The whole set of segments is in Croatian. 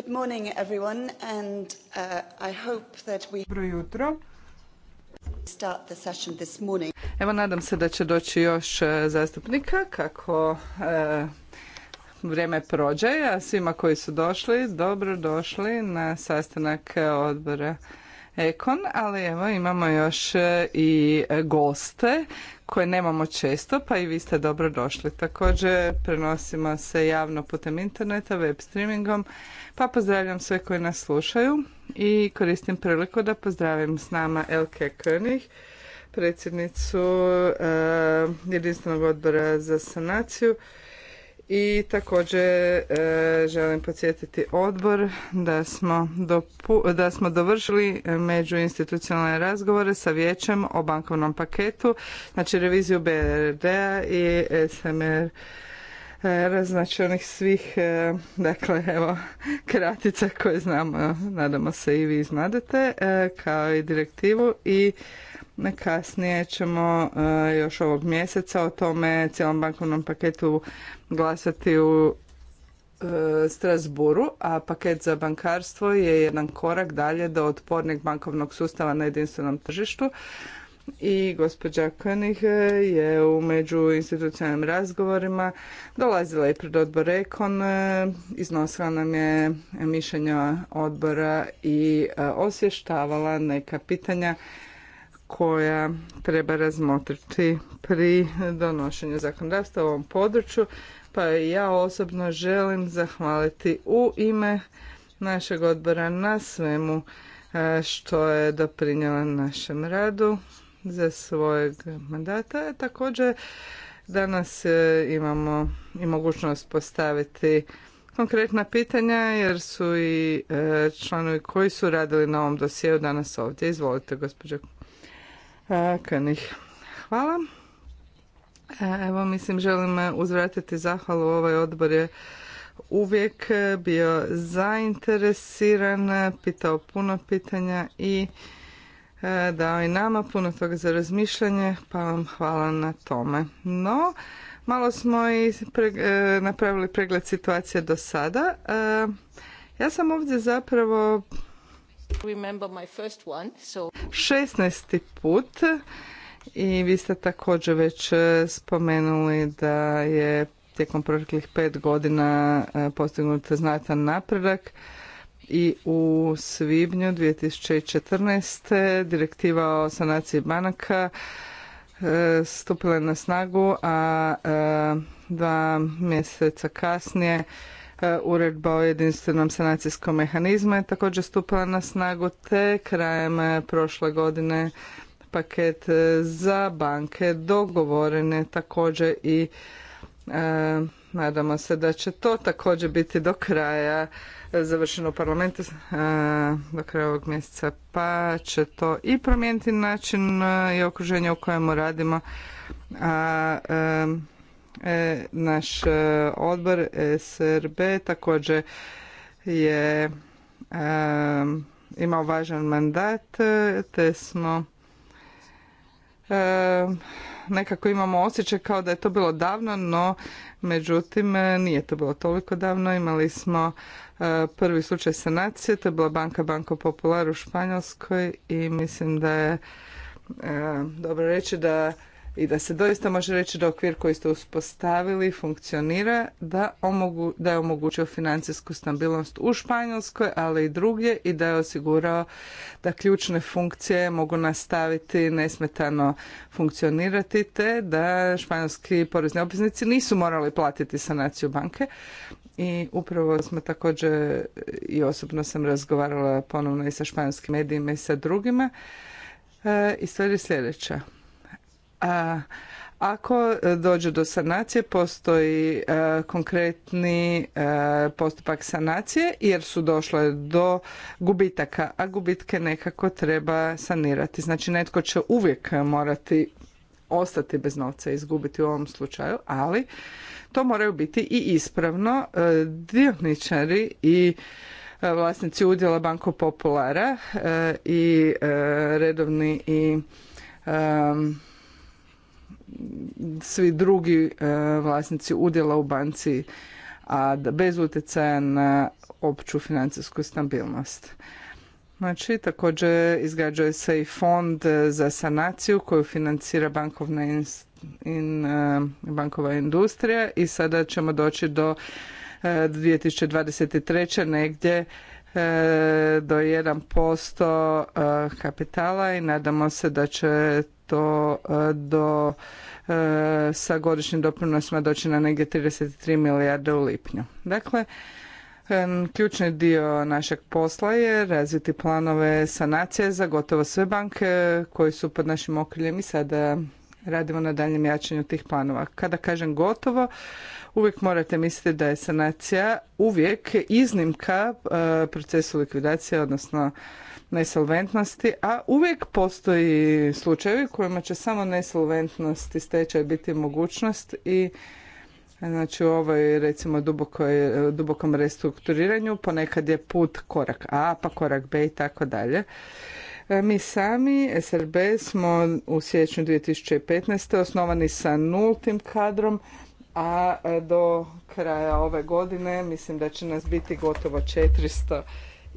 Good morning everyone and uh, I hope Evo nadam se da će doći još e, zastupnika kako e, vrijeme prođe, a svima koji su došli, dobro došli na sastanak odbora Ekon, ali evo imamo još e, i goste koje nemamo često, pa i vi ste dobro došli. Također prenosimo se javno putem interneta, web streamingom, pa pozdravljam sve koji nas slušaju i koristim priliku da pozdravim s nama Elke König, predsjednicu e, Jedinstvenog odbora za sanaciju, i također e, želim podsjetiti odbor da smo, dopu, da smo dovršili međuinstitucionalne razgovore sa vijećem o bankovnom paketu, znači reviziju BRD-a i SMR e, raznači onih svih, e, dakle evo, kratica koje znamo, nadamo se i vi znadete, kao i direktivu i Kasnije ćemo e, još ovog mjeseca o tome cijelom bankovnom paketu glasati u e, Strasburu, a paket za bankarstvo je jedan korak dalje do otpornijeg bankovnog sustava na jedinstvenom tržištu. I gospođa König je u institucionalnim razgovorima dolazila i pred odbor Ekon, e, iznosila nam je mišljenja odbora i osvještavala neka pitanja koja treba razmotriti pri donošenju zakonodavstva u ovom području. Pa ja osobno želim zahvaliti u ime našeg odbora na svemu e, što je doprinjela našem radu za svojeg mandata. Također danas e, imamo i mogućnost postaviti konkretna pitanja jer su i e, članovi koji su radili na ovom dosjeu danas ovdje. Izvolite gospođo König. Hvala. Evo, mislim, želim uzvratiti zahvalu. Ovaj odbor je uvijek bio zainteresiran, pitao puno pitanja i dao i nama puno toga za razmišljanje, pa vam hvala na tome. No, malo smo i e, napravili pregled situacije do sada. Ja sam ovdje zapravo 16. put i vi ste također već e, spomenuli da je tijekom proteklih pet godina e, postignut znatan napredak i u svibnju 2014. direktiva o sanaciji banaka e, stupila je na snagu, a dva mjeseca kasnije E, uredba o jedinstvenom sanacijskom mehanizmu je također stupila na snagu te krajem e, prošle godine paket e, za banke dogovorene također i nadamo se da će to također biti do kraja završeno u parlamentu do kraja ovog mjeseca pa će to i promijeniti način i okruženje u kojemu radimo a E, naš e, odbor e, SRB također je imao važan mandat te smo nekako imamo osjećaj kao da je to bilo davno, no međutim nije to bilo toliko davno. Imali smo prvi slučaj sanacije, to je bila banka Banko Popular u Španjolskoj i mislim da je dobro reći da i da se doista može reći da okvir koji ste uspostavili funkcionira, da, omogu, da je omogućio financijsku stabilnost u Španjolskoj, ali i drugdje i da je osigurao da ključne funkcije mogu nastaviti nesmetano funkcionirati te da španjolski porezni obveznici nisu morali platiti sanaciju banke. I upravo smo također i osobno sam razgovarala ponovno i sa španjolskim medijima i sa drugima. E, I stvar je sljedeća a ako dođe do sanacije postoji e, konkretni e, postupak sanacije jer su došle do gubitaka, a gubitke nekako treba sanirati. Znači netko će uvijek morati ostati bez novca i izgubiti u ovom slučaju, ali to moraju biti i ispravno e, i e, vlasnici udjela Banko Populara i redovni i svi drugi e, vlasnici udjela u banci, a bez utjecaja na opću financijsku stabilnost. Znači, također izgrađuje se i fond za sanaciju koju financira bankovna in, e, bankova industrija i sada ćemo doći do 2023. E, negdje do 1% kapitala i nadamo se da će to e, do e, sa godišnjim doprinosima doći na negdje 33 milijarde u lipnju. Dakle, Ključni dio našeg posla je razviti planove sanacije za gotovo sve banke koji su pod našim okriljem i sada radimo na daljem jačanju tih planova. Kada kažem gotovo, uvijek morate misliti da je sanacija uvijek iznimka e, procesu likvidacije, odnosno nesolventnosti, a uvijek postoji slučajevi kojima će samo nesolventnost i stečaj biti mogućnost i Znači u ovoj recimo dubokoj, dubokom restrukturiranju ponekad je put korak A pa korak B i tako dalje. Mi sami, SRB, smo u siječnju 2015. osnovani sa nultim kadrom, a do kraja ove godine mislim da će nas biti gotovo 400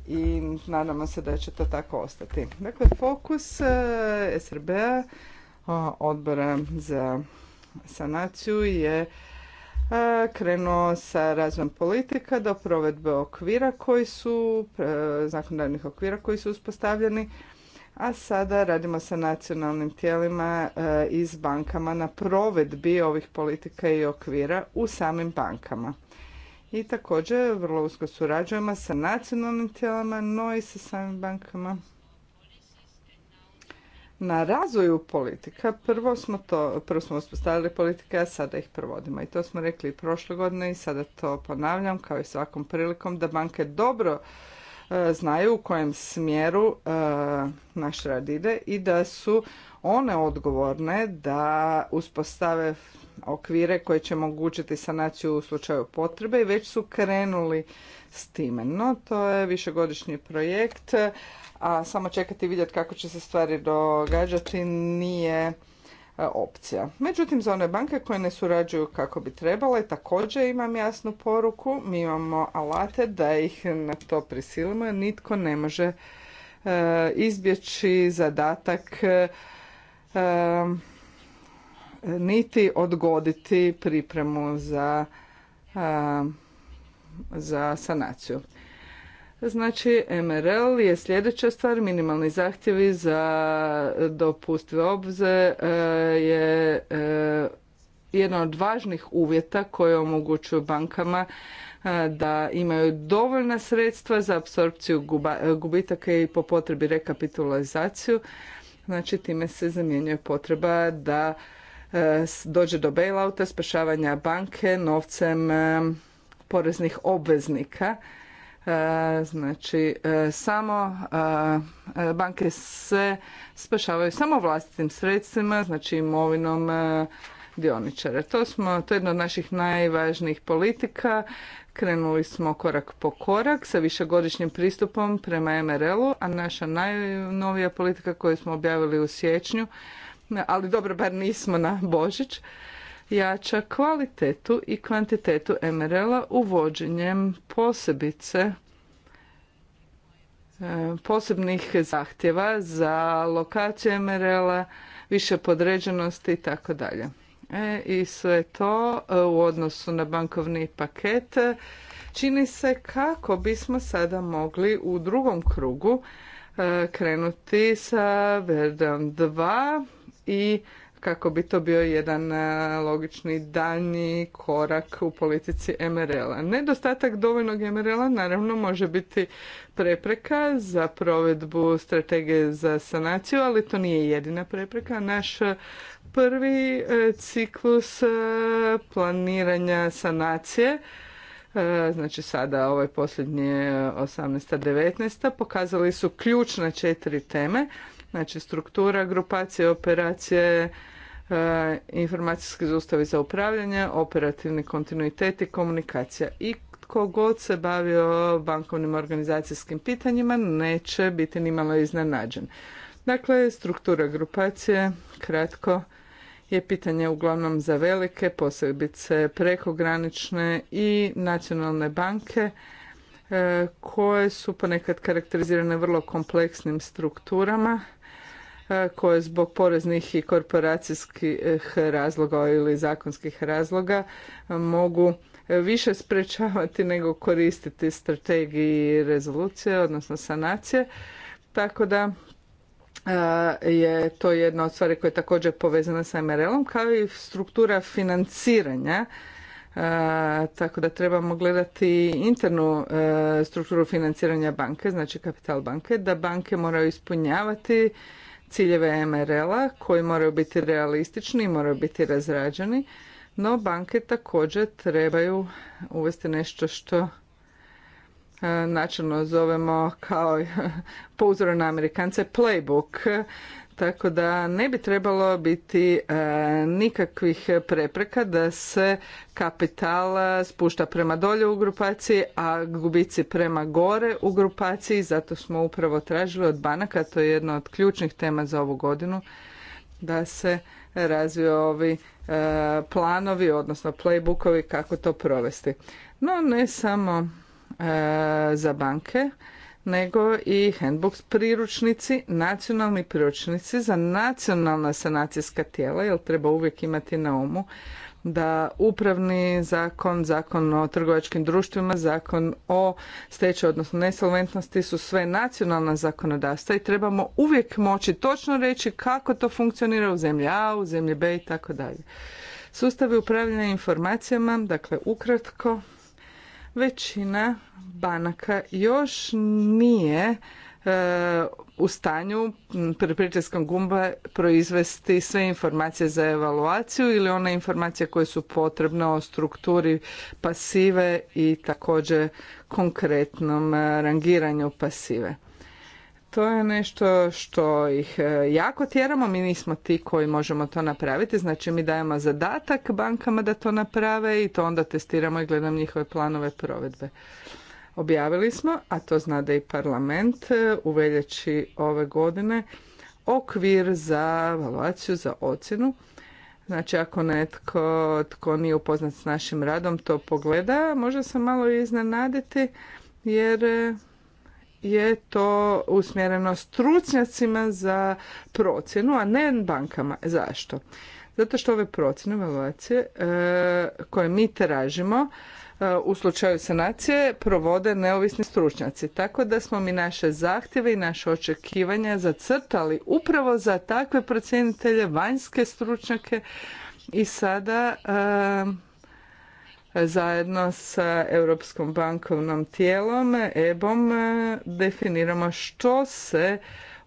i nadamo se da će to tako ostati. Dakle, fokus e, SRB-a, odbora za sanaciju je e, krenuo sa razvojem politika do provedbe okvira koji su, e, zakonodavnih okvira koji su uspostavljeni, a sada radimo sa nacionalnim tijelima i s bankama na provedbi ovih politika i okvira u samim bankama i također vrlo usko surađujemo sa nacionalnim tijelama, no i sa samim bankama. Na razvoju politika prvo smo to, prvo smo uspostavili politike, a sada ih provodimo. I to smo rekli i prošle godine i sada to ponavljam kao i svakom prilikom da banke dobro e, znaju u kojem smjeru e, naš rad ide i da su one odgovorne da uspostave okvire koje će omogućiti sanaciju u slučaju potrebe i već su krenuli s time. No, to je višegodišnji projekt, a samo čekati i vidjeti kako će se stvari događati nije e, opcija. Međutim, za one banke koje ne surađuju kako bi trebale, također imam jasnu poruku, mi imamo alate da ih na to prisilimo, nitko ne može e, izbjeći zadatak niti odgoditi pripremu za, za sanaciju. Znači, MRL je sljedeća stvar, minimalni zahtjevi za dopustive obveze eh, je eh, jedan od važnih uvjeta koje omogućuju bankama eh, da imaju dovoljna sredstva za apsorpciju gubitaka i po potrebi rekapitulizaciju Znači time se zamjenjuje potreba da e, dođe do bailouta, spašavanja banke novcem e, poreznih obveznika. E, znači, samo banke se spašavaju samo vlastitim sredstvima, znači imovinom dioničara. To, smo, to je jedna od naših najvažnijih politika Krenuli smo korak po korak sa višegodišnjim pristupom prema MRL-u, a naša najnovija politika koju smo objavili u siječnju, ali dobro, bar nismo na Božić, jača kvalitetu i kvantitetu MRL-a uvođenjem posebice e, posebnih zahtjeva za lokaciju MRL-a, više podređenosti i tako dalje. E, i sve to e, u odnosu na bankovni paket čini se kako bismo sada mogli u drugom krugu e, krenuti sa Verdom 2 i kako bi to bio jedan e, logični daljnji korak u politici MRL-a. Nedostatak dovoljnog MRL-a naravno može biti prepreka za provedbu strategije za sanaciju, ali to nije jedina prepreka. Naš prvi e, ciklus e, planiranja sanacije znači sada ovaj posljednje 18. 19. pokazali su ključne četiri teme, znači struktura, grupacije, operacije, E, informacijski sustavi za upravljanje, operativni kontinuitet i komunikacija. I tko god se bavio bankovnim organizacijskim pitanjima neće biti nimalo iznenađen. Dakle, struktura grupacije, kratko, je pitanje uglavnom za velike, posebice prekogranične i nacionalne banke e, koje su ponekad karakterizirane vrlo kompleksnim strukturama koje zbog poreznih i korporacijskih razloga ili zakonskih razloga mogu više sprečavati nego koristiti strategiji rezolucije, odnosno sanacije. Tako da je to jedna od stvari koja je također povezana sa MRL-om, kao i struktura financiranja. Tako da trebamo gledati internu strukturu financiranja banke, znači kapital banke, da banke moraju ispunjavati ciljeve MRL-a koji moraju biti realistični i moraju biti razrađeni, no banke također trebaju uvesti nešto što e, načelno zovemo kao po na Amerikance playbook tako da ne bi trebalo biti e, nikakvih prepreka da se kapital e, spušta prema dolje u grupaciji, a gubici prema gore u grupaciji. Zato smo upravo tražili od banaka, to je jedna od ključnih tema za ovu godinu, da se razviju ovi e, planovi, odnosno playbookovi kako to provesti. No ne samo za banke, nego i handbook priručnici, nacionalni priručnici za nacionalna sanacijska tijela, jer treba uvijek imati na umu da upravni zakon, zakon o trgovačkim društvima, zakon o stečaju, odnosno nesolventnosti su sve nacionalna zakonodavstva i trebamo uvijek moći točno reći kako to funkcionira u zemlji A, u zemlji B i tako dalje. Sustavi upravljanja informacijama, dakle ukratko, većina banaka još nije e, u stanju pri pritiskom gumba proizvesti sve informacije za evaluaciju ili one informacije koje su potrebne o strukturi pasive i također konkretnom e, rangiranju pasive to je nešto što ih e, jako tjeramo, mi nismo ti koji možemo to napraviti, znači mi dajemo zadatak bankama da to naprave i to onda testiramo i gledamo njihove planove provedbe. Objavili smo, a to da i parlament e, u veljači ove godine, okvir za evaluaciju, za ocjenu. Znači ako netko tko nije upoznat s našim radom to pogleda, može se malo iznenaditi jer e, je to usmjereno stručnjacima za procjenu, a ne bankama. Zašto? Zato što ove procjene evaluacije e, koje mi tražimo e, u slučaju sanacije provode neovisni stručnjaci. Tako da smo mi naše zahtjeve i naše očekivanja zacrtali upravo za takve procjenitelje, vanjske stručnjake i sada e, zajedno sa Europskom bankovnom tijelom, EBOM, e, definiramo što se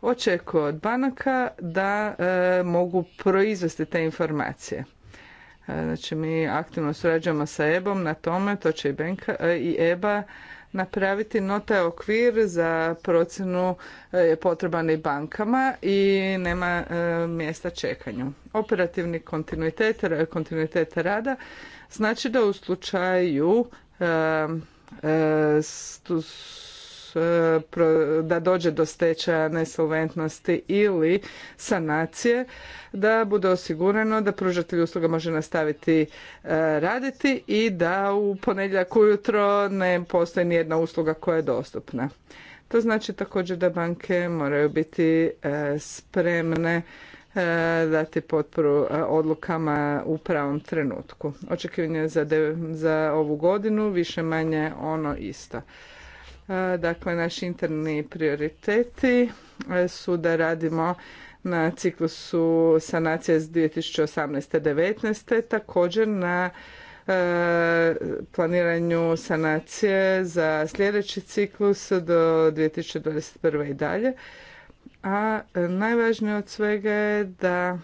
očekuje od banaka da e, mogu proizvesti te informacije. E, znači mi aktivno surađujemo sa EBOM na tome, to će i, i EBA napraviti nota okvir za procjenu e, je potreban i bankama i nema e, mjesta čekanju. Operativni kontinuitet, kontinuitet rada znači da u slučaju e, E, da dođe do stečaja nesolventnosti ili sanacije, da bude osigurano da pružatelj usluga može nastaviti e, raditi i da u ponedjeljak ujutro ne postoji nijedna usluga koja je dostupna. To znači također da banke moraju biti e, spremne dati potporu odlukama u pravom trenutku. Očekivanje za, za ovu godinu više manje ono isto. E, dakle, naši interni prioriteti e, su da radimo na ciklusu sanacije s 2018. 2019. također na e, planiranju sanacije za sljedeći ciklus do 2021. i dalje. A najvažnije od svega je da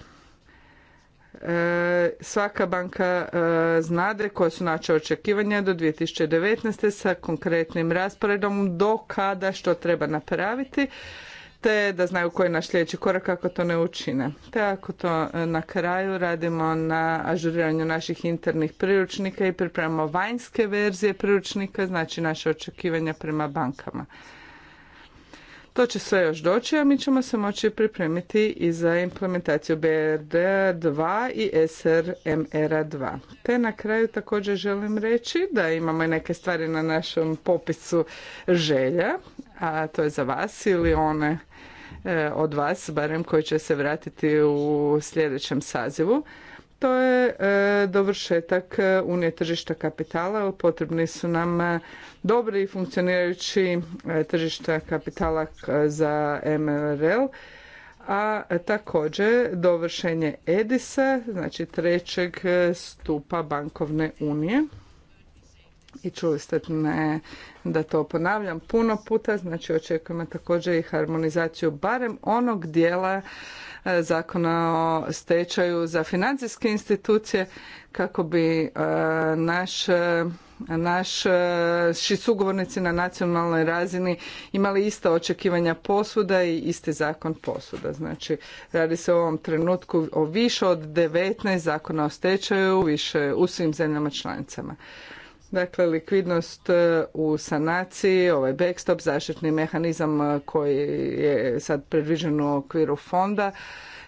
E, svaka banka e, znade koje su naše očekivanja do 2019. sa konkretnim rasporedom do kada što treba napraviti te da znaju koji je naš sljedeći korak ako to ne učine. Te ako to e, na kraju radimo na ažuriranju naših internih priručnika i pripremamo vanjske verzije priručnika, znači naše očekivanja prema bankama. To će sve još doći, a mi ćemo se moći pripremiti i za implementaciju BRD2 i SRMR2. Te na kraju također želim reći da imamo i neke stvari na našem popisu želja, a to je za vas ili one e, od vas, barem koji će se vratiti u sljedećem sazivu to je e, dovršetak e, unije tržišta kapitala. Potrebni su nam e, dobri i funkcionirajući tržišta kapitala za MRL, a također dovršenje EDISA, znači trećeg stupa bankovne unije. I čuli ste ne, da to ponavljam puno puta, znači očekujemo također i harmonizaciju barem onog dijela E, zakona o stečaju za financijske institucije kako bi e, naš e, naši sugovornici na nacionalnoj razini imali ista očekivanja posuda i isti zakon posuda. Znači, radi se u ovom trenutku o više od 19 zakona o stečaju više u svim zemljama članicama. Dakle, likvidnost e, u sanaciji, ovaj backstop, zaštitni mehanizam e, koji je sad predviđen u okviru fonda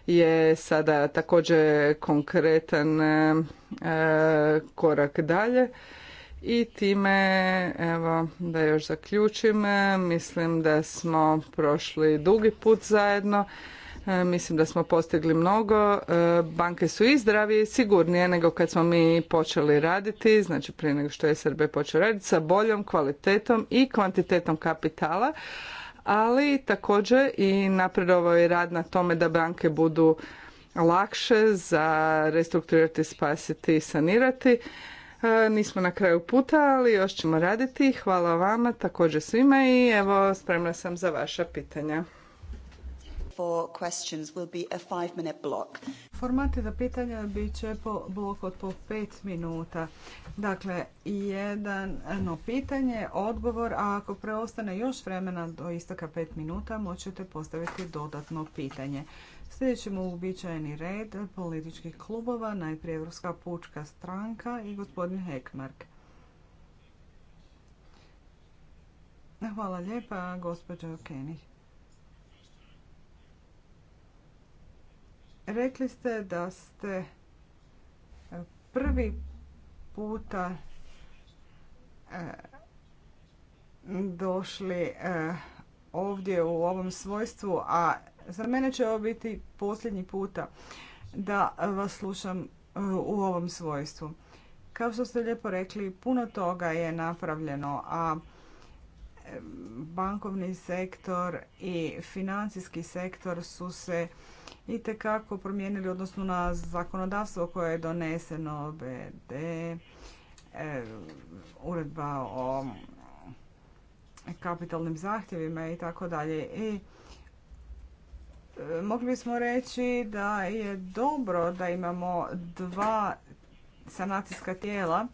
je sada također konkretan e, korak dalje. I time, evo, da još zaključim, mislim da smo prošli dugi put zajedno E, mislim da smo postigli mnogo. E, banke su i zdravije i sigurnije nego kad smo mi počeli raditi, znači prije nego što je SRB počeo raditi, sa boljom kvalitetom i kvantitetom kapitala, ali također i napredovao je rad na tome da banke budu lakše za restrukturirati, spasiti i sanirati. E, nismo na kraju puta, ali još ćemo raditi. Hvala vama, također svima i evo spremna sam za vaša pitanja for Formati za pitanja bit će po blok od po pet minuta. Dakle, jedno pitanje, odgovor, a ako preostane još vremena do istaka pet minuta, moćete postaviti dodatno pitanje. Sljedeći ćemo uobičajeni red političkih klubova, najprije Evropska pučka stranka i gospodin Hekmark. Hvala lijepa, gospođo Kenih. Rekli ste da ste e, prvi puta e, došli e, ovdje u ovom svojstvu, a za mene će ovo biti posljednji puta da vas slušam u ovom svojstvu. Kao što ste lijepo rekli, puno toga je napravljeno, a bankovni sektor i financijski sektor su se i kako promijenili odnosno na zakonodavstvo koje je doneseno BD, e, uredba o kapitalnim zahtjevima i tako dalje. I e, mogli bismo reći da je dobro da imamo dva sanacijska tijela.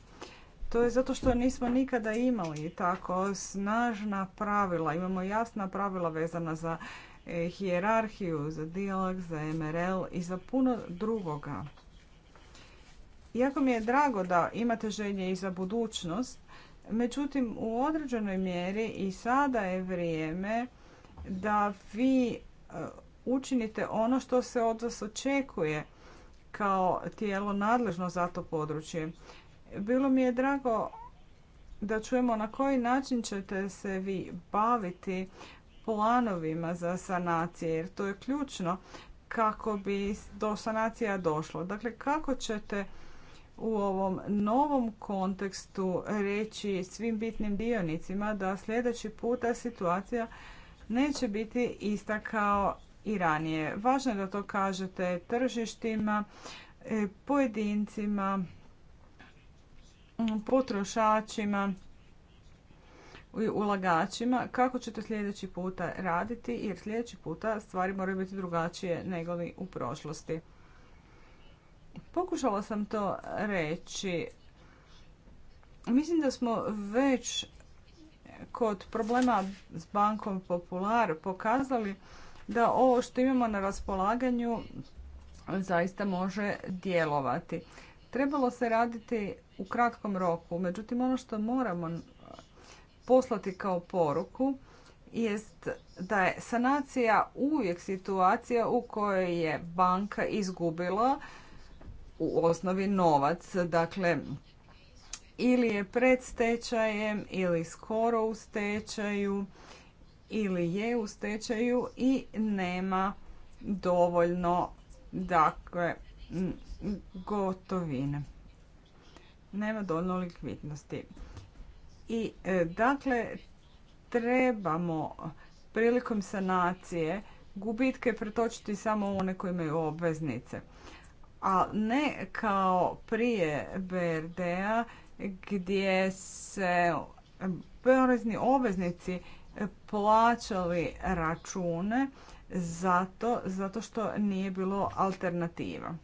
To je zato što nismo nikada imali tako snažna pravila. Imamo jasna pravila vezana za E, hijerarhiju, za dijalog, za MRL i za puno drugoga. Jako mi je drago da imate želje i za budućnost, međutim u određenoj mjeri i sada je vrijeme da vi e, učinite ono što se od vas očekuje kao tijelo nadležno za to područje. Bilo mi je drago da čujemo na koji način ćete se vi baviti planovima za sanacije, jer to je ključno kako bi do sanacija došlo. Dakle, kako ćete u ovom novom kontekstu reći svim bitnim dionicima da sljedeći puta situacija neće biti ista kao i ranije. Važno je da to kažete tržištima, e, pojedincima, potrošačima ulagačima kako ćete sljedeći puta raditi jer sljedeći puta stvari moraju biti drugačije nego li u prošlosti. Pokušala sam to reći. Mislim da smo već kod problema s bankom Popular pokazali da ovo što imamo na raspolaganju zaista može djelovati. Trebalo se raditi u kratkom roku, međutim ono što moramo poslati kao poruku jest da je sanacija uvijek situacija u kojoj je banka izgubila u osnovi novac, dakle ili je pred stečajem ili skoro u stečaju ili je u stečaju i nema dovoljno dakle gotovine. Nema dovoljno likvidnosti. I e, dakle, trebamo prilikom sanacije gubitke pretočiti samo u one koji imaju obveznice. A ne kao prije BRD-a gdje se porezni obveznici plaćali račune zato, zato što nije bilo alternativa.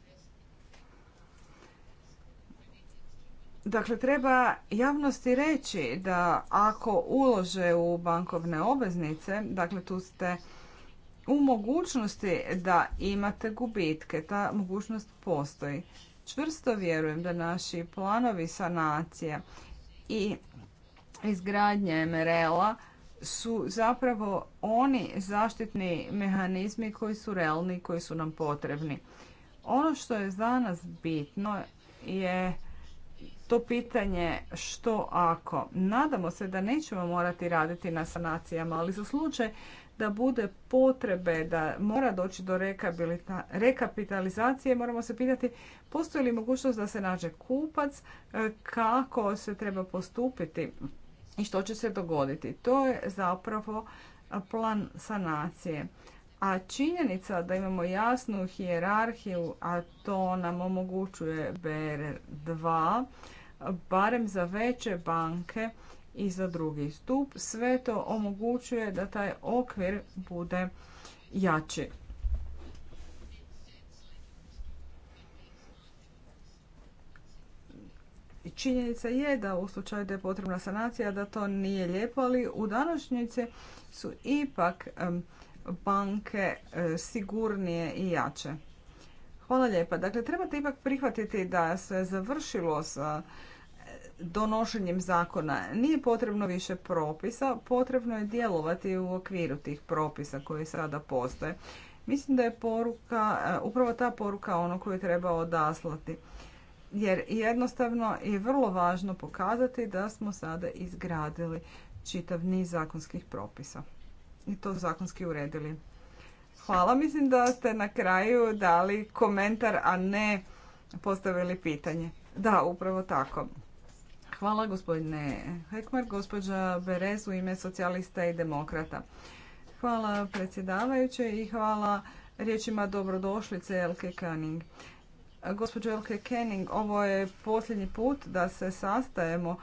Dakle, treba javnosti reći da ako ulože u bankovne obveznice, dakle tu ste u mogućnosti da imate gubitke, ta mogućnost postoji. Čvrsto vjerujem da naši planovi sanacije i izgradnje MRL-a su zapravo oni zaštitni mehanizmi koji su realni i koji su nam potrebni. Ono što je za nas bitno je to pitanje što ako. Nadamo se da nećemo morati raditi na sanacijama, ali za slučaj da bude potrebe da mora doći do rekapitalizacije, moramo se pitati postoji li mogućnost da se nađe kupac, e, kako se treba postupiti i što će se dogoditi. To je zapravo plan sanacije. A činjenica da imamo jasnu hijerarhiju, a to nam omogućuje BR2, barem za veće banke i za drugi stup, sve to omogućuje da taj okvir bude jači. Činjenica je da u slučaju da je potrebna sanacija da to nije lijepo, ali u današnjici su ipak banke e, sigurnije i jače. Hvala lijepa. Dakle, trebate ipak prihvatiti da se završilo sa e, donošenjem zakona. Nije potrebno više propisa, potrebno je djelovati u okviru tih propisa koji sada postoje. Mislim da je poruka, e, upravo ta poruka ono koju treba odaslati. Jer jednostavno je vrlo važno pokazati da smo sada izgradili čitav niz zakonskih propisa i to zakonski uredili. Hvala, mislim da ste na kraju dali komentar, a ne postavili pitanje. Da, upravo tako. Hvala gospodine Hekmar, gospođa Berez u ime socijalista i demokrata. Hvala predsjedavajuće i hvala riječima dobrodošlice Elke Canning. Gospođo Elke Canning, ovo je posljednji put da se sastajemo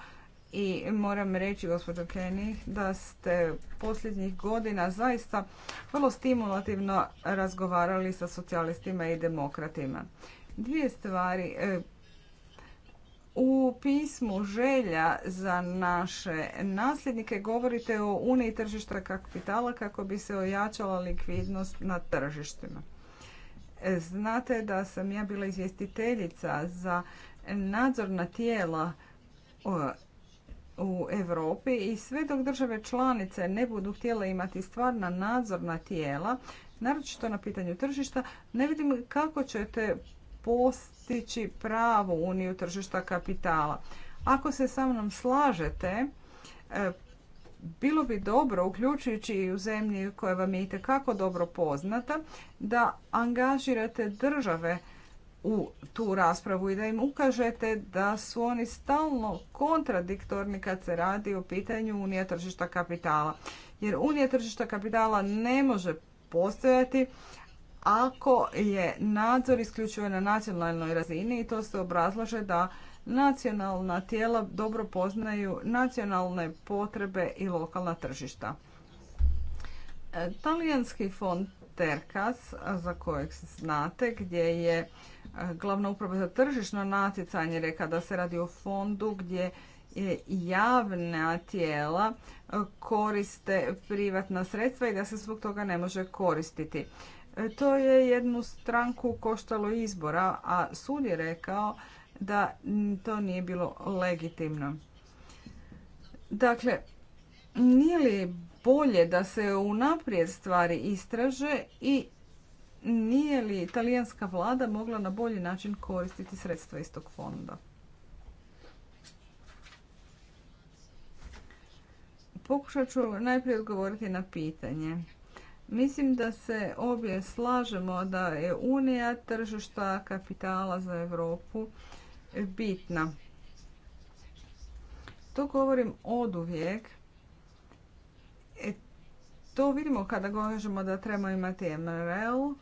i moram reći, gospođo Kenny, da ste posljednjih godina zaista vrlo stimulativno razgovarali sa socijalistima i demokratima. Dvije stvari. E, u pismu želja za naše nasljednike govorite o uniji tržišta kapitala kako bi se ojačala likvidnost na tržištima. E, znate da sam ja bila izvjestiteljica za nadzorna tijela u Europi i sve dok države članice ne budu htjele imati stvarna nadzorna tijela, naročito na pitanju tržišta, ne vidim kako ćete postići pravu uniju tržišta kapitala. Ako se sa mnom slažete, e, bilo bi dobro, uključujući i u zemlji koja vam je itekako dobro poznata, da angažirate države u tu raspravu i da im ukažete da su oni stalno kontradiktorni kad se radi o pitanju unije tržišta kapitala. Jer unija tržišta kapitala ne može postojati ako je nadzor isključivo na nacionalnoj razini i to se obrazlaže da nacionalna tijela dobro poznaju nacionalne potrebe i lokalna tržišta. E, talijanski fond Terkas, za kojeg znate, gdje je glavna uprava za tržišno natjecanje reka da se radi o fondu gdje javna tijela e, koriste privatna sredstva i da se zbog toga ne može koristiti. E, to je jednu stranku koštalo izbora, a sud je rekao da to nije bilo legitimno. Dakle, nije li bolje da se unaprijed stvari istraže i nije li italijanska vlada mogla na bolji način koristiti sredstva iz tog fonda? Pokušat ću najprije odgovoriti na pitanje. Mislim da se obje slažemo da je Unija tržišta kapitala za Europu bitna. To govorim od uvijek. E, to vidimo kada govorimo da trebamo imati MRL,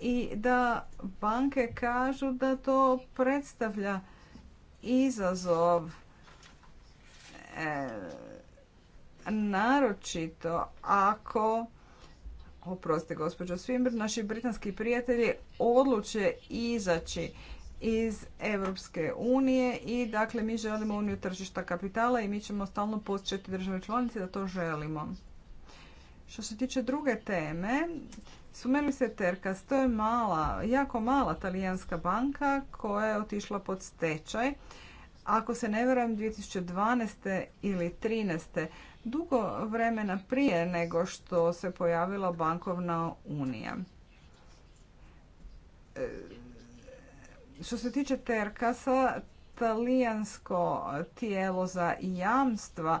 i da banke kažu da to predstavlja izazov e, naročito ako oprosti gospođo Svimbr, naši britanski prijatelji odluče izaći iz Europske unije i dakle mi želimo uniju tržišta kapitala i mi ćemo stalno posjećati države članice da to želimo. Što se tiče druge teme, sumeli se Terkas, to je mala, jako mala talijanska banka koja je otišla pod stečaj. Ako se ne vjerujem, 2012. ili 2013. dugo vremena prije nego što se pojavila bankovna unija. E, što se tiče Terkasa, talijansko tijelo za jamstva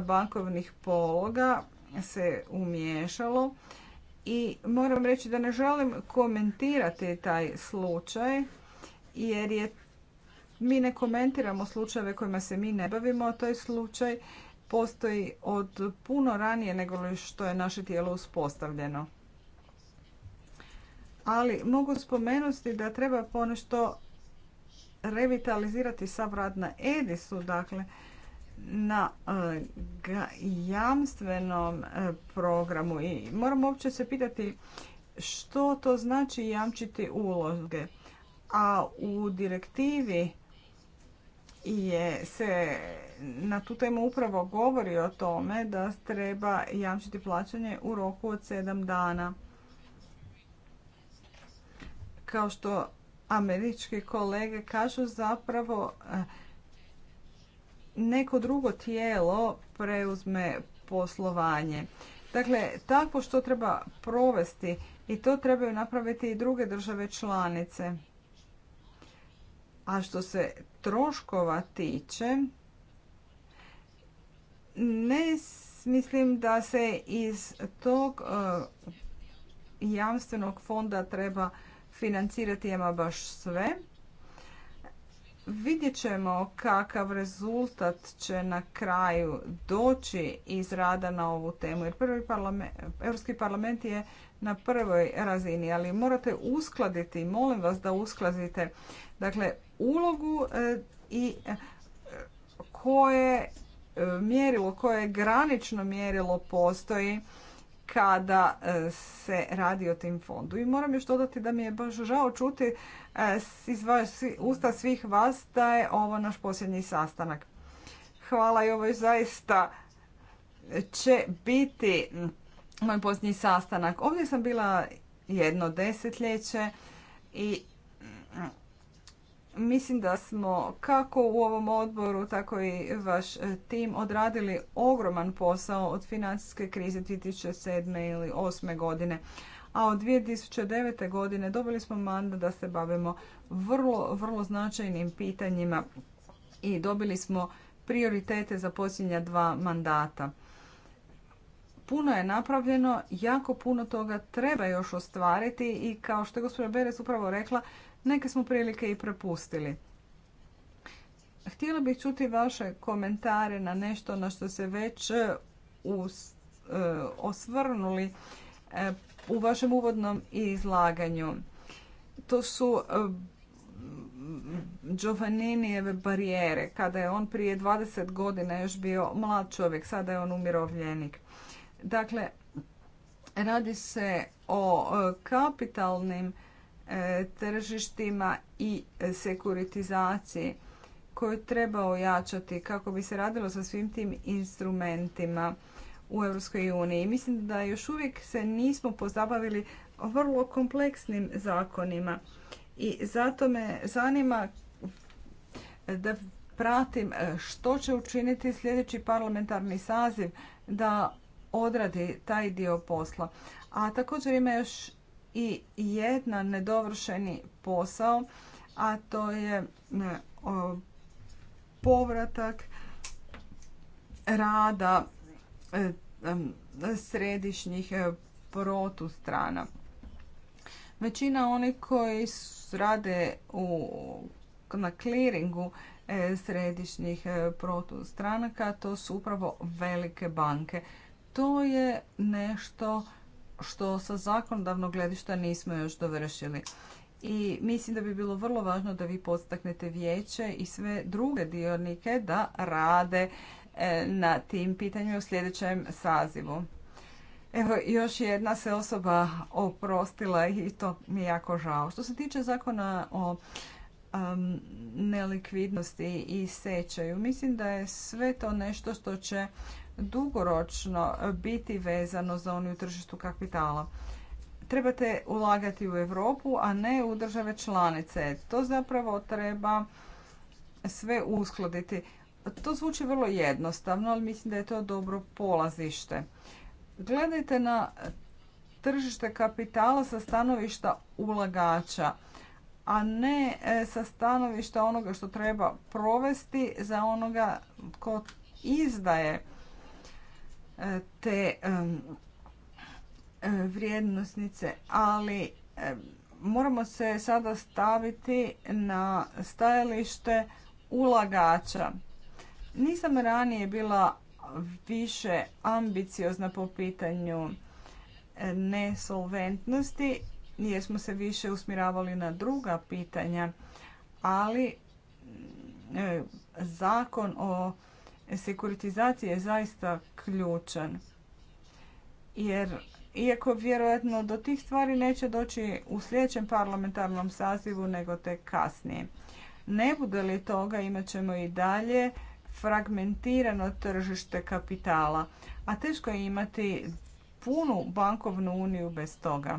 bankovnih pologa se umiješalo i moram reći da ne želim komentirati taj slučaj jer je mi ne komentiramo slučajeve kojima se mi ne bavimo, a to slučaj postoji od puno ranije nego što je naše tijelo uspostavljeno. Ali mogu spomenuti da treba ponešto revitalizirati sav rad na Edisu, dakle na e, jamstvenom e, programu i moramo uopće se pitati što to znači jamčiti uloge. A u direktivi je se na tu temu upravo govori o tome da treba jamčiti plaćanje u roku od 7 dana. Kao što američki kolege kažu zapravo e, neko drugo tijelo preuzme poslovanje. Dakle, tako što treba provesti i to trebaju napraviti i druge države članice. A što se troškova tiče, ne mislim da se iz tog e, jamstvenog fonda treba financirati ama baš sve. Vidjet ćemo kakav rezultat će na kraju doći iz rada na ovu temu. Jer prvi parlament, Europski parlament je na prvoj razini, ali morate uskladiti, molim vas da uskladite, dakle, ulogu eh, i eh, koje eh, mjerilo, koje granično mjerilo postoji kada e, se radi o tim fondu. I moram još dodati da mi je baš žao čuti e, iz usta svih vas da je ovo naš posljednji sastanak. Hvala i ovo je zaista e, će biti moj posljednji sastanak. Ovdje sam bila jedno desetljeće i Mislim da smo kako u ovom odboru, tako i vaš tim odradili ogroman posao od financijske krize 2007. ili 2008. godine. A od 2009. godine dobili smo mandat da se bavimo vrlo, vrlo značajnim pitanjima i dobili smo prioritete za posljednja dva mandata. Puno je napravljeno, jako puno toga treba još ostvariti i kao što je gospođa Beres upravo rekla, Neke smo prilike i propustili. Htjela bih čuti vaše komentare na nešto na što se već e, e, osvrnuli e, u vašem uvodnom izlaganju. To su Giovanninijeve barijere, kada je on prije 20 godina još bio mlad čovjek, sada je on umirovljenik. Dakle, radi se o kapitalnim E, tržištima i e, sekuritizaciji koju treba ojačati kako bi se radilo sa svim tim instrumentima u Europskoj uniji. Mislim da još uvijek se nismo pozabavili vrlo kompleksnim zakonima i zato me zanima da pratim e, što će učiniti sljedeći parlamentarni saziv da odradi taj dio posla. A također ima još i jedan nedovršeni posao, a to je e, povratak rada e, središnjih e, protustrana. Većina onih koji rade u, na kliringu središnjih protustranaka, to su upravo velike banke. To je nešto što sa zakonodavnog gledišta nismo još dovršili. I mislim da bi bilo vrlo važno da vi podstaknete vijeće i sve druge dionike da rade e, na tim pitanjima u sljedećem sazivu. Evo, još jedna se osoba oprostila i to mi je jako žao. Što se tiče zakona o nelikvidnosti i sećaju, mislim da je sve to nešto što će dugoročno biti vezano za u tržištu kapitala. Trebate ulagati u Europu, a ne u države članice. To zapravo treba sve uskladiti. To zvuči vrlo jednostavno, ali mislim da je to dobro polazište. Gledajte na tržište kapitala sa stanovišta ulagača, a ne e, sa stanovišta onoga što treba provesti za onoga ko izdaje te e, vrijednostnice, ali moramo se sada staviti na stajalište ulagača. Nisam ranije bila više ambiciozna po pitanju e, nesolventnosti, jer smo se više usmiravali na druga pitanja, ali zakon o sekuritizacije je zaista ključan. Jer iako vjerojatno do tih stvari neće doći u sljedećem parlamentarnom sazivu nego tek kasnije. Ne bude li toga imat ćemo i dalje fragmentirano tržište kapitala, a teško je imati punu bankovnu uniju bez toga.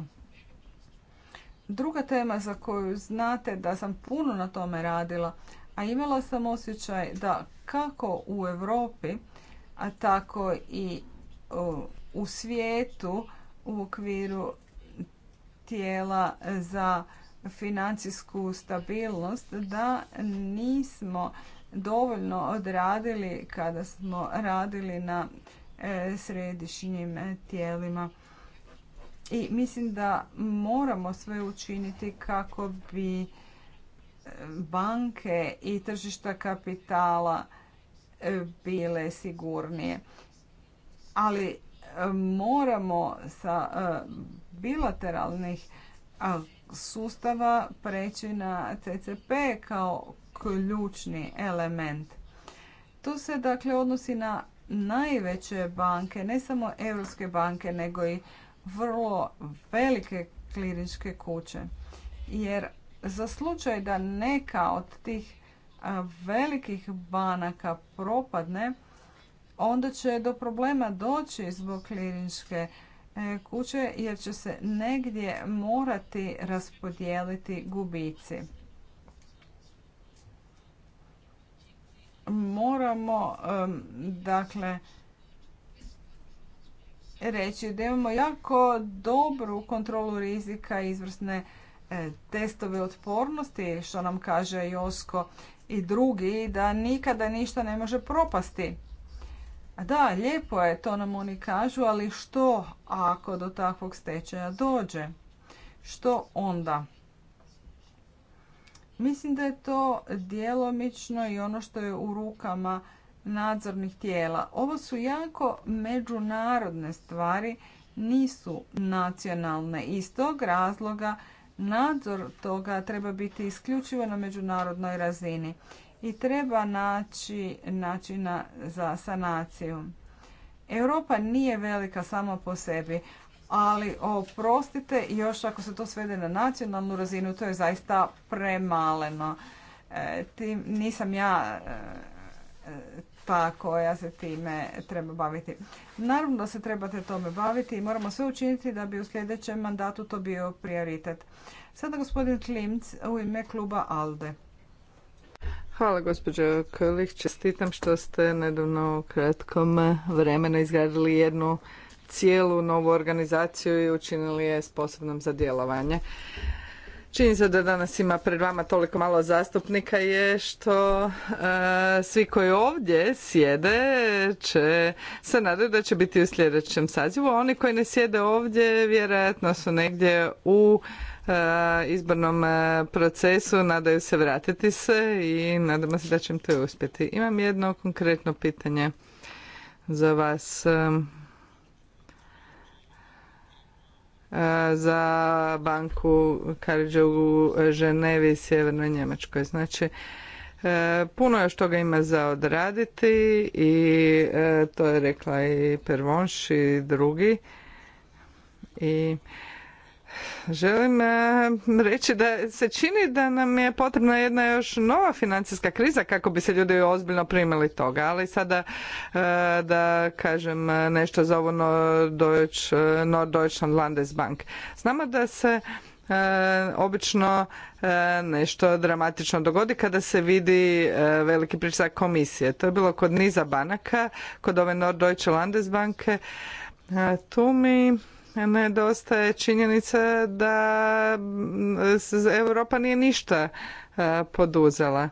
Druga tema za koju znate da sam puno na tome radila a imala sam osjećaj da kako u Europi, a tako i u svijetu u okviru tijela za financijsku stabilnost da nismo dovoljno odradili kada smo radili na e, središnjim e, tijelima. I mislim da moramo sve učiniti kako bi banke i tržišta kapitala e, bile sigurnije. Ali e, moramo sa e, bilateralnih sustava preći na CCP kao ključni element. To se dakle odnosi na najveće banke, ne samo europske banke, nego i vrlo velike kliničke kuće. Jer za slučaj da neka od tih velikih banaka propadne, onda će do problema doći zbog kliničke e, kuće jer će se negdje morati raspodijeliti gubici. Moramo dakle reći da imamo jako dobru kontrolu rizika izvrsne E, testove otpornosti, što nam kaže Josko i drugi, da nikada ništa ne može propasti. Da, lijepo je, to nam oni kažu, ali što ako do takvog stečaja dođe? Što onda? Mislim da je to djelomično i ono što je u rukama nadzornih tijela. Ovo su jako međunarodne stvari, nisu nacionalne. Iz tog razloga Nadzor toga treba biti isključivo na međunarodnoj razini i treba naći načina za sanaciju. Europa nije velika sama po sebi, ali oprostite, još ako se to svede na nacionalnu razinu, to je zaista premaleno. E, nisam ja e, pa koja se time treba baviti. Naravno da se trebate tome baviti i moramo sve učiniti da bi u sljedećem mandatu to bio prioritet. Sada gospodin Klimc u ime kluba ALDE. Hvala gospođo Kolih, čestitam što ste nedavno u kratkom vremenu izgradili jednu cijelu novu organizaciju i učinili je sposobnom za djelovanje. Činjenica da danas ima pred vama toliko malo zastupnika je što e, svi koji ovdje sjede će se nadaju da će biti u sljedećem sazivu, a oni koji ne sjede ovdje vjerojatno su negdje u e, izbornom e, procesu, nadaju se vratiti se i nadamo se da će im to uspjeti. Imam jedno konkretno pitanje za vas. za banku Karidža u Ženevi i Sjevernoj Njemačkoj. Znači, puno još toga ima za odraditi i to je rekla i Pervonš i drugi. I Želim e, reći da se čini da nam je potrebna jedna još nova financijska kriza kako bi se ljudi ozbiljno primili toga, ali sada e, da kažem nešto za ovo Norddeutsche Norddeutschland Landesbank. Znamo da se e, obično nešto dramatično dogodi kada se vidi veliki pričak komisije. To je bilo kod niza banaka, kod ove Norddeutsche Landesbanke. Tu mi nedostaje činjenica da Europa nije ništa e, poduzela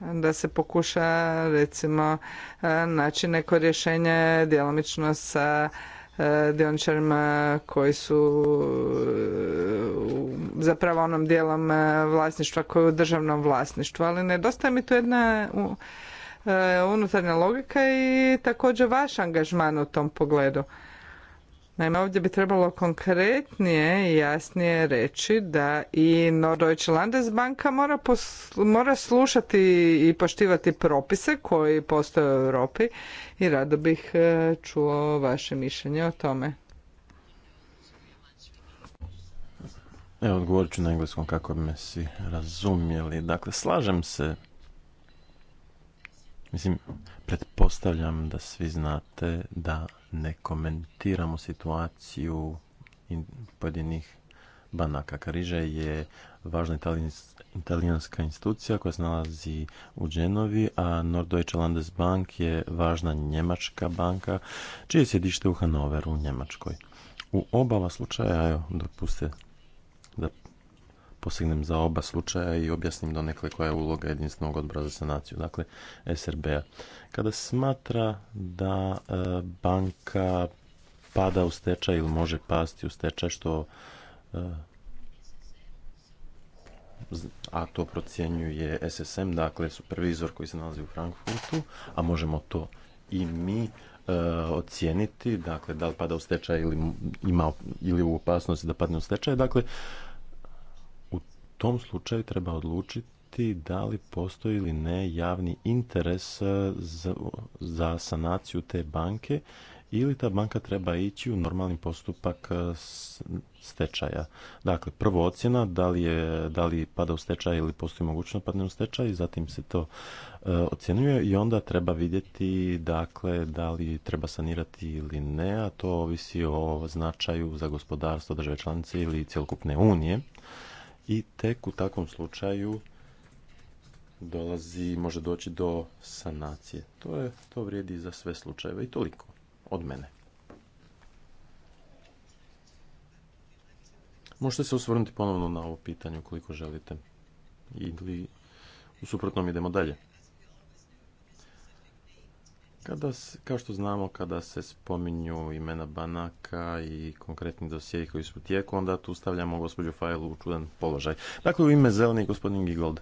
da se pokuša recimo e, naći neko rješenje djelomično sa e, dioničarima koji su zapravo onom dijelom vlasništva koji je u državnom vlasništvu, ali nedostaje mi tu jedna E, unutarnja logika i također vaš angažman u tom pogledu. Naime, ovdje bi trebalo konkretnije i jasnije reći da i Norddeutsche Landesbanka mora, mora slušati i poštivati propise koji postoje u Europi i rado bih e, čuo vaše mišljenje o tome. Evo, odgovorit ću na engleskom kako bi me si razumjeli. Dakle, slažem se Mislim, pretpostavljam da svi znate da ne komentiramo situaciju pojedinih banaka. Kariže je važna italijanska institucija koja se nalazi u Genovi, a Norddeutsche Landesbank je važna njemačka banka, čije sjedište u Hanoveru u Njemačkoj. U obava slučaja, evo, dopuste posegnem za oba slučaja i objasnim donekle koja je uloga jedinstvenog odbora za sanaciju, dakle SRB-a. Kada smatra da e, banka pada u stečaj ili može pasti u stečaj, što e, a to procjenjuje SSM, dakle supervizor koji se nalazi u Frankfurtu, a možemo to i mi e, ocijeniti, dakle da li pada u stečaj ili ima ili u opasnosti da padne u stečaj. Dakle, tom slučaju treba odlučiti da li postoji ili ne javni interes e, za, sanaciju te banke ili ta banka treba ići u normalni postupak e, stečaja. Dakle, prvo ocjena da li, je, da li pada u stečaj ili postoji mogućnost padne u stečaj, zatim se to e, ocjenjuje i onda treba vidjeti dakle, da li treba sanirati ili ne, a to ovisi o značaju za gospodarstvo države članice ili cjelokupne unije i tek u takvom slučaju dolazi, može doći do sanacije. To, je, to vrijedi za sve slučajeve i toliko od mene. Možete se osvrnuti ponovno na ovo pitanje ukoliko želite. Ili u suprotnom idemo dalje. Kada kao što znamo, kada se spominju imena banaka i konkretni dosjei koji su u tijeku, onda tu stavljamo gospođu Fajlu u čudan položaj. Dakle, u ime zeleni gospodin Gigold.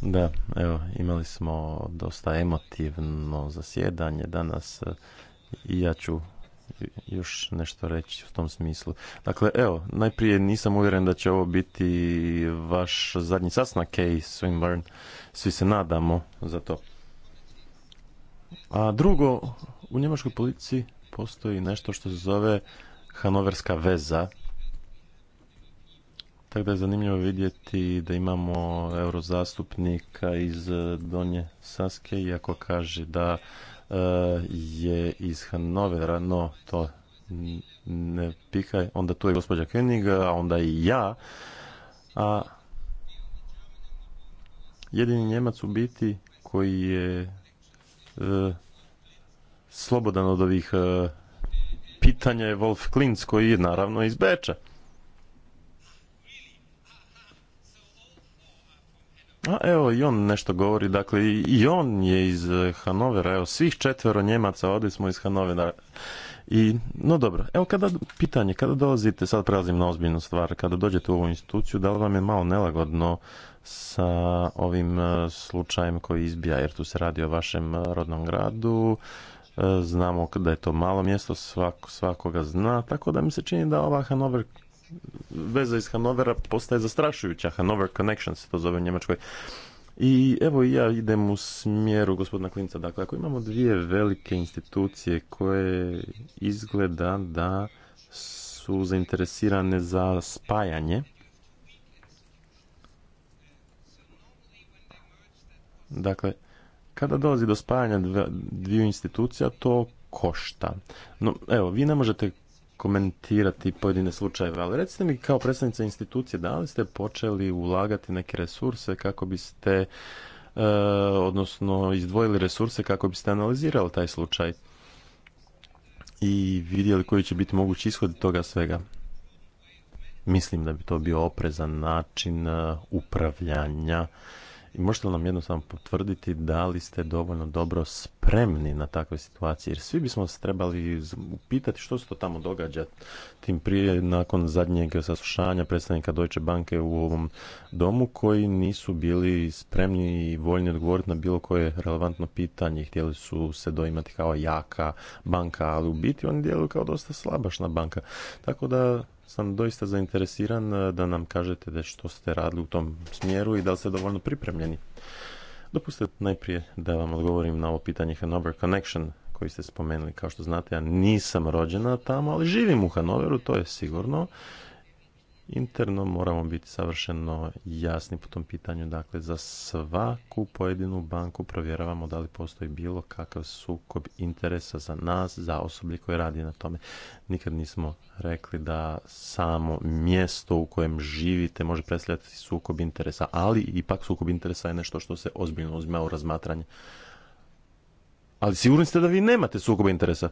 Da, evo, imali smo dosta emotivno zasjedanje danas i ja ću još nešto reći u tom smislu. Dakle, evo, najprije nisam uvjeren da će ovo biti vaš zadnji sasnak, Kay Swinburne. Svi se nadamo za to. A drugo, u njemačkoj policiji postoji nešto što se zove hanoverska veza. Tako da je zanimljivo vidjeti da imamo eurozastupnika iz e, Donje Saske, iako kaže da e, je iz Hanovera, no to ne pikaj. Onda tu je gospođa König, a onda i ja. A jedini Njemac u biti koji je E, slobodan od ovih e, pitanja je Wolf Klintz koji je naravno iz Beča. A evo i on nešto govori, dakle i on je iz e, Hanovera, evo svih četvero Njemaca ovdje smo iz Hanovera. I, no dobro, evo kada, pitanje, kada dolazite, sad prelazim na ozbiljnu stvar, kada dođete u ovu instituciju, da li vam je malo nelagodno sa ovim e, slučajem koji izbija, jer tu se radi o vašem e, rodnom gradu. E, znamo da je to malo mjesto, svako, svakoga zna, tako da mi se čini da ova Hanover veza iz Hanovera postaje zastrašujuća. Hanover Connection se to zove u Njemačkoj. I evo ja idem u smjeru gospodina Klinca. Dakle, ako imamo dvije velike institucije koje izgleda da su zainteresirane za spajanje, Dakle, kada dolazi do spajanja dviju institucija, to košta. No, evo, vi ne možete komentirati pojedine slučajeve, ali recite mi kao predstavnica institucije, da li ste počeli ulagati neke resurse kako biste, e, odnosno izdvojili resurse kako biste analizirali taj slučaj i vidjeli koji će biti mogući ishod toga svega? Mislim da bi to bio oprezan način e, upravljanja i možete li nam jednostavno potvrditi da li ste dovoljno dobro spremni na takve situacije? Jer svi bismo se trebali upitati što se to tamo događa. Tim prije nakon zadnjeg saslušanja predstavnika Deutsche Banke u ovom domu koji nisu bili spremni i voljni odgovoriti na bilo koje relevantno pitanje. Htjeli su se doimati kao jaka banka, ali u biti oni djeluju kao dosta slabašna banka. Tako da sam doista zainteresiran e, da nam kažete da što ste radili u tom smjeru i da li ste dovoljno pripremljeni. Dopustite najprije da vam odgovorim na ovo pitanje Hanover Connection koji ste spomenuli. Kao što znate, ja nisam rođena tamo, ali živim u Hanoveru, to je sigurno interno moramo biti savršeno jasni po tom pitanju. Dakle, za svaku pojedinu banku provjeravamo da li postoji bilo kakav sukob interesa za nas, za osoblje koje radi na tome. Nikad nismo rekli da samo mjesto u kojem živite može predstavljati sukob interesa, ali ipak sukob interesa je nešto što se ozbiljno uzima u razmatranje. Ali sigurni ste da vi nemate sukoba interesa?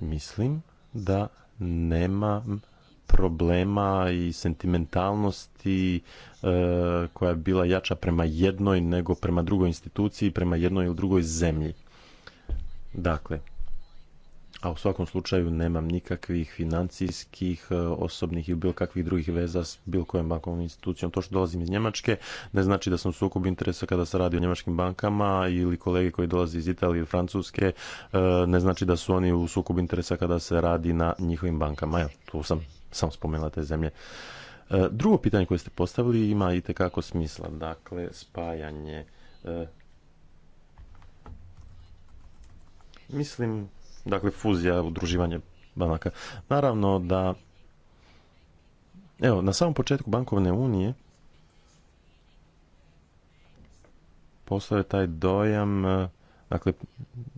Mislim da nemam problema i sentimentalnosti e, koja je bila jača prema jednoj nego prema drugoj instituciji, prema jednoj ili drugoj zemlji. Dakle, a u svakom slučaju nemam nikakvih financijskih, e, osobnih ili bilo kakvih drugih veza s bilo kojom bankovnom institucijom. To što dolazim iz Njemačke ne znači da sam u sukobu interesa kada se radi o njemačkim bankama ili kolege koji dolaze iz Italije ili Francuske e, ne znači da su oni u sukobu interesa kada se radi na njihovim bankama. Evo, tu sam sam spomenula te zemlje. E, drugo pitanje koje ste postavili ima i tekako smisla, dakle spajanje. E, mislim, dakle fuzija, udruživanje banaka. Naravno da, evo, na samom početku bankovne unije postoje taj dojam e, Dakle,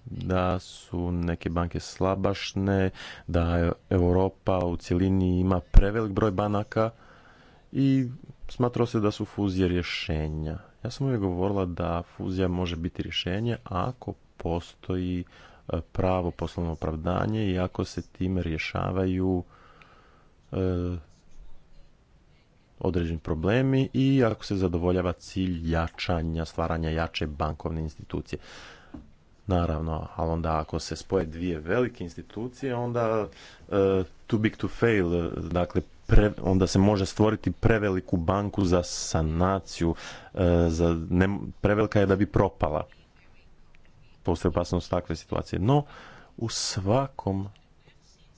da su neke banke slabašne, da Europa u cjelini ima prevelik broj banaka i smatrao se da su fuzije rješenja. Ja sam uvijek govorila da fuzija može biti rješenje ako postoji e, pravo poslovno opravdanje i ako se time rješavaju e, određeni problemi i ako se zadovoljava cilj jačanja, stvaranja jače bankovne institucije. Naravno, ali onda ako se spoje dvije velike institucije, onda uh, too big to fail, dakle onda se može stvoriti preveliku banku za sanaciju, e, za, ne, prevelika je da bi propala. Postoje opasnost takve situacije. No, u svakom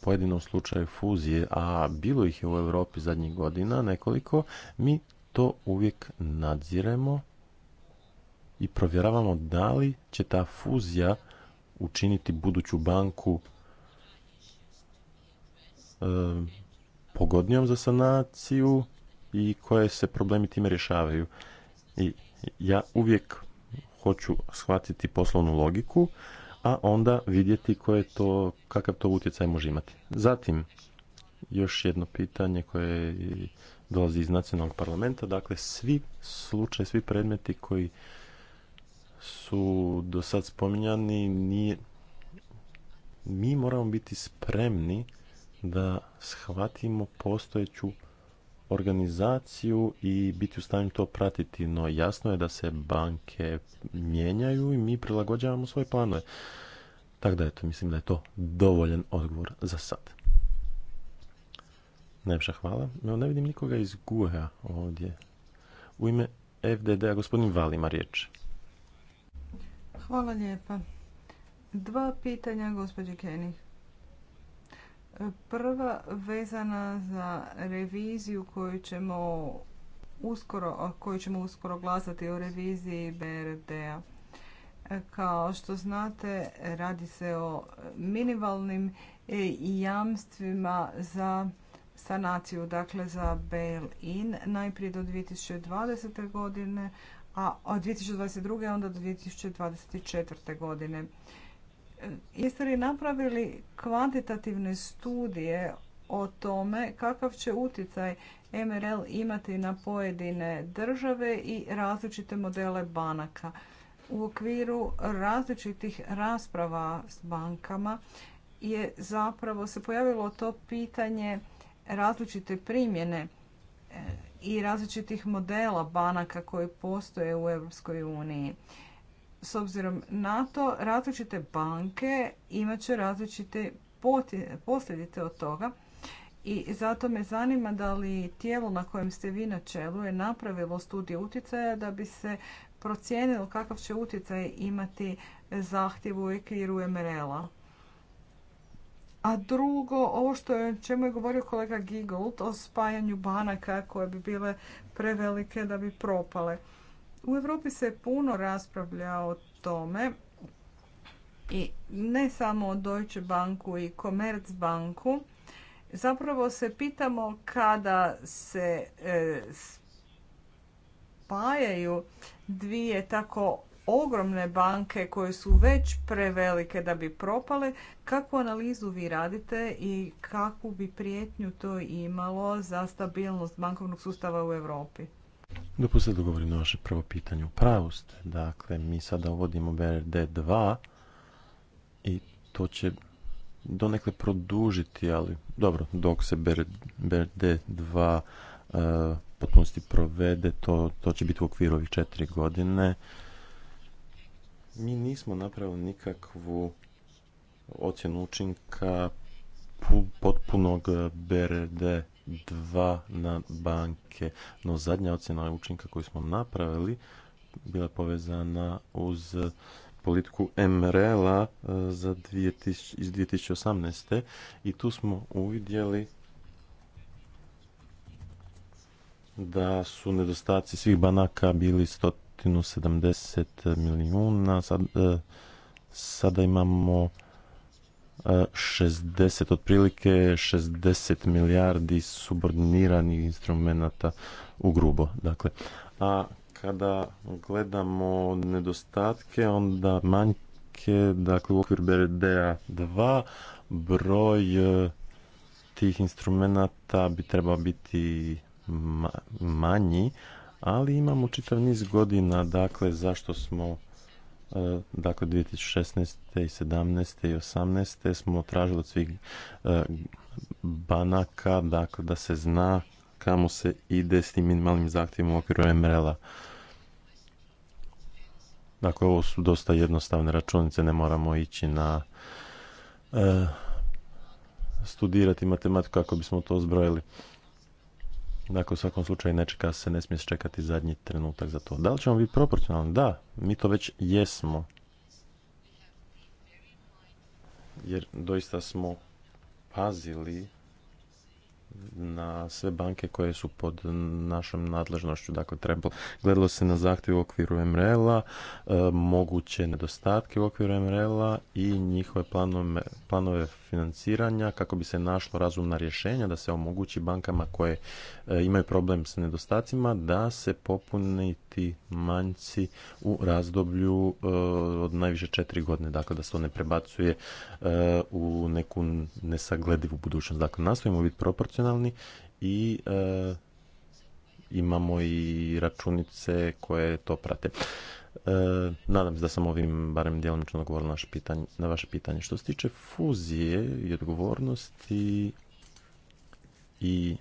pojedinom slučaju fuzije, a bilo ih je u Europi zadnjih godina nekoliko, mi to uvijek nadziremo i provjeravamo da li će ta fuzija učiniti buduću banku pogodnijom za sanaciju i koje se problemi time rješavaju. I ja uvijek hoću shvatiti poslovnu logiku, a onda vidjeti koje to, kakav to utjecaj može imati. Zatim, još jedno pitanje koje dolazi iz nacionalnog parlamenta, dakle svi slučaj, svi predmeti koji su do sad spominjani, nije... mi moramo biti spremni da shvatimo postojeću organizaciju i biti u stanju to pratiti, no jasno je da se banke mijenjaju i mi prilagođavamo svoje planove. Tako da eto, mislim da je to dovoljan odgovor za sad. Najljepša hvala. No, ne vidim nikoga iz Guha ovdje. U ime FDD-a gospodin Valima riječ. Hvala lijepa. Dva pitanja, gospođe Kenih. Prva vezana za reviziju koju ćemo uskoro, koju ćemo uskoro glasati o reviziji BRD-a. Kao što znate, radi se o minimalnim e, jamstvima za sanaciju, dakle za bail-in, najprije do 2020. godine, a od 2022. onda do 2024. godine. E, jeste li napravili kvantitativne studije o tome kakav će utjecaj MRL imati na pojedine države i različite modele banaka? U okviru različitih rasprava s bankama je zapravo se pojavilo to pitanje različite primjene e, i različitih modela banaka koji postoje u Europskoj uniji. S obzirom na to, različite banke imat će različite posljedice od toga i zato me zanima da li tijelo na kojem ste vi na čelu je napravilo studiju utjecaja da bi se procijenilo kakav će utjecaj imati zahtjev u okviru MRL-a. A drugo, ovo što je, čemu je govorio kolega Gigold o spajanju banaka koje bi bile prevelike da bi propale. U Europi se puno raspravlja o tome i ne samo o Deutsche Banku i Commerzbanku. Zapravo se pitamo kada se e, spajaju dvije tako ogromne banke koje su već prevelike da bi propale, kakvu analizu vi radite i kakvu bi prijetnju to imalo za stabilnost bankovnog sustava u Europi? Dopustite da govorim na vaše prvo pitanje. U pravu Dakle, mi sada uvodimo BRD2 i to će donekle produžiti, ali dobro, dok se BRD2 e, potpunosti provede, to, to će biti u okviru ovih četiri godine mi nismo napravili nikakvu ocjenu učinka potpunog BRD 2 na banke, no zadnja ocjena učinka koju smo napravili bila povezana uz politiku MRL-a e, za iz 2018. i tu smo uvidjeli da su nedostaci svih banaka bili 70 milijuna, sad, e, sada imamo 60, e, otprilike 60 milijardi subordiniranih instrumenta u grubo. Dakle, a kada gledamo nedostatke, onda manjke, dakle u okviru brd 2, broj e, tih instrumenta bi trebao biti manji, ali imamo čitav niz godina, dakle, zašto smo e, dakle 2016. i 17. i 18. smo tražili od svih e, banaka dakle da se zna kamo se ide s tim minimalnim zahtjevima u okviru MRL-a. Dakle, ovo su dosta jednostavne računice, ne moramo ići na e, studirati matematiku kako bismo to zbrojili. Dakle, u svakom slučaju ne čeka se, ne smije se čekati zadnji trenutak za to. Da li ćemo biti proporcionalni? Da, mi to već jesmo. Jer doista smo pazili na sve banke koje su pod našom nadležnošću. Dakle, treba, gledalo se na zahtjev u okviru MRL-a, e, moguće nedostatke u okviru MRL-a i njihove planove, planove financiranja kako bi se našlo razumna rješenja da se omogući bankama koje e, imaju problem s nedostacima da se popuniti manjci u razdoblju e, od najviše četiri godine, dakle da se to ne prebacuje e, u neku nesagledivu budućnost. Dakle, nastojimo biti proporcionalni i imamo i računice koje to prate. E, nadam se da sam ovim barem djelomično odgovorio na, na vaše pitanje. Što se tiče fuzije i odgovornosti i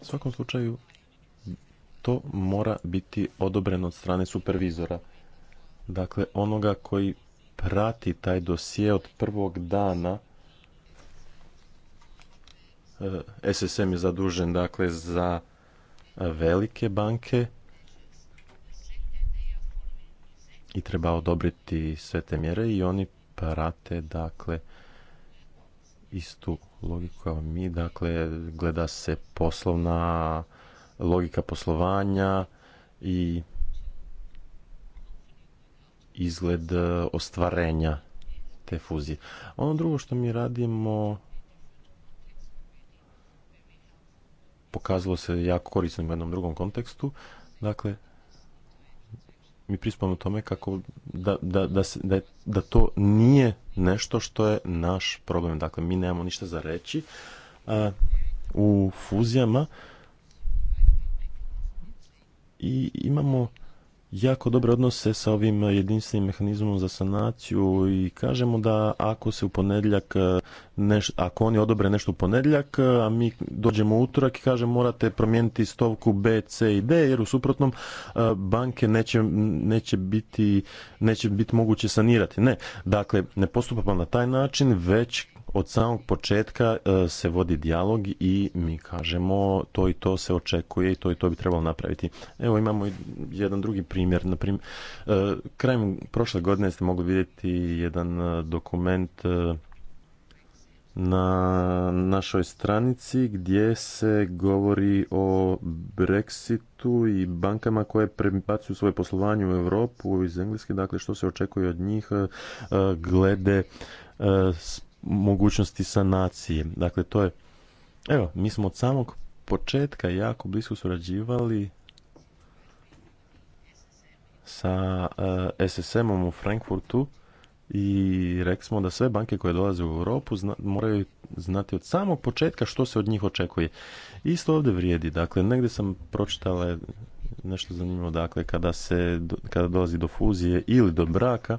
u svakom slučaju to mora biti odobreno od strane supervizora. Dakle, onoga koji prati taj dosije od prvog dana e, SSM je zadužen dakle za velike banke i treba odobriti sve te mjere i oni prate dakle istu logiku kao mi, dakle gleda se poslovna logika poslovanja i izgled e, ostvarenja te fuzije. Ono drugo što mi radimo pokazalo se jako korisnim u jednom drugom kontekstu. Dakle, mi prispamo tome kako da, da, da, se, da, da to nije nešto što je naš problem. Dakle, mi nemamo ništa za reći. u fuzijama i imamo jako dobre odnose sa ovim jedinstvenim mehanizmom za sanaciju i kažemo da ako se u ponedjeljak e, neš, ako oni odobre nešto u ponedjeljak, e, a mi dođemo u utorak i kažemo morate promijeniti stovku B, C i D jer u suprotnom e, banke neće, neće biti neće biti moguće sanirati. Ne, dakle ne postupamo pa na taj način već od samog početka e, se vodi dijalog i mi kažemo to i to se očekuje i to i to bi trebalo napraviti. Evo imamo jedan drugi primjer. E, krajem prošle godine ste mogli vidjeti jedan e, dokument na našoj stranici gdje se govori o Brexitu i bankama koje prebacuju svoje poslovanje u Europu iz Engleske, dakle što se očekuje od njih glede mogućnosti sanacije. Dakle, to je, evo, mi smo od samog početka jako blisko surađivali sa e, SSM-om u Frankfurtu i rekli smo da sve banke koje dolaze u Europu moraju znati od samog početka što se od njih očekuje. Isto ovdje vrijedi, dakle, negdje sam pročitala nešto zanimljivo, dakle, kada, se, kada dolazi do fuzije ili do braka,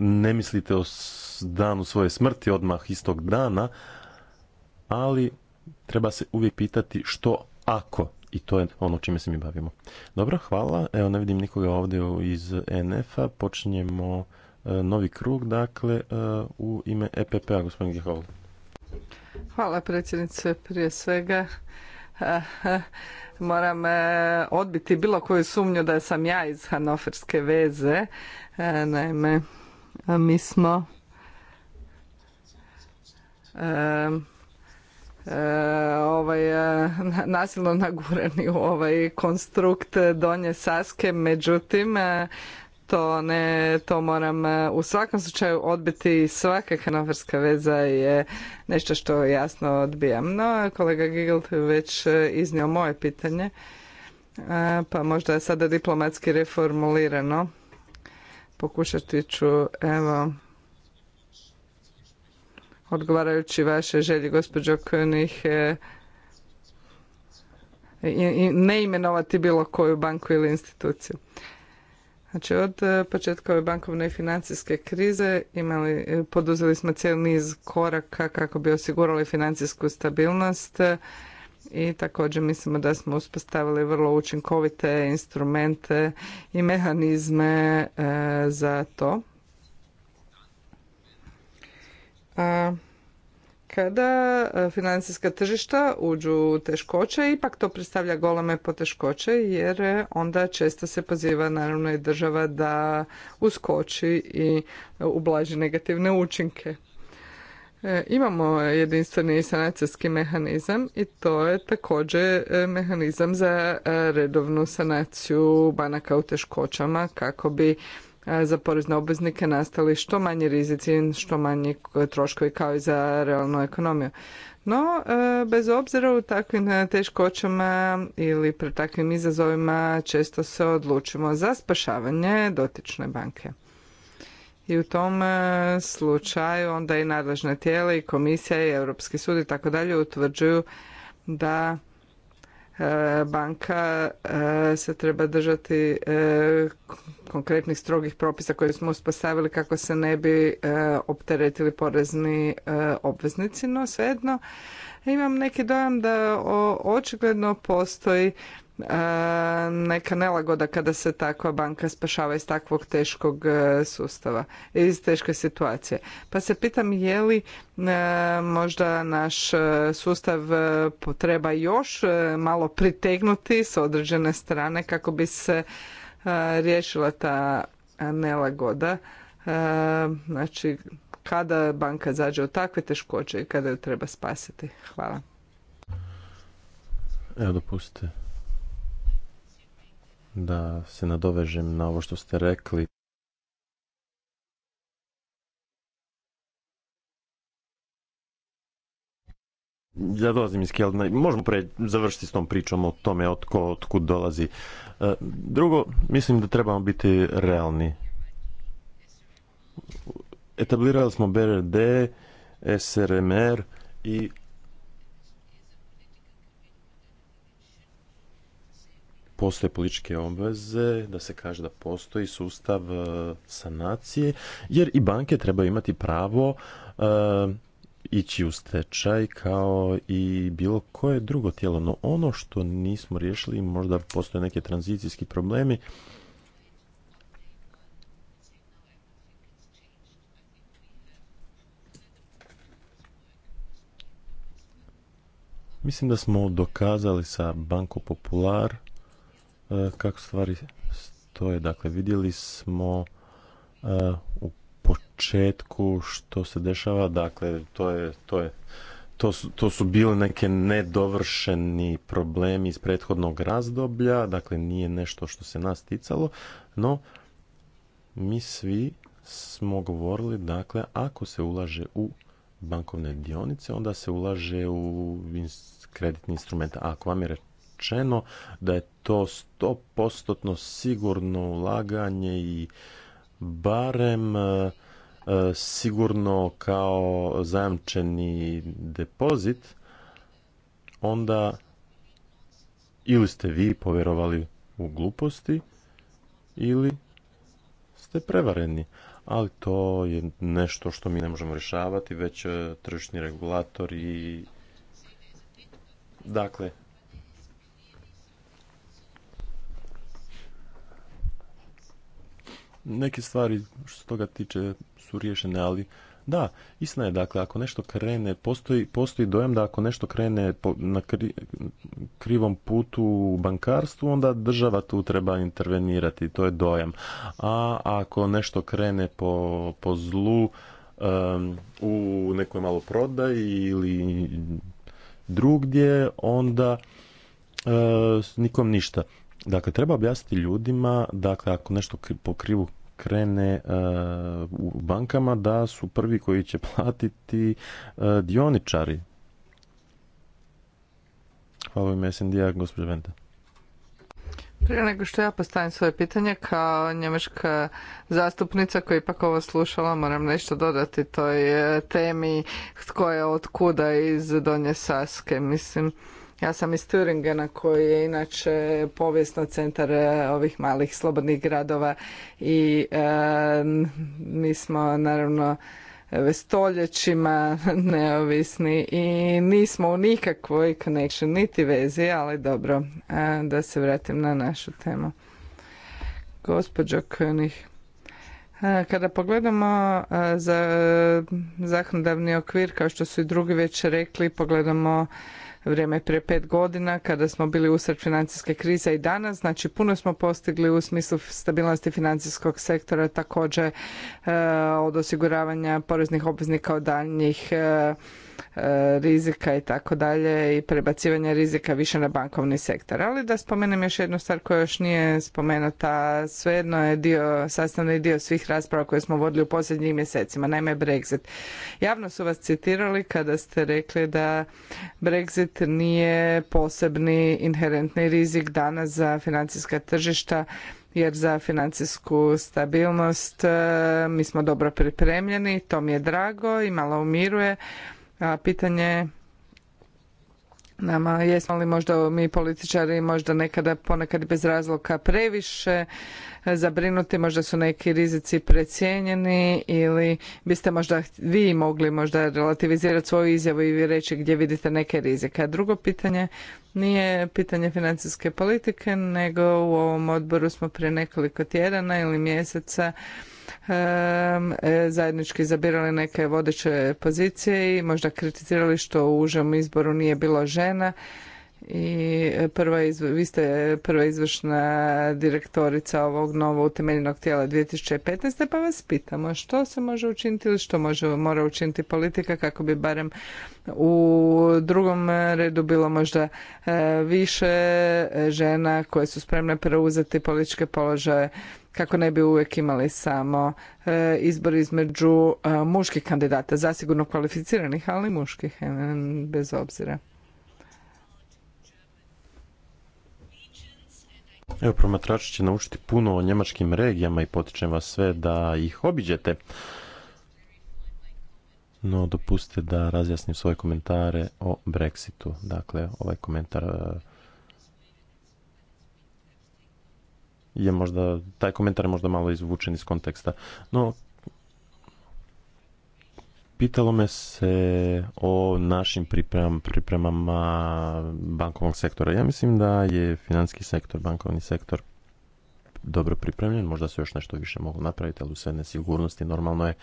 ne mislite o danu svoje smrti odmah istog dana, ali treba se uvijek pitati što ako i to je ono čime se mi bavimo. Dobro, hvala. Evo ne vidim nikoga ovdje iz NF-a. Počinjemo e, novi krug, dakle e, u ime EPP-a, gospodin Gihol. Hvala predsjednice. Prije svega moram e, odbiti bilo koju sumnju da sam ja iz Hanoferske veze. Naime, mi smo eh, ovaj, eh, nasilno nagurani u ovaj konstrukt Donje Saske, međutim eh, to ne, to moram u svakom slučaju odbiti svaka kanaverska veza je nešto što jasno odbijam. No, kolega je već iznio moje pitanje, pa možda je sada diplomatski reformulirano. Pokušati ću, evo, odgovarajući vaše želji, gospođo König, e, i ne imenovati bilo koju banku ili instituciju. Znači od e, početka ove bankovne i financijske krize imali, e, poduzeli smo cijeli niz koraka kako bi osigurali financijsku stabilnost i također mislimo da smo uspostavili vrlo učinkovite instrumente i mehanizme e, za to. A kada e, financijska tržišta uđu u teškoće, ipak to predstavlja goleme poteškoće jer onda često se poziva naravno i država da uskoči i ublaži negativne učinke. E, imamo jedinstveni sanacijski mehanizam i to je također e, mehanizam za e, redovnu sanaciju banaka u teškoćama kako bi za porezne obveznike nastali što manji rizici, što manji troškovi kao i za realnu ekonomiju. No, bez obzira u takvim teškoćama ili pred takvim izazovima često se odlučimo za spašavanje dotične banke i u tom e, slučaju onda i nadležna tijela i komisija i Europski sud i tako dalje utvrđuju da e, banka e, se treba držati konkretnih strogih propisa koje smo uspostavili kako se ne bi opteretili porezni obveznici, no svejedno imam neki dojam da očigledno postoji neka nelagoda kada se takva banka spašava iz takvog teškog e, sustava, iz teške situacije. Pa se pitam je li e, možda naš e, sustav potreba još malo pritegnuti s određene strane kako bi se riješila ta nelagoda. Znači, kada banka zađe u takve teškoće i kada ju treba spasiti. Hvala. Evo dopustite da se nadovežem na ovo što ste rekli. Ja dolazim iz Kjeldna, možemo pre završiti s tom pričom o tome od kud dolazi. E, drugo, mislim da trebamo biti realni. Etablirali smo BRD, SRMR i postoje političke obveze, da se kaže da postoji sustav e, sanacije, jer i banke trebaju imati pravo e, ići u stečaj kao i bilo koje drugo tijelo. No ono što nismo riješili, možda postoje neke tranzicijski problemi, Mislim da smo dokazali sa Banko Popular E, kako stvari stoje. Dakle, vidjeli smo e, u početku što se dešava, dakle, to je, to je to su, to su bili neke nedovršeni problemi iz prethodnog razdoblja, dakle nije nešto što se nas ticalo, no mi svi smo govorili, dakle, ako se ulaže u bankovne dionice, onda se ulaže u kreditni instrument. ako vam je rečeno da je to 100% sigurno ulaganje i barem e, e, sigurno kao zajamčeni depozit, onda ili ste vi povjerovali u gluposti ili ste prevareni. Ali to je nešto što mi ne možemo rješavati, već e, tržišni regulator i... Dakle, neke stvari što se toga tiče su riješene, ali da, istina je, dakle, ako nešto krene, postoji, postoji dojam da ako nešto krene po, na krivom putu u bankarstvu, onda država tu treba intervenirati, to je dojam. A ako nešto krene po, po zlu u nekoj maloprodaji ili drugdje, onda eh, nikom ništa. Dakle, treba objasniti ljudima, dakle, ako nešto po krivu krene e, u bankama da su prvi koji će platiti e, dioničari. Hvala vam, SND-a, gospođa Venta. Prije nego što ja postavim svoje pitanje, kao njemačka zastupnica koja ipak ovo slušala, moram nešto dodati toj temi tko je od kuda iz Donje Saske. Mislim, ja sam iz Turingena koji je inače povijesno centar e, ovih malih slobodnih gradova i e, mi smo naravno stoljećima neovisni i nismo u nikakvoj connection niti vezi, ali dobro, e, da se vratim na našu temu. Gospođo König, kada pogledamo za zakonodavni okvir, kao što su i drugi već rekli, pogledamo vrijeme prije pet godina kada smo bili usred financijske krize i danas. Znači puno smo postigli u smislu stabilnosti financijskog sektora također eh, od osiguravanja poreznih obveznika od daljnjih eh, E, rizika i tako dalje i prebacivanja rizika više na bankovni sektor. Ali da spomenem još jednu stvar koja još nije spomenuta, svejedno je dio, sastavni dio svih rasprava koje smo vodili u posljednjim mjesecima, naime Brexit. Javno su vas citirali kada ste rekli da Brexit nije posebni inherentni rizik danas za financijska tržišta jer za financijsku stabilnost e, mi smo dobro pripremljeni, to mi je drago i malo umiruje a pitanje nama jesmo li možda mi političari možda nekada ponekad bez razloga previše zabrinuti, možda su neki rizici precijenjeni ili biste možda vi mogli možda relativizirati svoju izjavu i reći gdje vidite neke rizike. A drugo pitanje nije pitanje financijske politike, nego u ovom odboru smo prije nekoliko tjedana ili mjeseca E, zajednički izabirali neke vodeće pozicije i možda kritizirali što u užem izboru nije bilo žena i prva izv, vi ste prva izvršna direktorica ovog novo utemeljenog tijela 2015. pa vas pitamo što se može učiniti ili što može, mora učiniti politika kako bi barem u drugom redu bilo možda e, više žena koje su spremne preuzeti političke položaje kako ne bi uvijek imali samo e, izbor između e, muških kandidata, zasigurno kvalificiranih, ali muških, bez obzira. Evo, promatrači će naučiti puno o njemačkim regijama i potičem vas sve da ih obiđete. No, dopustite da razjasnim svoje komentare o Brexitu. Dakle, ovaj komentar e, je možda, taj komentar je možda malo izvučen iz konteksta. No, Pitalo me se o našim pripremama, pripremama bankovnog sektora. Ja mislim da je financijski sektor, bankovni sektor dobro pripremljen, možda se još nešto više mogu napraviti, ali u sve nesigurnosti normalno je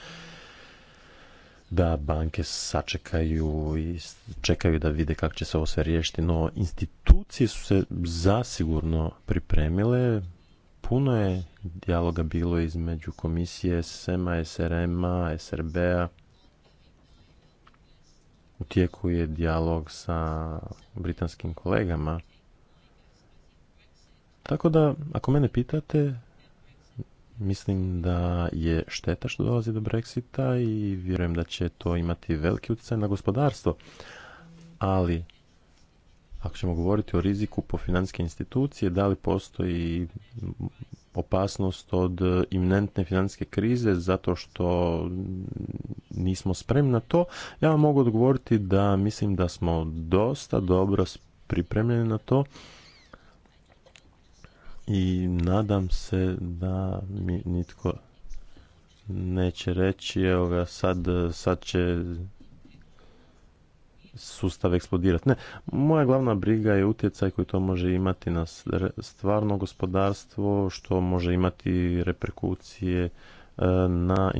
da banke sačekaju i čekaju da vide kako će se ovo sve riješiti, no institucije su se zasigurno pripremile, puno je dijaloga bilo između komisije, SMA, SRM-a, SRB-a, u tijeku je dijalog sa britanskim kolegama. Tako da, ako mene pitate, mislim da je šteta što dolazi do Brexita i vjerujem da će to imati veliki utjecaj na gospodarstvo. Ali, ako ćemo govoriti o riziku po financijske institucije, da li postoji opasnost od iminentne financijske krize zato što nismo spremni na to, ja vam mogu odgovoriti da mislim da smo dosta dobro pripremljeni na to i nadam se da mi nitko neće reći, evo ga, sad, sad će sustav eksplodirati. Ne, moja glavna briga je utjecaj koji to može imati na stvarno gospodarstvo, što može imati reperkucije e, na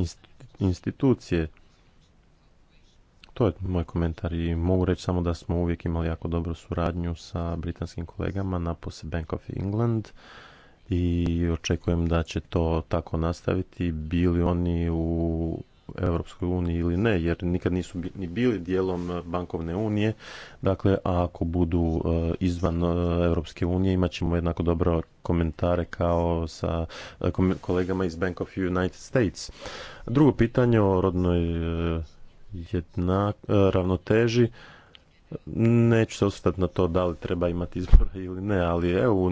institucije. To je moj komentar i mogu reći samo da smo uvijek imali jako dobru suradnju sa britanskim kolegama na pose Bank of England i očekujem da će to tako nastaviti bili oni u Europskoj uniji ili ne, jer nikad nisu ni bili dijelom e, bankovne unije. Dakle, ako budu e, izvan e, Europske unije imat ćemo jednako dobro komentare kao sa kolegama iz Bank of United States. Drugo pitanje o rodnoj jedna, ravnoteži. Neću se osvrtati na to da li treba imati izbora ili ne, ali evo u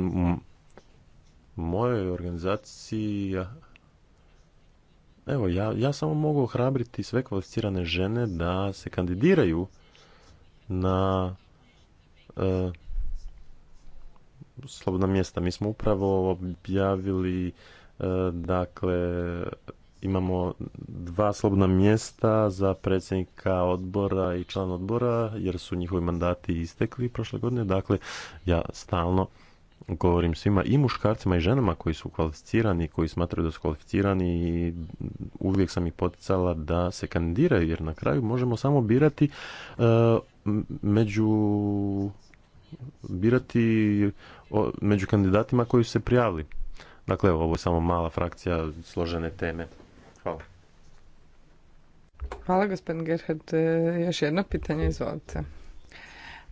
mojoj organizaciji Evo, ja, ja samo mogu ohrabriti sve kvalificirane žene da se kandidiraju na e, slobodna mjesta. Mi smo upravo objavili, e, dakle, imamo dva slobodna mjesta za predsjednika odbora i član odbora, jer su njihovi mandati istekli prošle godine. Dakle, ja stalno govorim svima i muškarcima i ženama koji su kvalificirani, koji smatraju da su kvalificirani i uvijek sam ih poticala da se kandidiraju jer na kraju možemo samo birati eh, među birati među kandidatima koji su se prijavili. Dakle, ovo je samo mala frakcija složene teme. Hvala. Hvala, gospodin Gerhard. Eh, još jedno pitanje, izvolite.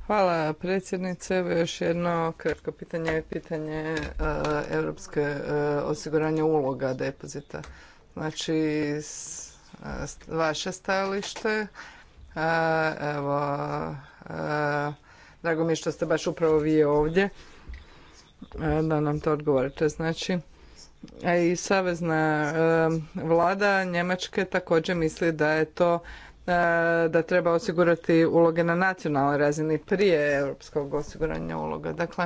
Hvala predsjednice. Evo još jedno kratko pitanje je pitanje e, europske e, osiguranja uloga depozita. Znači, e, vaše stajalište, evo, drago mi je što ste baš upravo vi ovdje, da nam to odgovorite. Znači, a i savezna vlada Njemačke također misli da je to E, da treba osigurati uloge na nacionalnoj razini prije europskog osiguranja uloga. Dakle,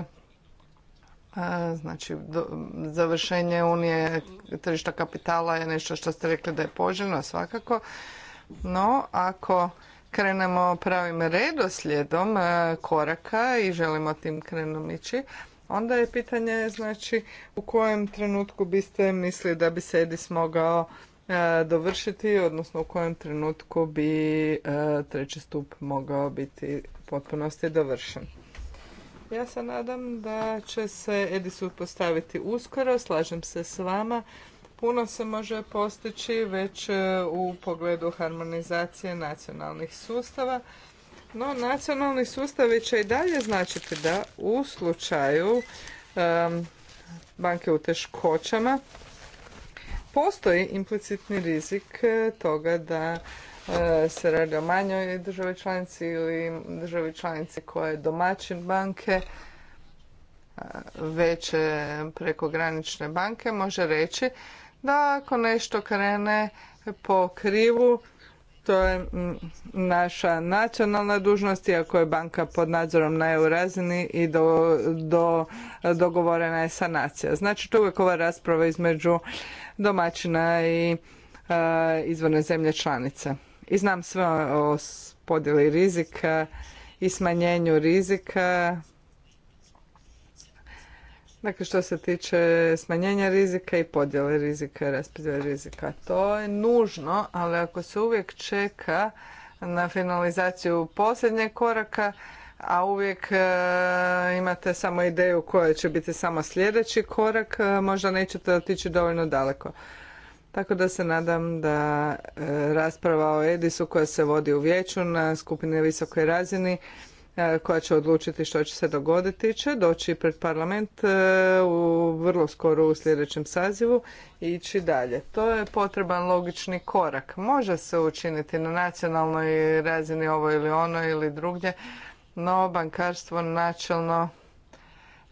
e, znači do, završenje unije tržišta kapitala je nešto što ste rekli da je poželjno svakako. No, ako krenemo pravim redoslijedom e, koraka i želimo tim krenom ići, onda je pitanje znači u kojem trenutku biste mislili da bi se Edis mogao E, dovršiti, odnosno u kojem trenutku bi e, treći stup mogao biti u potpunosti dovršen. Ja se nadam da će se Edisu postaviti uskoro, slažem se s vama. Puno se može postići već e, u pogledu harmonizacije nacionalnih sustava, no nacionalni sustavi će i dalje značiti da u slučaju banke u teškoćama postoji implicitni rizik e, toga da e, se radi o manjoj državi članici ili državi članici koja je domaćin banke e, veće prekogranične banke može reći da ako nešto krene po krivu to je naša nacionalna dužnost iako je banka pod nadzorom na EU razini i do, do, dogovorena je sanacija. Znači to je uvijek ova rasprava između domaćina i e, izvorne zemlje članice. I znam sve o podjeli rizika i smanjenju rizika. Dakle, što se tiče smanjenja rizika i podjele rizika i raspodjele rizika, to je nužno, ali ako se uvijek čeka na finalizaciju posljednjeg koraka, a uvijek e, imate samo ideju koja će biti samo sljedeći korak, e, možda nećete otići dovoljno daleko. Tako da se nadam da e, rasprava o Edisu koja se vodi u vijeću na skupini visokoj razini koja će odlučiti što će se dogoditi će doći pred parlament u vrlo skoro u sljedećem sazivu i ići dalje. To je potreban logični korak. Može se učiniti na nacionalnoj razini ovo ili ono ili drugdje, no, bankarstvo načelno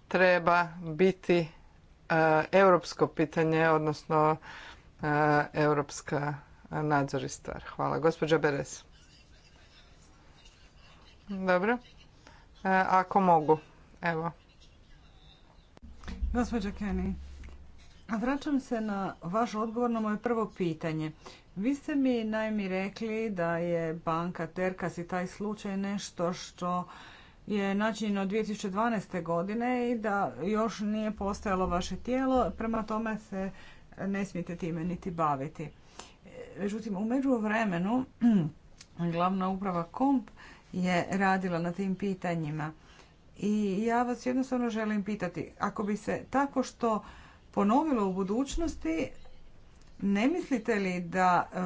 treba biti e, europsko pitanje, odnosno e, europska nadzor i stvar. Hvala. Gospođa Beres. Dobro. E, ako mogu. Evo. Gospođa Kenny, vraćam se na vaš odgovor na moje prvo pitanje. Vi ste mi najmi rekli da je banka Terkas i taj slučaj nešto što je načinjeno 2012. godine i da još nije postojalo vaše tijelo, prema tome se ne smijete time niti baviti. Međutim, u međuvremenu glavna uprava KOMP je radila na tim pitanjima. I ja vas jednostavno želim pitati, ako bi se tako što ponovilo u budućnosti, ne mislite li da e,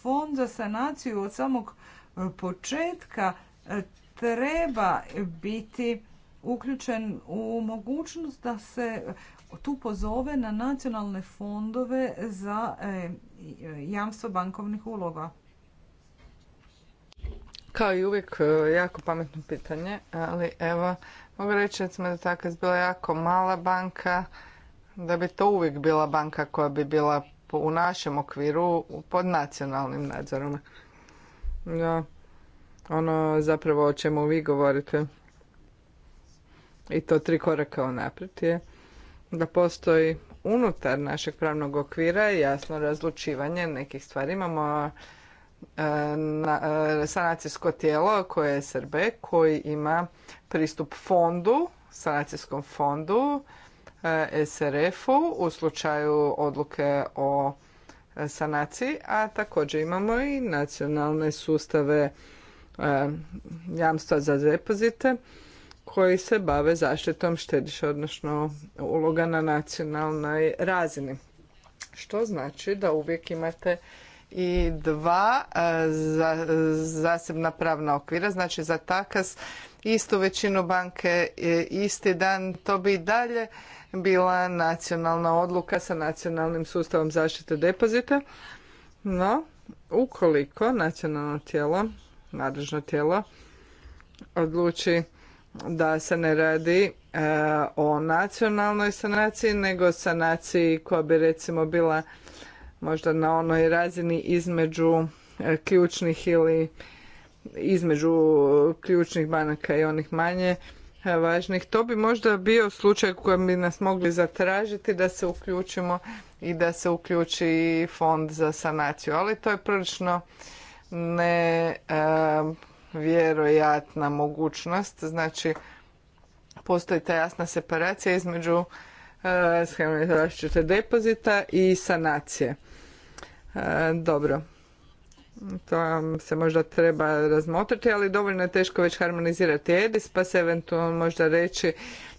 fond za sanaciju od samog e, početka e, treba biti uključen u mogućnost da se tu pozove na nacionalne fondove za jamstvo bankovnih uloga? Kao i uvijek, jako pametno pitanje, ali evo, mogu reći da Takas bila jako mala banka, da bi to uvijek bila banka koja bi bila u našem okviru pod nacionalnim nadzorom. Ja, ono zapravo o čemu vi govorite i to tri koraka unaprijed je da postoji unutar našeg pravnog okvira jasno razlučivanje nekih stvari. Imamo e, e, sanacijsko tijelo koje je SRB, koji ima pristup fondu, sanacijskom fondu, SRF-u u slučaju odluke o sanaciji, a također imamo i nacionalne sustave e, jamstva za depozite koji se bave zaštitom štediša, odnosno uloga na nacionalnoj razini. Što znači da uvijek imate i dva e, zasebna pravna okvira, znači za takas istu većinu banke e, isti dan, to bi i dalje bila nacionalna odluka sa nacionalnim sustavom zaštite depozita. No, ukoliko nacionalno tijelo, nadležno tijelo, odluči da se ne radi e, o nacionalnoj sanaciji, nego sanaciji koja bi recimo bila možda na onoj razini između e, ključnih ili između e, ključnih banaka i onih manje, važnih. To bi možda bio slučaj u kojem bi nas mogli zatražiti da se uključimo i da se uključi fond za sanaciju. Ali to je prilično nevjerojatna e, mogućnost. Znači, postoji ta jasna separacija između različite e, depozita i sanacije. E, dobro, to se možda treba razmotriti, ali dovoljno je teško već harmonizirati EDIS, pa se eventualno možda reći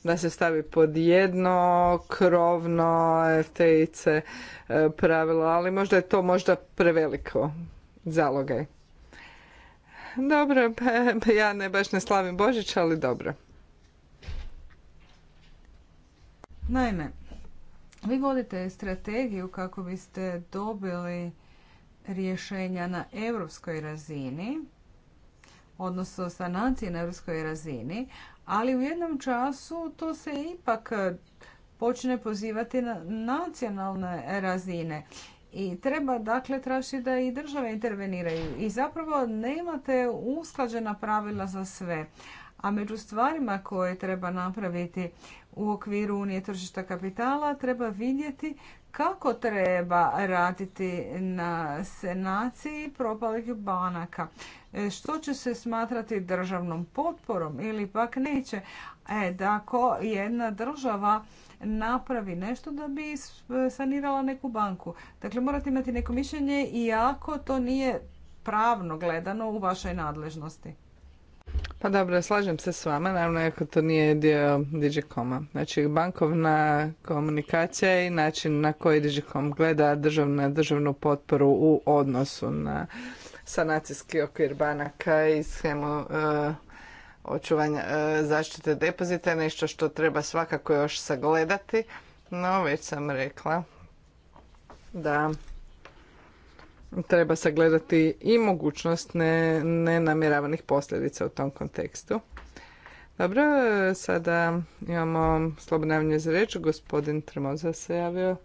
da se stavi pod jedno krovno FTIC e, pravilo, ali možda je to možda preveliko zalogaj. Dobro, pa, pa ja ne baš ne slavim Božić, ali dobro. Naime, vi vodite strategiju kako biste dobili rješenja na europskoj razini, odnosno sanacije na europskoj razini, ali u jednom času to se ipak počne pozivati na nacionalne razine. I treba dakle tražiti da i države interveniraju. I zapravo nemate usklađena pravila za sve. A među stvarima koje treba napraviti u okviru Unije tržišta kapitala treba vidjeti kako treba raditi na senaciji propalih banaka. E, što će se smatrati državnom potporom ili pak neće. E, da ako jedna država napravi nešto da bi e, sanirala neku banku. Dakle, morate imati neko mišljenje i ako to nije pravno gledano u vašoj nadležnosti. Pa dobro, slažem se s vama, naravno ako to nije dio Digicoma. Znači bankovna komunikacija i način na koji Digicom gleda državna, državnu potporu u odnosu na sanacijski okvir banaka i schemu eh, očuvanja eh, zaštite depozita je nešto što treba svakako još sagledati, no već sam rekla da treba sagledati i mogućnost nenamjeravanih ne posljedica u tom kontekstu. Dobro, sada imamo slobodno javnje za reč. Gospodin Tremoza se javio.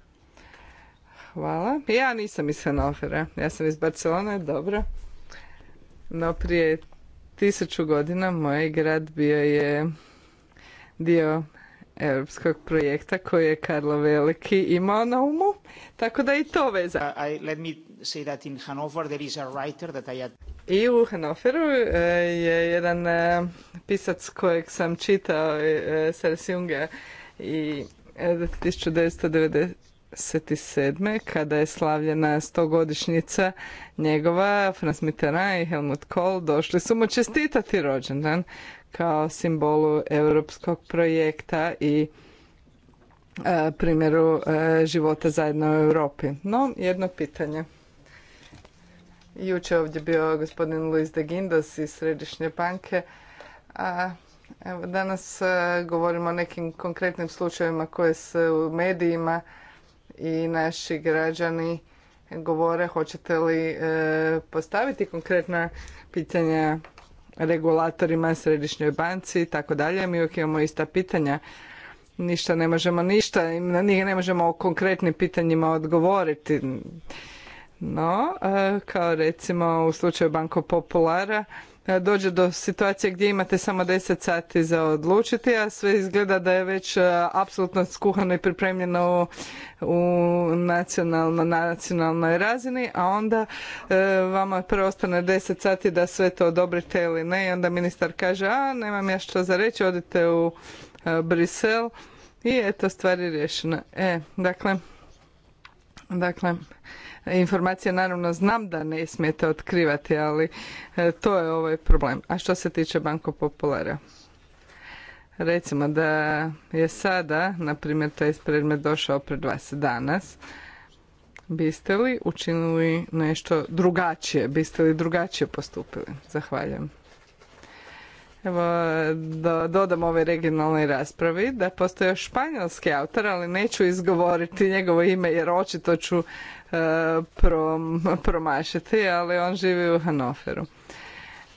Hvala. Ja nisam iz Hanofera, ja sam iz Barcelone, dobro. No prije tisuću godina moj grad bio je dio europskog projekta koji je Karlo Veliki imao na umu, tako da i to veza. Uh, I, let me say that in Hanover there is a writer that I u Hanoveru e, je jedan e, pisac kojeg sam čitao e, Sars Junge i 1997. kada je slavljena stogodišnjica njegova, Franz Mitterrand i Helmut Kohl došli su mu čestitati rođendan kao simbolu europskog projekta i primjeru života zajedno u Europi. No, jedno pitanje. Juče ovdje bio gospodin Luis de Guindos iz Središnje banke. A evo, danas e, govorimo o nekim konkretnim slučajevima koje se u medijima i naši građani govore hoćete li e, postaviti konkretna pitanja regulatorima, središnjoj banci i tako dalje. Mi uvijek imamo ista pitanja. Ništa ne možemo, ništa, na njih ne možemo o konkretnim pitanjima odgovoriti. No, e, kao recimo u slučaju Banko Populara, e, dođe do situacije gdje imate samo 10 sati za odlučiti, a sve izgleda da je već e, apsolutno skuhano i pripremljeno u nacionalno, nacionalnoj razini, a onda e, vama preostane 10 sati da sve to odobrite ili ne i onda ministar kaže a nemam ja što za reći, odite u e, Brisel i eto stvari riješene. E, dakle, dakle, informacije naravno znam da ne smijete otkrivati, ali e, to je ovaj problem. A što se tiče Banko Populara? Recimo da je sada, na primjer, taj predmet došao pred vas danas, biste li učinili nešto drugačije, biste li drugačije postupili? Zahvaljujem. Evo, do, dodam ovoj regionalnoj raspravi da postoje španjolski autor, ali neću izgovoriti njegovo ime jer očito ću uh, promašiti, ali on živi u Hanoferu.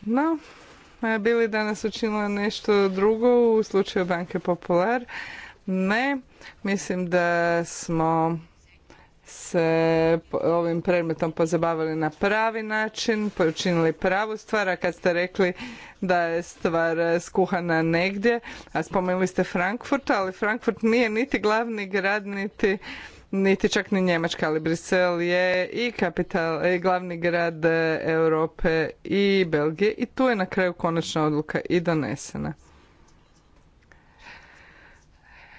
No, bili danas učinila nešto drugo u slučaju Banke Popular? Ne, mislim da smo se ovim predmetom pozabavili na pravi način, učinili pravu stvar, a kad ste rekli da je stvar skuhana negdje, a spomenuli ste Frankfurt, ali Frankfurt nije niti glavni grad, niti niti čak ni Njemačka, ali Brisel je i kapital, i glavni grad Europe i Belgije i tu je na kraju konačna odluka i donesena.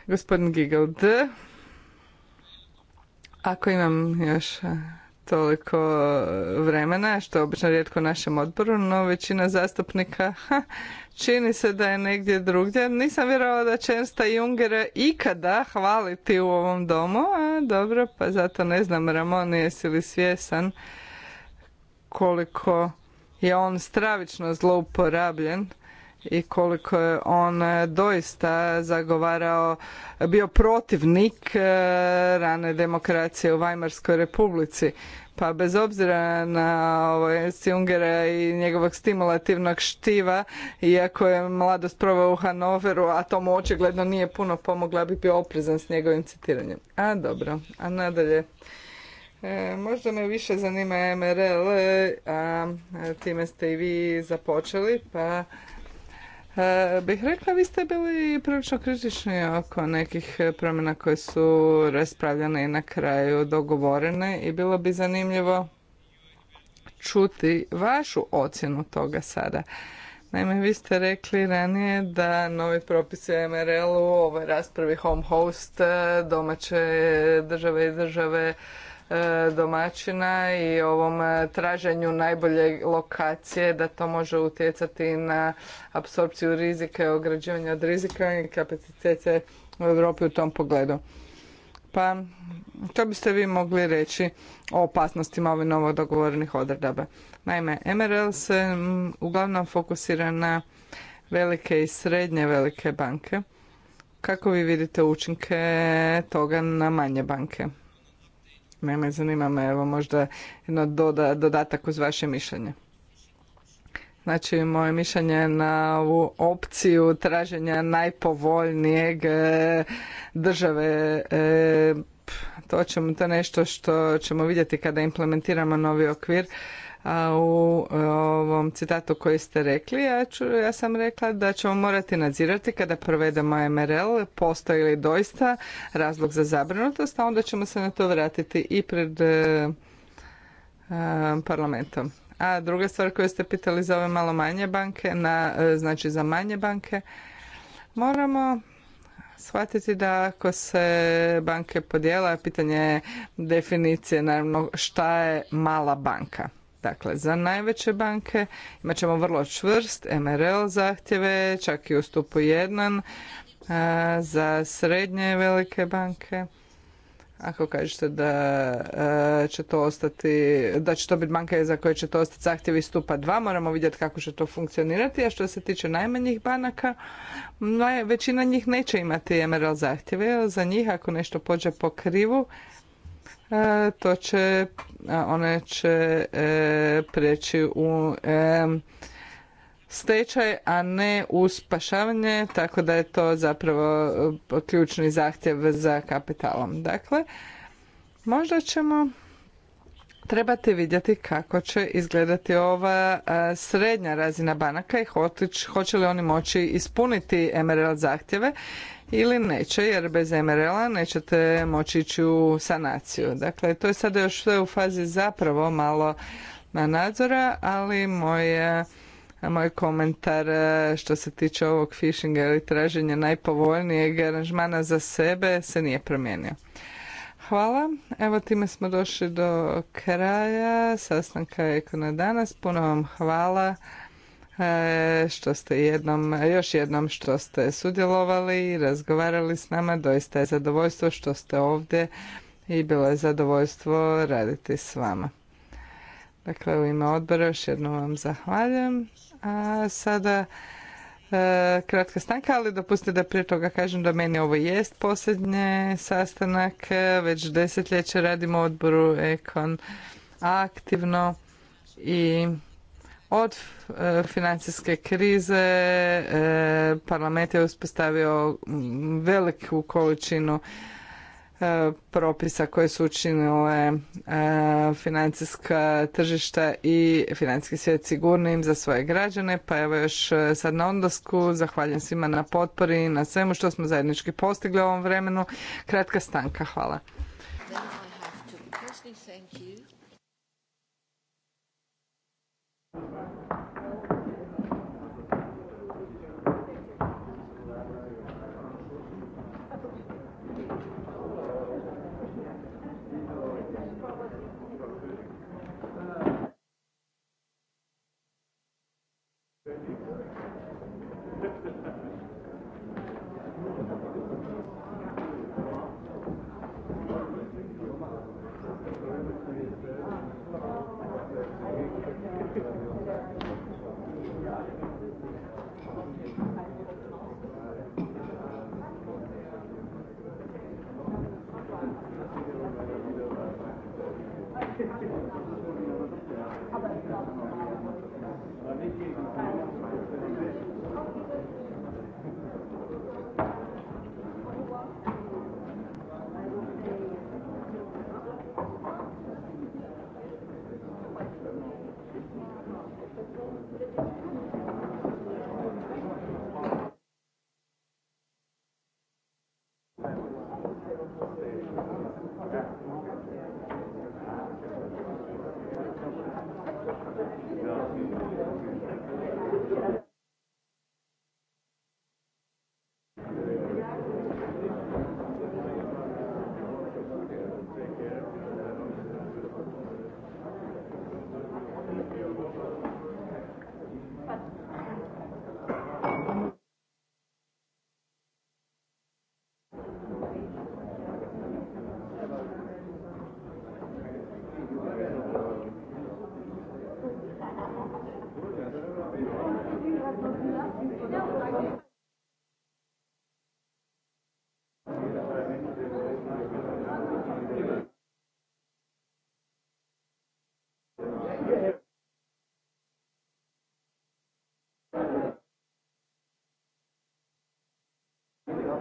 Gospodin Gigald, ako imam još e, toliko e, vremena, što je obično rijetko u našem odboru, no većina zastupnika ha, čini se da je negdje drugdje. Nisam vjerovala da će Ernsta Jungera ikada hvaliti u ovom domu, a dobro, pa zato ne znam, Ramon, jesi li svjesan koliko je on stravično zlouporabljen i koliko je on e, doista zagovarao, bio protivnik e, rane demokracije u Weimarskoj republici. Pa bez obzira na ovo Sjungera i njegovog stimulativnog štiva, iako je mladost proveo u Hanoveru, a to mu očigledno nije puno pomogla, bi bio oprezan s njegovim citiranjem. A dobro, a nadalje. E, možda me više zanima MRL, a time ste i vi započeli, pa E, bih rekla, vi ste bili prilično kritični oko nekih promjena koje su raspravljane i na kraju dogovorene i bilo bi zanimljivo čuti vašu ocjenu toga sada. Naime, vi ste rekli ranije da novi propisi u MRL-u, ovoj raspravi home host, e, domaće države i države E, domaćina i ovom e, traženju najbolje lokacije da to može utjecati na apsorpciju rizika i ograđivanje od rizika i kapacitete u Europi u tom pogledu. Pa, to biste vi mogli reći o opasnostima ovih novo dogovorenih odredaba. Naime, MRL se uglavnom fokusira na velike i srednje velike banke. Kako vi vidite učinke toga na manje banke? mene zanima me evo možda jedno dodatak uz vaše mišljenje. Znači, moje mišljenje na ovu opciju traženja najpovoljnijeg e, države, e, to, ćemo, to je nešto što ćemo vidjeti kada implementiramo novi okvir a u e, ovom citatu koji ste rekli, ja, ću, ja sam rekla da ćemo morati nadzirati kada provedemo MRL, postoji li doista razlog za zabrinutost, a onda ćemo se na to vratiti i pred e, e, parlamentom. A druga stvar koju ste pitali za ove malo manje banke, na, znači za manje banke, moramo shvatiti da ako se banke podijela, pitanje je definicije naravno šta je mala banka. Dakle, za najveće banke imat ćemo vrlo čvrst MRL zahtjeve, čak i u stupu 1, e, za srednje velike banke. Ako kažete da e, će to ostati, da će to biti banka za koje će to ostati zahtjevi stupa 2, moramo vidjeti kako će to funkcionirati, a što se tiče najmanjih banaka, većina njih neće imati MRL zahtjeve, za njih ako nešto pođe po krivu, E, to će, one će e, preći u e, stečaj, a ne u spašavanje, tako da je to zapravo ključni zahtjev za kapitalom. Dakle, možda ćemo trebati vidjeti kako će izgledati ova srednja razina banaka i hoće li oni moći ispuniti MRL zahtjeve ili neće, jer bez MRL-a nećete moći ići u sanaciju. Dakle, to je sada još sve u fazi zapravo malo na nadzora, ali moje moj komentar e, što se tiče ovog phishinga ili traženja najpovoljnijeg aranžmana za sebe se nije promijenio. Hvala. Evo time smo došli do kraja sastanka Eko na danas. Puno vam hvala. E, što ste jednom, još jednom što ste sudjelovali i razgovarali s nama. Doista je zadovoljstvo što ste ovdje i bilo je zadovoljstvo raditi s vama. Dakle, u ime odbora još jednom vam zahvaljujem. A sada e, kratka stanka, ali dopustite da prije toga kažem da meni ovo jest posljednje sastanak. E, već desetljeće radimo odboru Ekon aktivno i od e, financijske krize e, parlament je uspostavio veliku količinu e, propisa koje su učinile financijska tržišta i financijski svijet sigurnim za svoje građane. Pa evo još sad na ondasku. Zahvaljujem svima na potpori i na svemu što smo zajednički postigli u ovom vremenu. Kratka stanka. Hvala. Hvala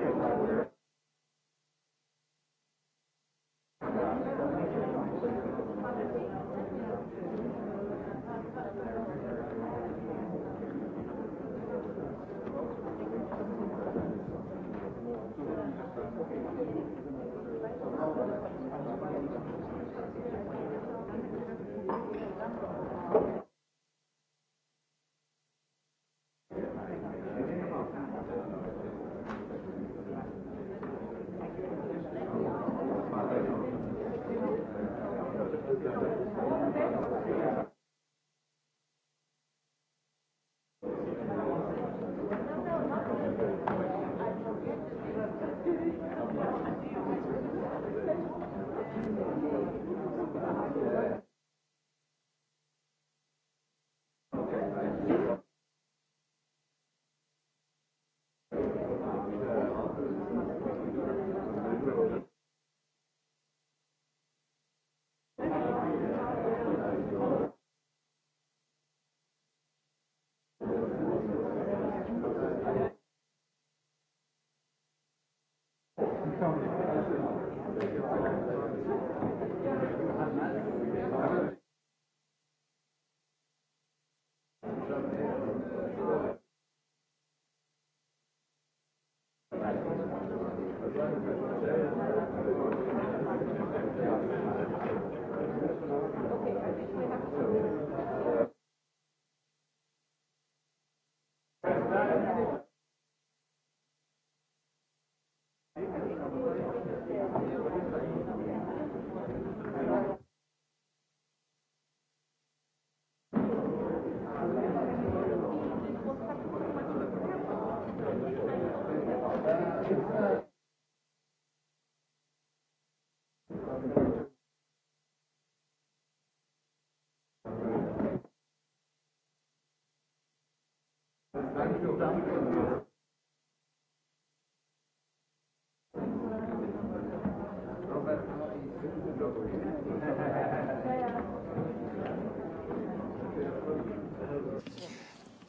Hvala Hvala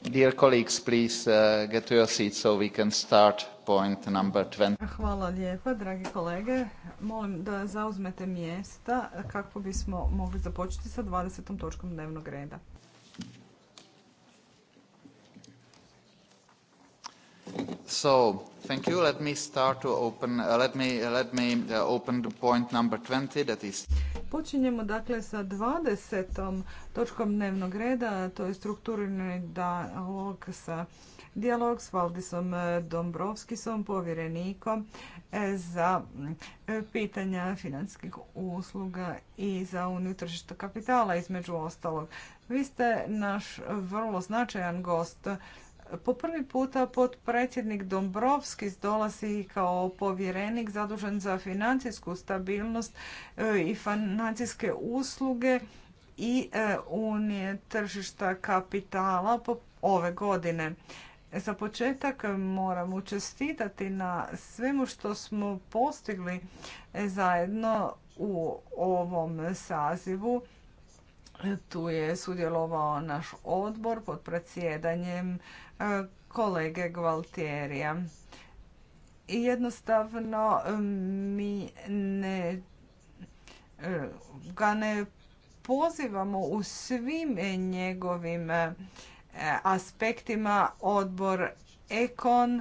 Dear colleagues, please uh, get to your seats so we can start point number 20. Hvala lijepa, dragi kolege. Molim da zauzmete mjesta kako bismo mogli započeti sa 20. točkom dnevnog reda. So, thank you. Let me start to open, uh, let me, uh, let me uh, open the point number 20, that is... Počinjemo dakle sa 20. točkom dnevnog reda, to je strukturni dialog sa dijalog s Valdisom Dombrovskisom, povjerenikom e, za mm, e, pitanja financijskih usluga i za uniju tržišta kapitala, između ostalog. Vi ste naš vrlo značajan gost po prvi puta potpredsjednik Dombrovski dolazi kao povjerenik zadužen za financijsku stabilnost e, i financijske usluge i e, unije tržišta kapitala ove godine. Za početak moram učestitati na svemu što smo postigli e, zajedno u ovom sazivu Dakle, tu je sudjelovao naš odbor pod predsjedanjem e, kolege Gvaltjerija. I jednostavno e, mi ne, e, ga ne pozivamo u svim njegovim aspektima odbor Ekon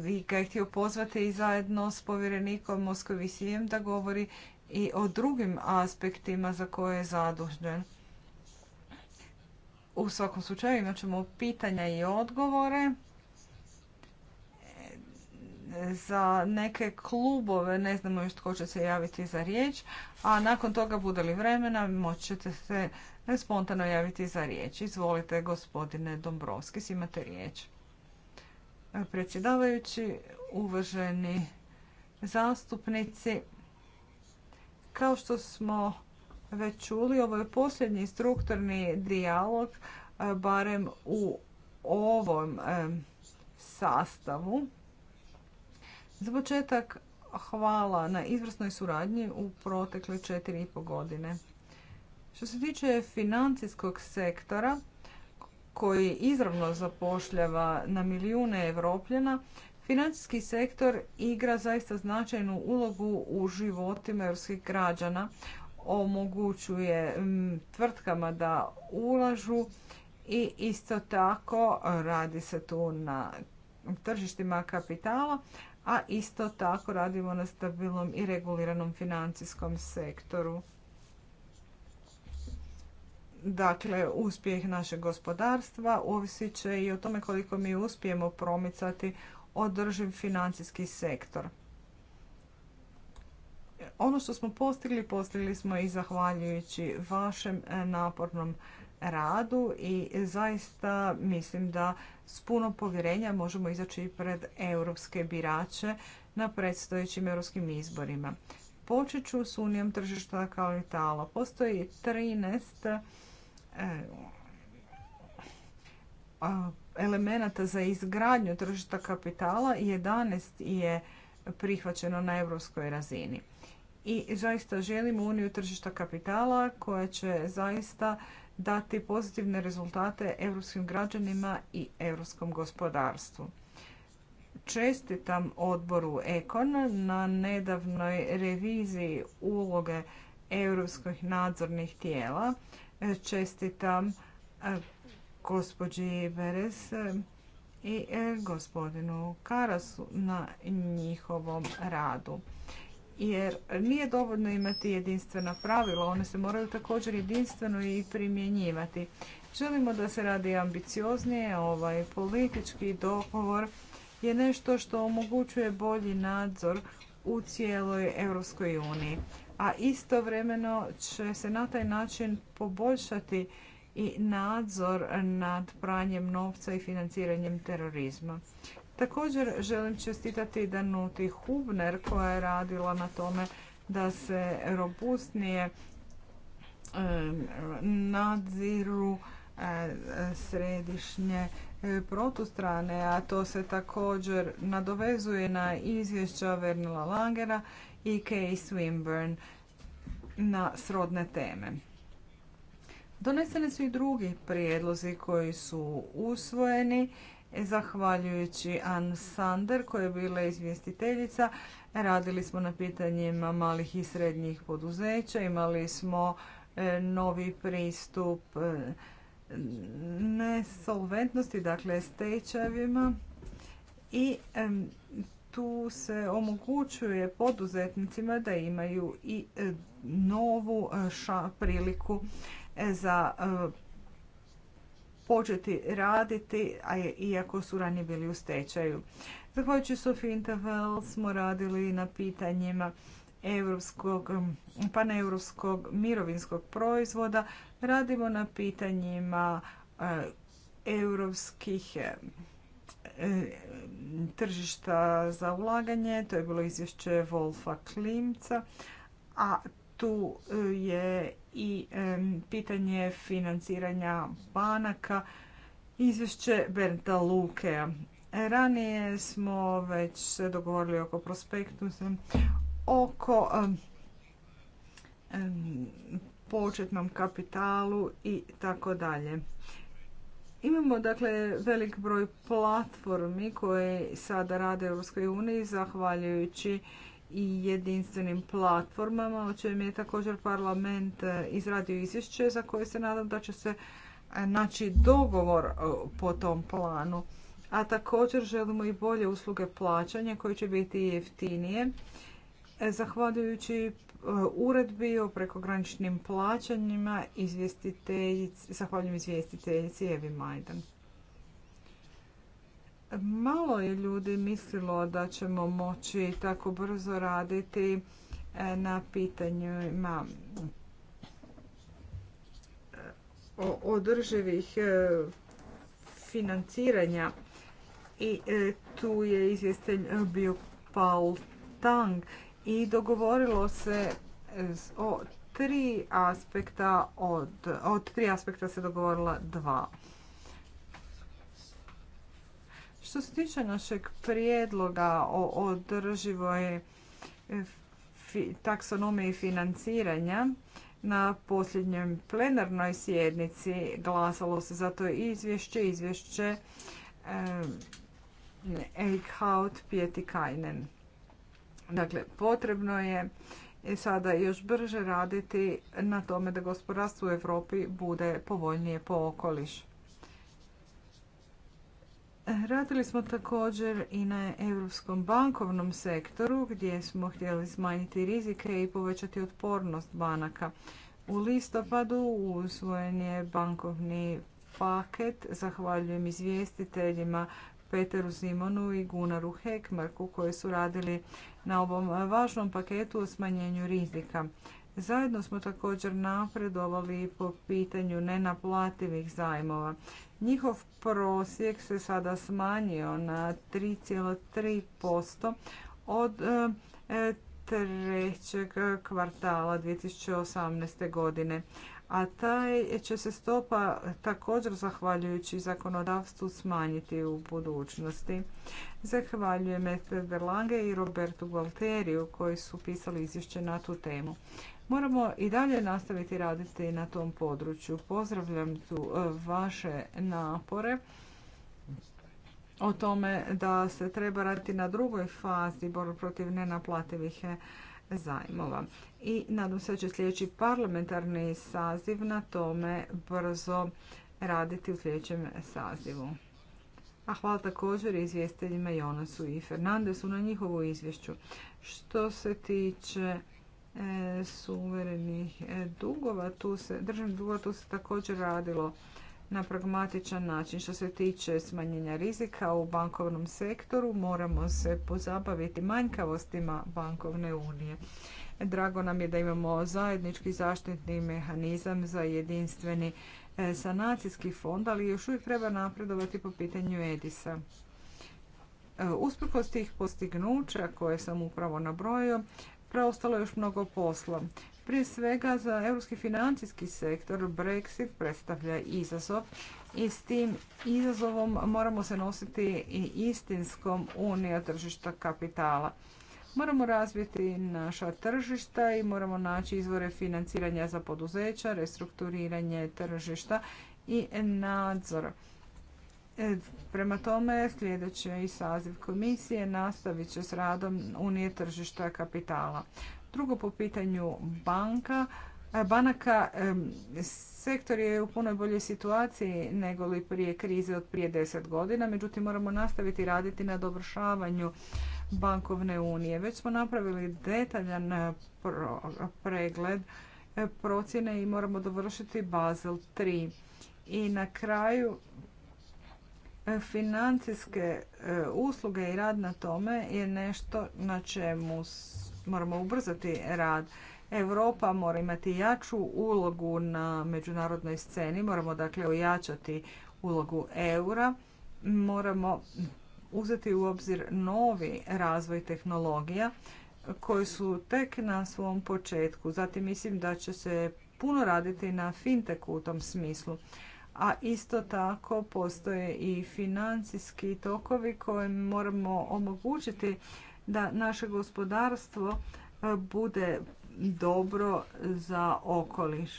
vi ga je htio pozvati i zajedno s povjerenikom Moskovisijem da govori i o drugim aspektima za koje je zadužen. U svakom slučaju imat ćemo pitanja i odgovore za neke klubove, ne znamo još tko će se javiti za riječ, a nakon toga bude li vremena moćete se spontano javiti za riječ. Izvolite gospodine Dombrovski, imate riječ. Predsjedavajući, uvaženi zastupnici, kao što smo već čuli, ovo je posljednji strukturni dijalog, e, barem u ovom e, sastavu. Za početak hvala na izvrsnoj suradnji u protekle četiri i godine. Što se tiče financijskog sektora, koji izravno zapošljava na milijune evropljena, Financijski sektor igra zaista značajnu ulogu u životima europskih građana, omogućuje tvrtkama da ulažu i isto tako radi se tu na tržištima kapitala, a isto tako radimo na stabilnom i reguliranom financijskom sektoru. Dakle, uspjeh našeg gospodarstva ovisit će i o tome koliko mi uspijemo promicati održiv financijski sektor. Ono što smo postigli, postigli smo i zahvaljujući vašem e, napornom radu i zaista mislim da s puno povjerenja možemo izaći pred europske birače na predstojećim europskim izborima. Počet ću s unijom tržišta kao i talo. Postoji 13 elemenata za izgradnju tržišta kapitala, 11 je prihvaćeno na europskoj razini. I zaista želimo uniju tržišta kapitala koja će zaista dati pozitivne rezultate europskim građanima i europskom gospodarstvu. Čestitam odboru Ekon na nedavnoj reviziji uloge evropskih nadzornih tijela. Čestitam gospođi Beres e, i e, gospodinu Karasu na njihovom radu. Jer nije dovoljno imati jedinstvena pravila, one se moraju također jedinstveno i primjenjivati. Želimo da se radi ambicioznije, ovaj politički dogovor je nešto što omogućuje bolji nadzor u cijeloj Europskoj uniji. A istovremeno će se na taj način poboljšati i nadzor nad pranjem novca i financiranjem terorizma. Također želim čestitati Danuti Hubner koja je radila na tome da se robustnije nadziru eh, središnje eh, protustrane, a to se također nadovezuje na izvješća Vernila Langera i Kay Swinburne na srodne teme. Doneseni su i drugi prijedlozi koji su usvojeni zahvaljujući Ann Sander koja je bila izvjestiteljica. Radili smo na pitanjima malih i srednjih poduzeća, imali smo e, novi pristup e, nesolventnosti, dakle stečajevima i tu se omogućuje poduzetnicima da imaju i e, novu priliku E, za e, početi raditi, a iako su ranije bili u stečaju. Zahvaljujući Sofie Intervel smo radili na pitanjima europskog, paneuropskog mirovinskog proizvoda, radimo na pitanjima e, europskih tržišta za ulaganje, to je bilo izvješće Wolfa Klimca, a tu e, je i pitanje financiranja banaka, izvješće bernta Lukea. Ranije smo već se dogovorili oko prospektu, oko početnom kapitalu i tako dalje. Imamo dakle velik broj platformi koje sada rade u EU zahvaljujući i jedinstvenim platformama, o čem je također parlament e, izradio izvješće za koje se nadam da će se e, naći dogovor e, po tom planu. A također želimo i bolje usluge plaćanja koje će biti jeftinije. Zahvaljujući uredbi o prekograničnim plaćanjima, zahvaljujem izvjestiteljici Evi Majdan. Malo je ljudi mislilo da ćemo moći tako brzo raditi e, na pitanjima e, održivih e, financiranja i tu je izvjestelj bio Paul Tang i dogovorilo se o tri aspekta od, od tri aspekta se dogovorila dva. Što se tiče našeg prijedloga o održivoj e, taksonomiji financiranja, na posljednjoj plenarnoj sjednici glasalo se za to izvješće, izvješće e, Eichhaut Pjeti Kajnen. Dakle, potrebno je sada još brže raditi na tome da gospodarstvo u Europi bude povoljnije po okoliš. Radili smo također i na europskom bankovnom sektoru gdje smo htjeli smanjiti rizike i povećati otpornost banaka. U listopadu usvojen je bankovni paket. Zahvaljujem izvjestiteljima Peteru Simonu i Gunaru Hekmarku koji su radili na ovom važnom paketu o smanjenju rizika. Zajedno smo također napredovali po pitanju nenaplativih zajmova. Njihov prosjek se sada smanjio na 3,3% od e, e, trećeg kvartala 2018. godine. A taj će se stopa također zahvaljujući zakonodavstvu smanjiti u budućnosti. Zahvaljujem Esther Berlange i Robertu Gualteriju koji su pisali izvješće na tu temu. Moramo i dalje nastaviti raditi na tom području. Pozdravljam tu e, vaše napore o tome da se treba raditi na drugoj fazi borbe protiv nenaplativih e, zajmova. I nadam se da će sljedeći parlamentarni saziv na tome brzo raditi u sljedećem sazivu. A hvala također izvjestiteljima Jonasu i Fernandesu na njihovu izvješću. Što se tiče suverenih e, dugova, tu državnih dugova, tu se također radilo na pragmatičan način. Što se tiče smanjenja rizika u bankovnom sektoru, moramo se pozabaviti manjkavostima bankovne unije. Drago nam je da imamo zajednički zaštitni mehanizam za jedinstveni e, sanacijski fond, ali još uvijek treba napredovati po pitanju Edisa. E, usprkos tih postignuća koje sam upravo nabrojio, preostalo je još mnogo posla. Prije svega za europski financijski sektor Brexit predstavlja izazov i s tim izazovom moramo se nositi i istinskom unija tržišta kapitala. Moramo razviti naša tržišta i moramo naći izvore financiranja za poduzeća, restrukturiranje tržišta i nadzor. E, prema tome, sljedeći saziv komisije nastavit će s radom Unije tržišta kapitala. Drugo po pitanju banka, e, banaka e, sektor je u puno boljoj situaciji nego li prije krize od prije deset godina, međutim moramo nastaviti raditi na dovršavanju bankovne unije. Već smo napravili detaljan pregled procjene i moramo dovršiti Basel 3. I na kraju Financijske e, usluge i rad na tome je nešto na čemu moramo ubrzati rad. Europa mora imati jaču ulogu na međunarodnoj sceni, moramo dakle ojačati ulogu eura, moramo uzeti u obzir novi razvoj tehnologija koji su tek na svom početku. Zatim mislim da će se puno raditi na finteku u tom smislu a isto tako postoje i financijski tokovi koje moramo omogućiti da naše gospodarstvo e, bude dobro za okoliš.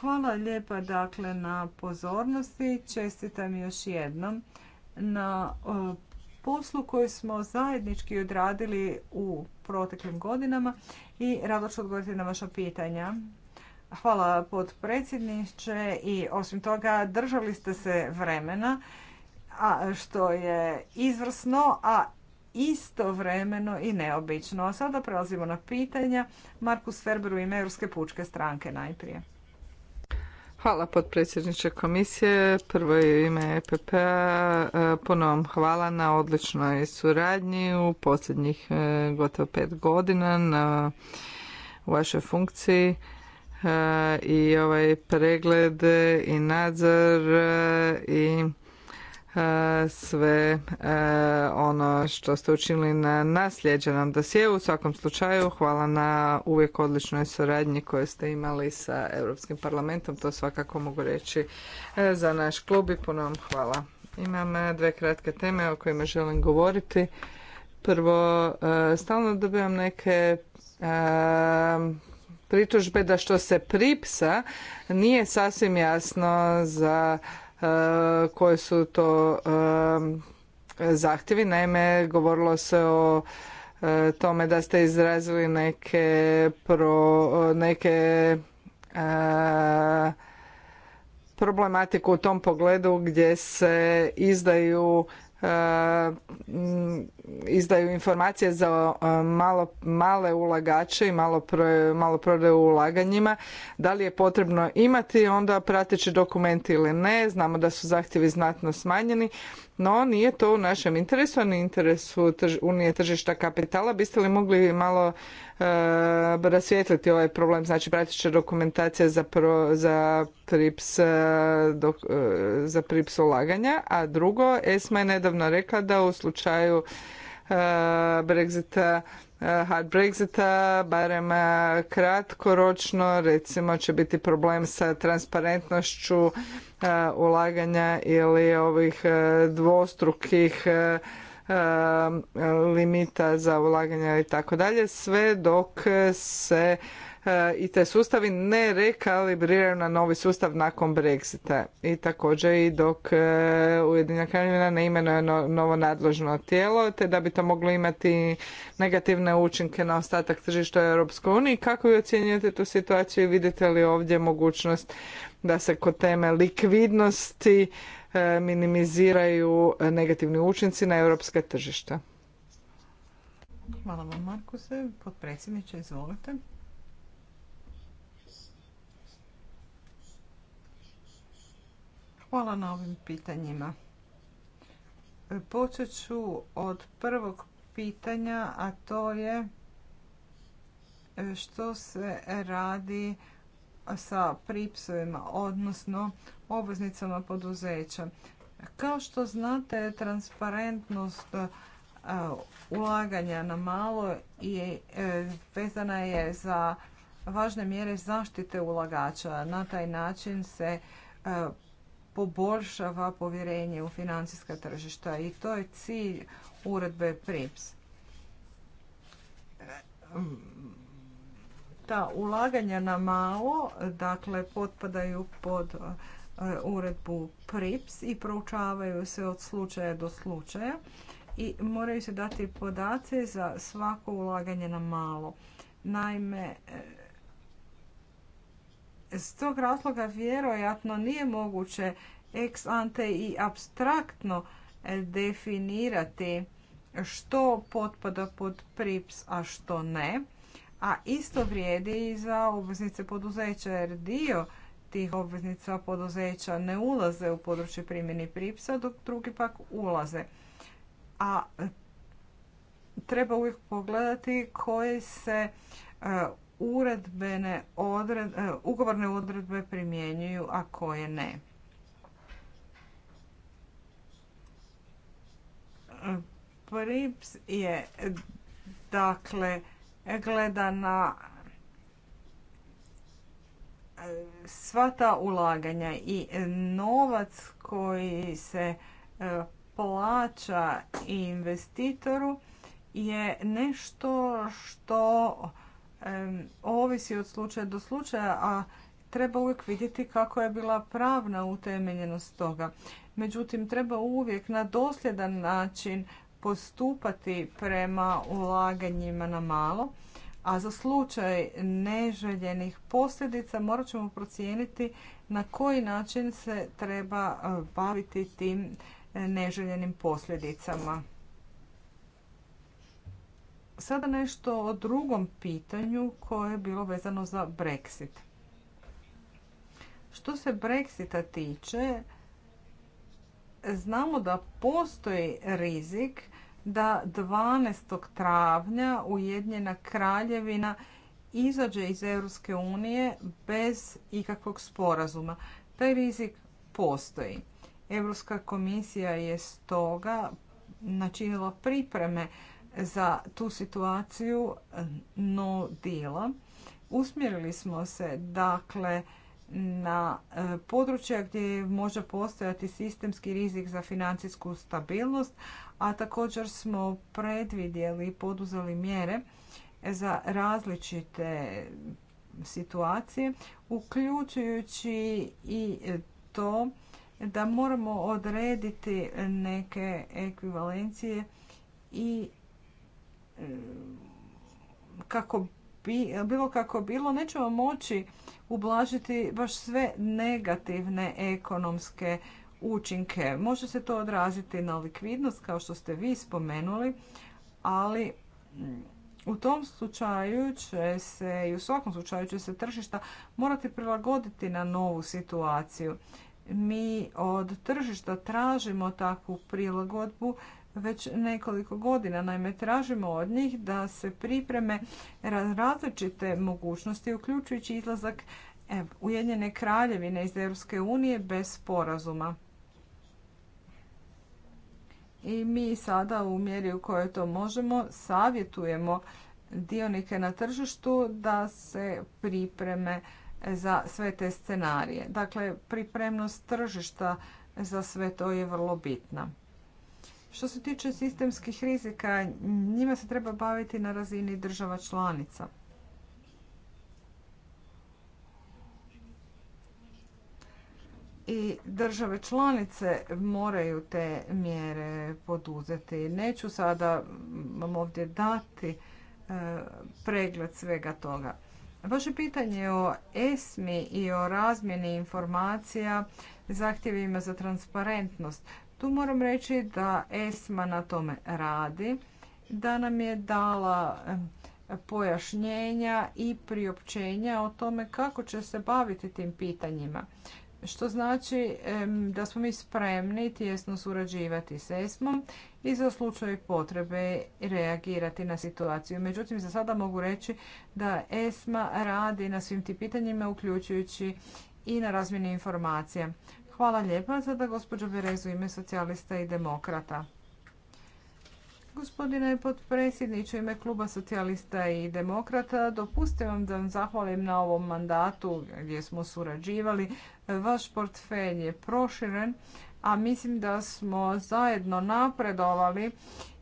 Hvala lijepa dakle na pozornosti. Čestitam još jednom na e, poslu koji smo zajednički odradili u proteklim godinama i rado ću odgovoriti na vaša pitanja. Hvala potpredsjedniče i osim toga držali ste se vremena, što je izvrsno, a istovremeno i neobično. A sada prelazimo na pitanja. Markus Ferber u ime Europske pučke stranke najprije. Hvala potpredsjedniče komisije. Prvo je ime EPP-a. E, hvala na odličnoj suradnji u posljednjih e, gotovo pet godina na vašoj funkciji e, i ovaj pregled i nadzor i E, sve e, ono što ste učinili na nasljeđenom dosijevu. U svakom slučaju hvala na uvijek odličnoj suradnji koju ste imali sa Europskim parlamentom. To svakako mogu reći e, za naš klub i puno vam hvala. Imam dve kratke teme o kojima želim govoriti. Prvo, stalno dobivam neke pritužbe da što se pripsa nije sasvim jasno za E, koje su to e, zahtjevi. Naime, govorilo se o e, tome da ste izrazili neke pro, neke problematiku u tom pogledu gdje se izdaju E, izdaju informacije za e, malo, male ulagače i malo, pro, malo prodaju ulaganjima. Da li je potrebno imati onda prateći dokumenti ili ne? Znamo da su zahtjevi znatno smanjeni, no, nije to u našem interesu, ni interesu Unije tržišta kapitala. Biste li mogli malo e, rasvijetliti ovaj problem? Znači, pratit će dokumentacija za, za, prips, eh, eh, za prips ulaganja. A drugo, ESMA je nedavno rekla da u slučaju Eh, Brexita, eh, hard Brexita, eh, barem kratkoročno, recimo će biti problem sa transparentnošću ulaganja ili ovih dvostrukih limita za ulaganja i tako dalje, sve dok se E, i te sustavi ne rekalibriraju na novi sustav nakon Brexita. I također i dok e, Ujedinjena kraljevina ne imenuje novo nadležno tijelo, te da bi to moglo imati negativne učinke na ostatak tržišta Europske unije. Kako vi ocjenjujete tu situaciju i vidite li ovdje mogućnost da se kod teme likvidnosti e, minimiziraju negativni učinci na Europske tržišta? Hvala vam, Markuse. Potpredsjedniče, izvolite. Hvala na ovim pitanjima. E, počet ću od prvog pitanja, a to je e, što se radi sa pripsovima, odnosno obveznicama poduzeća. Kao što znate, transparentnost e, ulaganja na malo i vezana je za važne mjere zaštite ulagača. Na taj način se poboljšava povjerenje u financijska tržišta i to je cilj uredbe PRIPS. Ta ulaganja na malo, dakle, potpadaju pod e, uredbu PRIPS i proučavaju se od slučaja do slučaja i moraju se dati podaci za svako ulaganje na malo. Naime, s tog razloga vjerojatno nije moguće ex ante i abstraktno e, definirati što potpada pod PRIPS, a što ne. A isto vrijedi i za obveznice poduzeća, jer dio tih obveznica poduzeća ne ulaze u područje primjeni pripsa, dok drugi pak ulaze. A treba uvijek pogledati koje se e, uredbene e, ugovorne odredbe primjenjuju, a koje ne. PRIPS je dakle gleda na sva ta ulaganja i novac koji se e, plaća investitoru je nešto što ovisi od slučaja do slučaja, a treba uvijek vidjeti kako je bila pravna utemeljenost toga. Međutim, treba uvijek na dosljedan način postupati prema ulaganjima na malo, a za slučaj neželjenih posljedica morat ćemo procijeniti na koji način se treba e, baviti tim e, neželjenim posljedicama. Sada nešto o drugom pitanju koje je bilo vezano za Brexit. Što se Brexita tiče, znamo da postoji rizik da 12. travnja Ujedinjena kraljevina izađe iz Europske unije bez ikakvog sporazuma. Taj rizik postoji. Europska komisija je stoga načinila pripreme za tu situaciju eh, no dila. Usmjerili smo se dakle na eh, područja gdje može postojati sistemski rizik za financijsku stabilnost, a također smo predvidjeli i poduzeli mjere za različite situacije, uključujući i to da moramo odrediti neke ekvivalencije i kako bi, bilo kako bilo, nećemo moći ublažiti baš sve negativne ekonomske učinke. Može se to odraziti na likvidnost, kao što ste vi spomenuli, ali u tom slučaju će se i u svakom slučaju će se tržišta morati prilagoditi na novu situaciju. Mi od tržišta tražimo takvu prilagodbu već nekoliko godina. Naime, tražimo od njih da se pripreme različite mogućnosti, uključujući izlazak Ujedinjene kraljevine iz Europske unije bez sporazuma. I mi sada u mjeri u kojoj to možemo savjetujemo dionike na tržištu da se pripreme za sve te scenarije. Dakle, pripremnost tržišta za sve to je vrlo bitna. Što se tiče sistemskih rizika, njima se treba baviti na razini država članica. i države članice moraju te mjere poduzeti. Neću sada vam ovdje dati e, pregled svega toga. Vaše pitanje o ESMI i o razmjeni informacija zahtjevima za transparentnost. Tu moram reći da ESMA na tome radi, da nam je dala pojašnjenja i priopćenja o tome kako će se baviti tim pitanjima. Što znači da smo mi spremni tjesno surađivati s ESMom i za slučaj potrebe reagirati na situaciju. Međutim, za sada mogu reći da ESMA radi na svim tim pitanjima, uključujući i na razmjeni informacija. Hvala lijepa. Sada gospođo Berezu ime socijalista i demokrata. Gospodine potpredsjedniče, ime kluba socijalista i demokrata, dopustite vam da vam zahvalim na ovom mandatu gdje smo surađivali. Vaš portfelj je proširen, a mislim da smo zajedno napredovali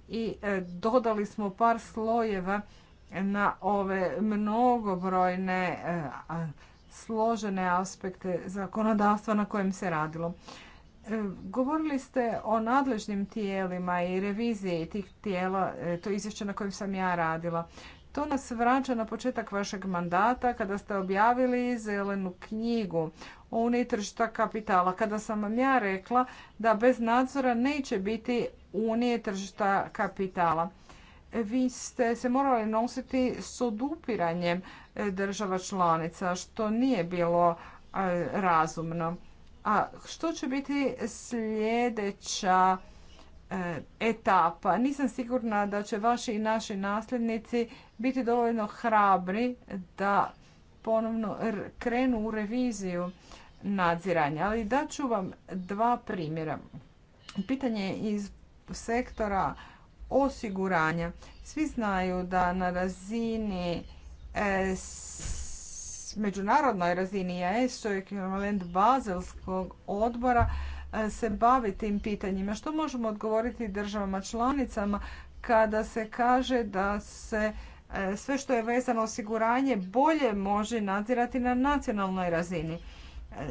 i e, dodali smo par slojeva na ove mnogobrojne e, složene aspekte zakonodavstva na kojem se radilo. E, govorili ste o nadležnim tijelima i reviziji tih tijela, e, to izvješće na kojem sam ja radila. To nas vraća na početak vašeg mandata kada ste objavili zelenu knjigu o uniji tržišta kapitala. Kada sam vam ja rekla da bez nadzora neće biti unije tržišta kapitala. E, vi ste se morali nositi s odupiranjem država članica, što nije bilo e, razumno. A što će biti sljedeća e, etapa? Nisam sigurna da će vaši i naši nasljednici biti dovoljno hrabri da ponovno krenu u reviziju nadziranja. Ali daću vam dva primjera. Pitanje iz sektora osiguranja. Svi znaju da na razini međunarodnoj razini ESO je ekvivalent Bazelskog odbora e, se bavi tim pitanjima. Što možemo odgovoriti državama članicama kada se kaže da se e, sve što je vezano osiguranje bolje može nadzirati na nacionalnoj razini. E,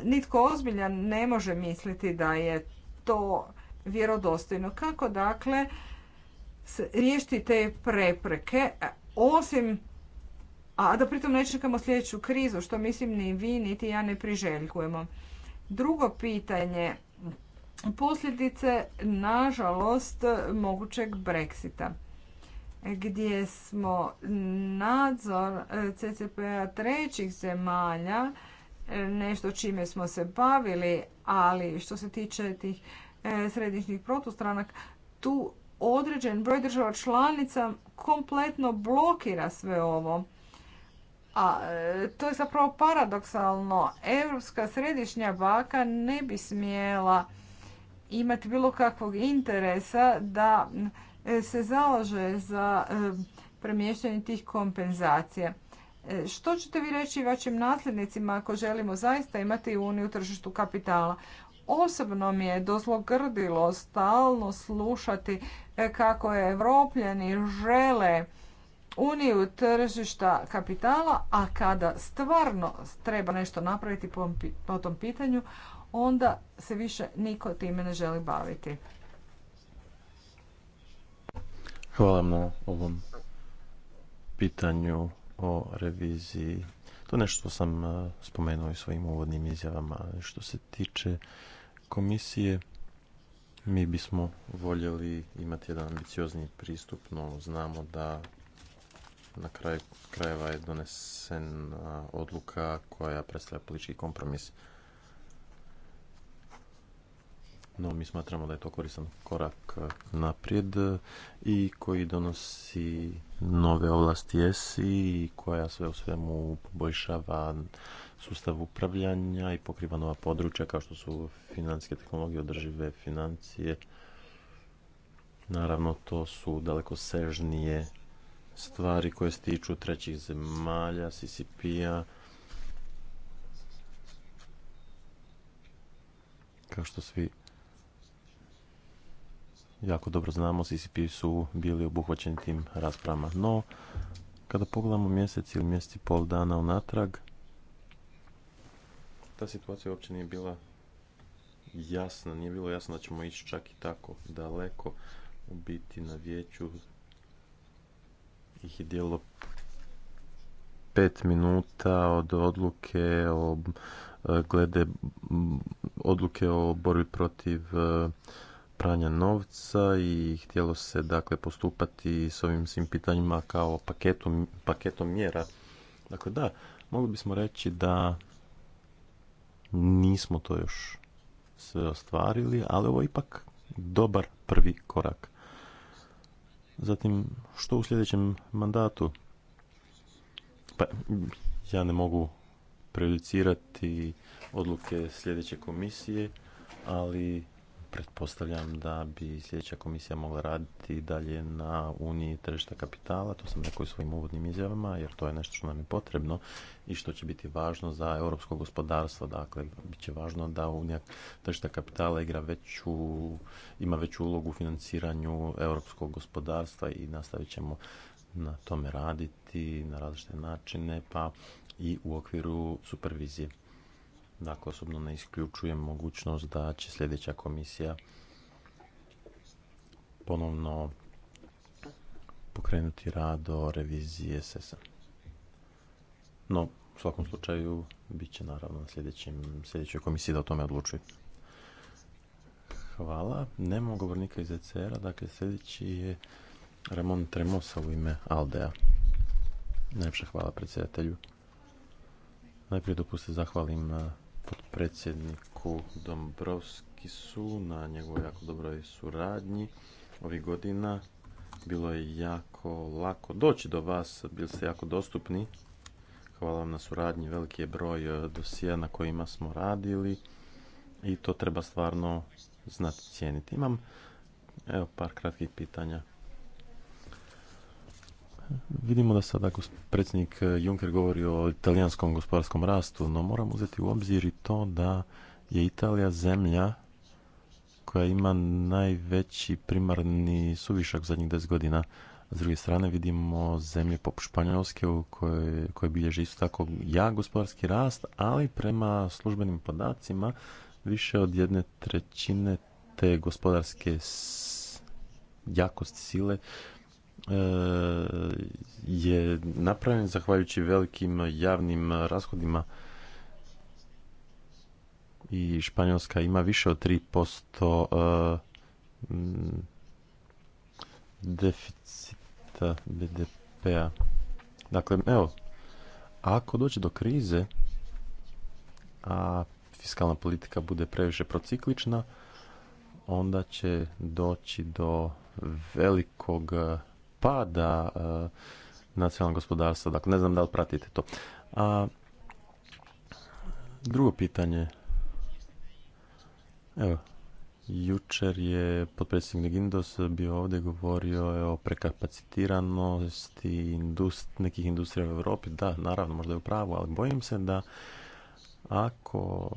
nitko ozbiljan ne može misliti da je to vjerodostojno. Kako dakle riješiti te prepreke osim a da pritom ne čekamo sljedeću krizu, što mislim ni vi, niti ja ne priželjkujemo. Drugo pitanje, posljedice, nažalost, mogućeg Brexita gdje smo nadzor ccp p-a trećih zemalja, nešto čime smo se bavili, ali što se tiče tih e, središnjih protustranak, tu određen broj država članica kompletno blokira sve ovo. A e, to je zapravo paradoksalno. Europska središnja banka ne bi smjela imati bilo kakvog interesa da e, se zalaže za e, premještanje tih kompenzacija. Što ćete vi reći vašim nasljednicima ako želimo zaista imati uniju tržištu kapitala? Osobno mi je dozlogrdilo stalno slušati kako je evropljani žele uniju tržišta kapitala, a kada stvarno treba nešto napraviti po, tom pitanju, onda se više niko time ne želi baviti. Hvala vam na ovom pitanju o reviziji. To je nešto sam e, spomenuo i svojim uvodnim izjavama. Što se tiče komisije, mi bismo voljeli imati jedan ambiciozni pristup, no znamo da na kraju krajeva je donesena odluka koja predstavlja politički kompromis. No, mi smatramo da je to koristan korak naprijed i koji donosi nove ovlasti ESI i koja sve u svemu poboljšava sustav upravljanja i pokriva nova područja kao što su financijske tehnologije, održive financije. Naravno, to su daleko sežnije stvari koje se tiču trećih zemalja, CCP-a. Kao što svi jako dobro znamo, CCP su bili obuhvaćeni tim raspravama. No, kada pogledamo mjesec ili mjesec i pol dana unatrag, ta situacija uopće nije bila jasna, nije bilo jasno da ćemo ići čak i tako daleko u biti na vijeću ih je dijelo pet minuta od odluke o e, glede odluke o borbi protiv e, pranja novca i htjelo se dakle postupati s ovim svim pitanjima kao paketom, paketom mjera. Dakle da, mogli bismo reći da nismo to još sve ostvarili, ali ovo je ipak dobar prvi korak. Zatim, što u sljedećem mandatu? Pa, ja ne mogu prejudicirati odluke sljedeće komisije, ali pretpostavljam da bi sljedeća komisija mogla raditi dalje na uniji tržišta kapitala, to sam rekao u svojim uvodnim izjavama, jer to je nešto što nam je potrebno i što će biti važno za europsko gospodarstvo. Dakle, bit će važno da unija tržišta kapitala igra veću, ima veću ulogu u financiranju europskog gospodarstva i nastavit ćemo na tome raditi na različite načine, pa i u okviru supervizije. Dakle, osobno ne isključujem mogućnost da će sljedeća komisija ponovno pokrenuti rad o reviziji No, u svakom slučaju, bit će naravno na sljedećoj komisiji da o tome odlučuje. Hvala. Nemamo govornika iz ECR-a, dakle sljedeći je Ramon Tremosa u ime Aldea. Najpše hvala predsjedatelju. Najprije dopustite zahvalim potpredsjedniku su na njegovoj jako dobroj suradnji ovih godina. Bilo je jako lako doći do vas, bili ste jako dostupni. Hvala vam na suradnji, veliki je broj eh, dosija na kojima smo radili i to treba stvarno znati cijeniti. Imam evo par kratkih pitanja. Vidimo da sada predsjednik eh, Juncker govori o italijanskom gospodarskom rastu, no moramo uzeti u obzir i to da je Italija zemlja koja ima najveći primarni suvišak zadnjih 10 godina. S druge strane vidimo zemlje poput Španjolske u koje, bilježi isto tako jak gospodarski rast, ali prema službenim podacima više od jedne trećine te gospodarske jakosti sile E, je napravljen zahvaljujući velikim javnim rashodima i Španjolska ima više od 3% e, deficita BDP-a. Dakle, evo, ako dođe do krize, a fiskalna politika bude previše prociklična, onda će doći do velikog pada e, nacionalnog gospodarstva. Dakle, ne znam da li pratite to. A, drugo pitanje. Evo, Jučer je potpredsjednik Gindos bio ovdje govorio je o prekapacitiranosti indust, nekih industrija u Europi. Da, naravno, možda je u pravu, ali bojim se da ako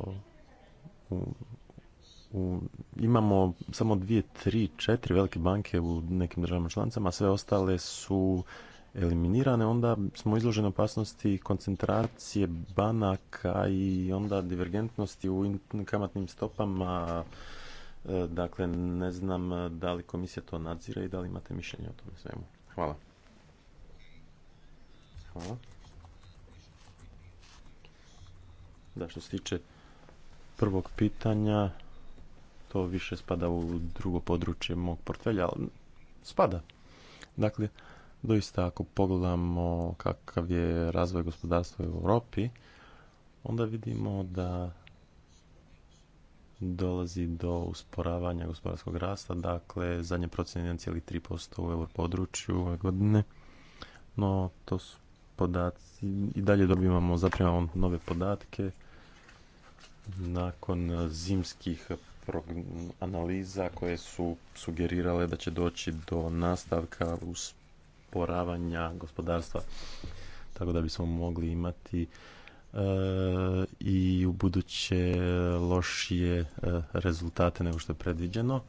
u, imamo samo dvije, tri, četiri velike banke u nekim državama članicama, a sve ostale su eliminirane, onda smo izloženi opasnosti koncentracije banaka i onda divergentnosti u kamatnim stopama. E, dakle, ne znam e, da li komisija to nadzira i da li imate mišljenje o tome svemu. Hvala. Hvala. Da, što se tiče prvog pitanja, to više spada u drugo područje mog portfelja, ali spada. Dakle, doista ako pogledamo kakav je razvoj gospodarstva u Europi, onda vidimo da dolazi do usporavanja gospodarskog rasta, dakle zadnje procjene 1,3% u europodručju ove godine, no to su podaci, i dalje dobivamo, zaprimamo nove podatke nakon zimskih analiza koje su sugerirale da će doći do nastavka usporavanja gospodarstva. Tako da bismo mogli imati e, i u buduće lošije e, rezultate nego što je predviđeno.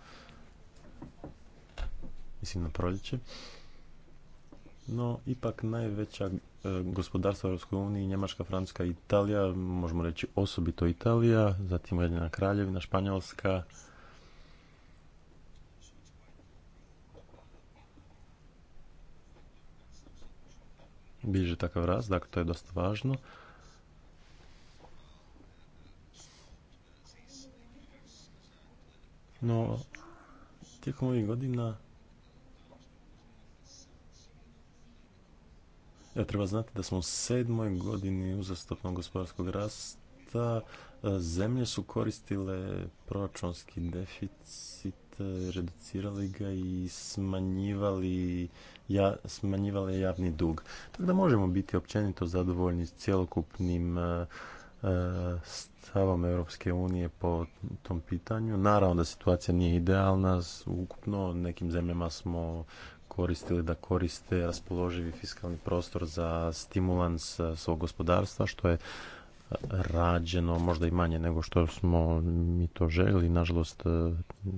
Mislim na proljeće no ipak najveća e, gospodarstva Europskoj uniji, Njemačka, Francuska, Italija, možemo reći osobito Italija, zatim Ujedinjena Kraljevina, Španjolska, biže takav raz dakle to je dosta važno. No, tijekom ovih godina E, treba znati da smo u sedmoj godini uzastopnog gospodarskog rasta e, zemlje su koristile proračunski deficit, e, reducirali ga i smanjivali, ja, smanjivali javni dug. Tako da možemo biti općenito zadovoljni s cjelokupnim stavom Europske unije po tom pitanju. Naravno da situacija nije idealna, ukupno nekim zemljama smo koristili da koriste raspoloživi fiskalni prostor za stimulans eh, svog gospodarstva, što je eh, rađeno možda i manje nego što smo mi to želi. Nažalost, eh,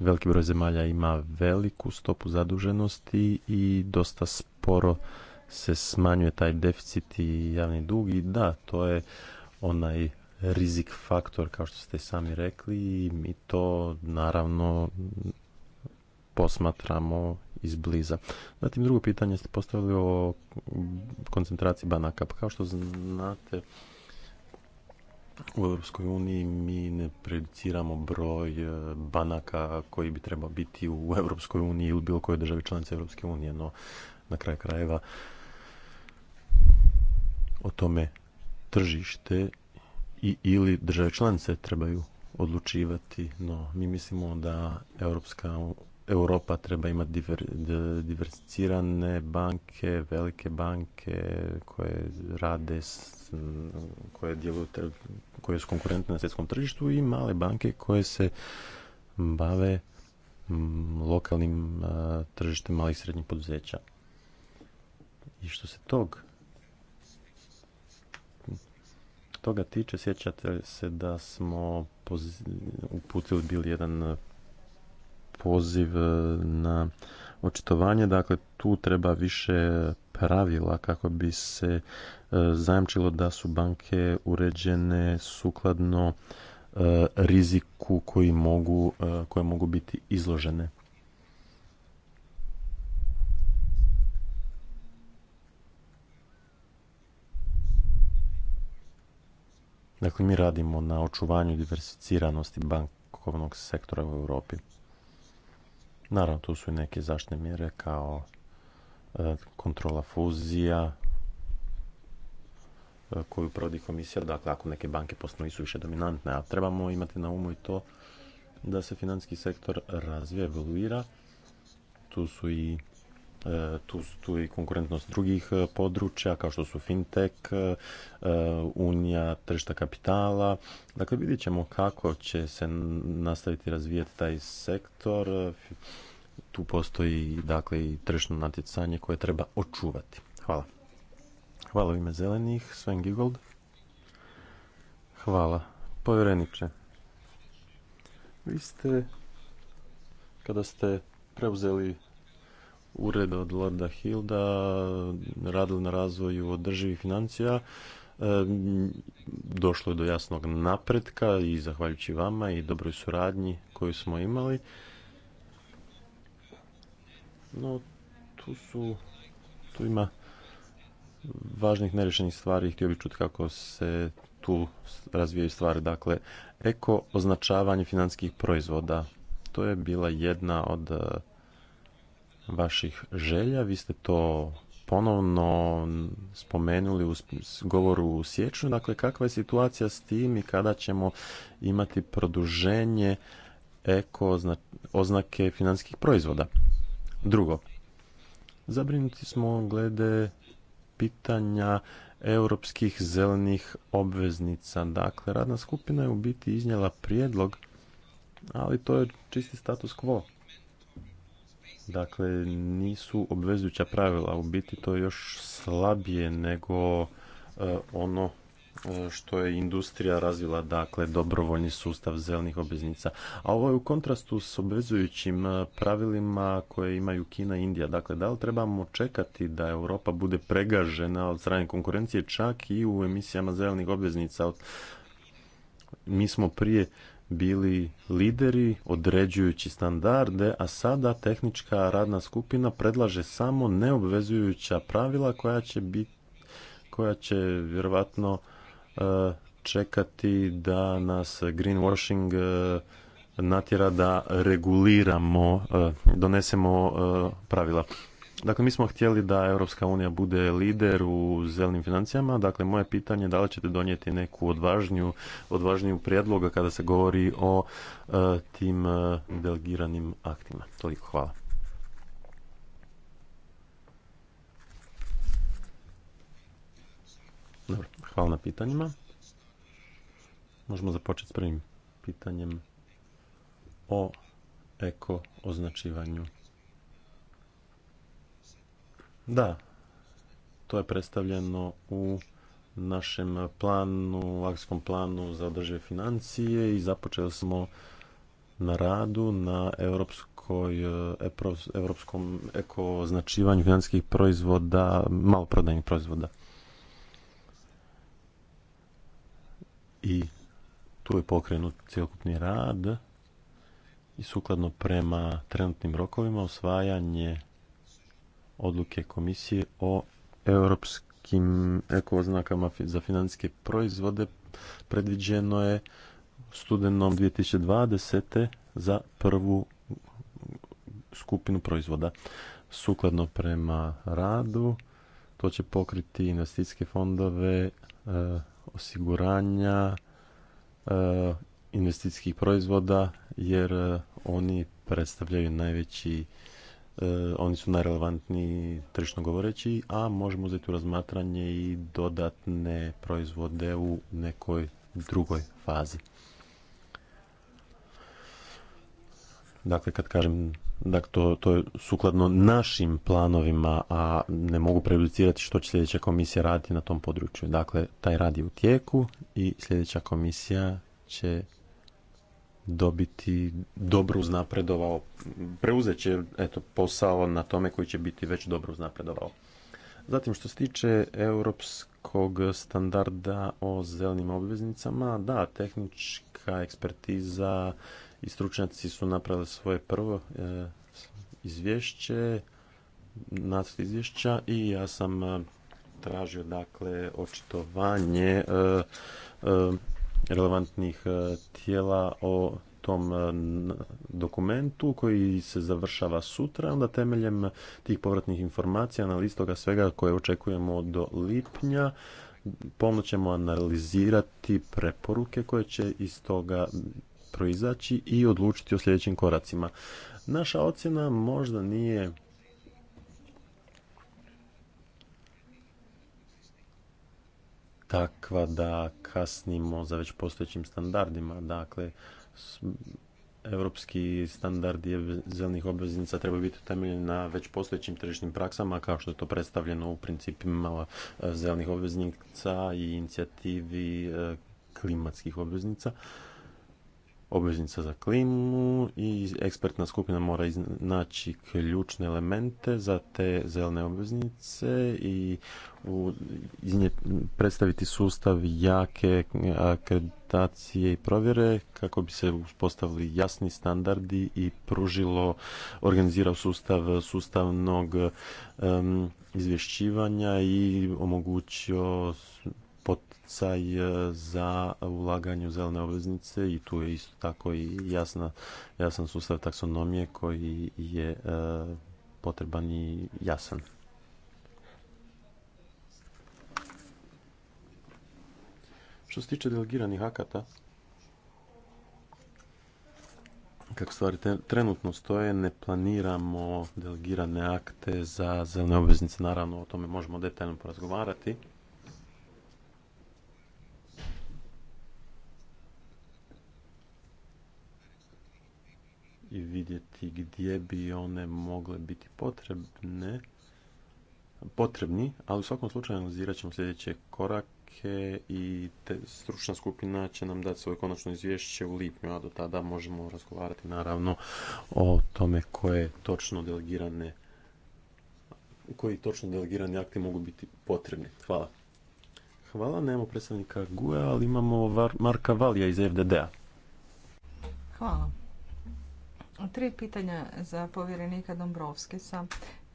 veliki broj zemalja ima veliku stopu zaduženosti i dosta sporo se smanjuje taj deficit i javni dug i da, to je onaj rizik faktor kao što ste sami rekli i mi to naravno posmatramo izbliza. Zatim drugo pitanje ste postavili o koncentraciji banaka. Pa kao što znate, u Europskoj uniji mi ne prediciramo broj e, banaka koji bi trebao biti u Europskoj uniji ili bilo kojoj državi članice Europske unije, no na kraju krajeva o tome tržište i ili države članice trebaju odlučivati, no mi mislimo da Europska Europa treba imati diver, diversicirane banke, velike banke koje rade, koje djeluju, koje su konkurentne na svjetskom tržištu i male banke koje se bave lokalnim tržištem malih i srednjih poduzeća. I što se tog toga tiče, sjećate se da smo uputili bili jedan poziv e, na očitovanje. Dakle, tu treba više pravila kako bi se e, zajamčilo da su banke uređene sukladno e, riziku koji mogu, koje mogu biti izložene. Dakle, mi radimo na očuvanju diversificiranosti bankovnog sektora u Europi. Naravno, tu su i neke zaštne mjere kao e, kontrola fuzija e, koju provodi komisija. Dakle, ako neke banke postanu su više dominantne, a trebamo imati na umu i to da se financijski sektor razvija, evoluira. Tu su i E, tu tu i konkurentnost drugih e, područja kao što su fintech, e, unija tržišta kapitala. Dakle, vidjet ćemo kako će se nastaviti razvijati taj sektor. Tu postoji dakle i tržišno natjecanje koje treba očuvati. Hvala. Hvala u ime zelenih, Sven Gigold. Hvala. Povjereniče, vi ste, kada ste preuzeli ured od Lorda Hilda radili na razvoju održivih financija. E, došlo je do jasnog napretka i zahvaljujući vama i dobroj suradnji koju smo imali. No, tu su, tu ima važnih nerešenih stvari. Htio bih čuti kako se tu razvijaju stvari. Dakle, eko označavanje financijskih proizvoda. To je bila jedna od vaših želja. Vi ste to ponovno spomenuli u govoru u siječnju. Dakle, kakva je situacija s tim i kada ćemo imati produženje eko oznake financijskih proizvoda? Drugo, zabrinuti smo glede pitanja europskih zelenih obveznica. Dakle, radna skupina je u biti iznijela prijedlog, ali to je čisti status quo. Dakle, nisu obvezujuća pravila, u biti to je još slabije nego e, ono e, što je industrija razvila, dakle, dobrovoljni sustav zelenih obveznica. A ovo je u kontrastu s obvezujućim e, pravilima koje imaju Kina i Indija. Dakle, da li trebamo čekati da Europa bude pregažena od strane konkurencije čak i u emisijama zelenih obveznica? Mi smo prije bili lideri određujući standarde, a sada tehnička radna skupina predlaže samo neobvezujuća pravila koja će biti koja će vjerovatno e, čekati da nas greenwashing e, natjera da reguliramo, e, donesemo pravila. Dakle, mi smo htjeli da Europska unija bude lider u zelenim financijama. Dakle, moje pitanje je da li ćete donijeti neku odvažnju, odvažniju prijedloga kada se govori o e, tim e, delegiranim aktima. Toliko, hvala. Dobro, hvala na pitanjima. Možemo započeti s prvim pitanjem o eko označivanju da, to je predstavljeno u našem planu, u akcijskom planu za održive financije i započeli smo na radu na europskoj, europskom eh, ekoznačivanju financijskih proizvoda, maloprodajnih proizvoda. I tu je pokrenut cjelokupni rad i sukladno prema trenutnim rokovima osvajanje odluke komisije o europskim ekoznakama za financijske proizvode predviđeno je studenom 2020. za prvu skupinu proizvoda. Sukladno prema radu, to će pokriti investicijske fondove, e, osiguranja, e, investicijskih proizvoda, jer e, oni predstavljaju najveći E, oni su najrelevantniji tržišno govoreći, a možemo uzeti u razmatranje i dodatne proizvode u nekoj drugoj fazi. Dakle, kad kažem Dakle, to, to je sukladno našim planovima, a ne mogu prejudicirati što će sljedeća komisija raditi na tom području. Dakle, taj rad je u tijeku i sljedeća komisija će dobiti dobro uznapredovao, preuzet će eto, posao na tome koji će biti već dobro uznapredovao. Zatim što se tiče europskog standarda o zelenim obveznicama, da, tehnička ekspertiza i stručnjaci su napravili svoje prvo e, izvješće, nacrt izvješća i ja sam e, tražio dakle očitovanje e, relevantnih e, tijela o tom e, dokumentu koji se završava sutra, onda temeljem tih povratnih informacija, analiz toga svega koje očekujemo do lipnja, pomno ćemo analizirati preporuke koje će iz toga proizaći i odlučiti o sljedećim koracima. Naša ocjena možda nije takva da kasnimo za već postojećim standardima. Dakle, europski standardi zelenih obveznica treba biti temeljeni na već postojećim tržišnim praksama kao što je to predstavljeno u principima e, zelenih obveznica i inicijativi e, klimatskih obveznica obveznica za klimu i ekspertna skupina mora iznaći ključne elemente za te zelene obveznice i u, predstaviti sustav jake akreditacije i provjere kako bi se uspostavili jasni standardi i pružilo, organizirao sustav sustavnog izvješćivanja i omogućio poticaj e, za ulaganje u zelene obveznice i tu je isto tako i jasna, jasan sustav taksonomije koji je e, potreban i jasan. Što se tiče delegiranih akata, kako stvari trenutno stoje, ne planiramo delegirane akte za zelene obveznice. Naravno, o tome možemo detaljno porazgovarati. vidjeti gdje bi one mogle biti potrebne, potrebni, ali u svakom slučaju analizirat ćemo sljedeće korake i te stručna skupina će nam dati svoje konačno izvješće u lipnju, a do tada možemo razgovarati naravno o tome koje točno delegirane koji točno delegirani akti mogu biti potrebni. Hvala. Hvala, nemamo predstavnika GUE, ali imamo Marka Valija iz FDD-a. Hvala. Tri pitanja za povjerenika Dombrovskisa.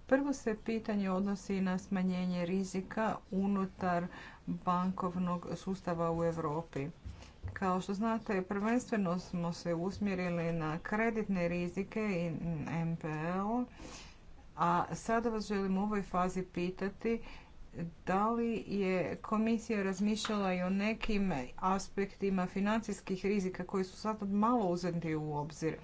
Prvo se pitanje odnosi na smanjenje rizika unutar bankovnog sustava u Europi. Kao što znate, prvenstveno smo se usmjerili na kreditne rizike i MPL, a sada vas želim u ovoj fazi pitati da li je komisija razmišljala i o nekim aspektima financijskih rizika koji su sad malo uzeti u obzir.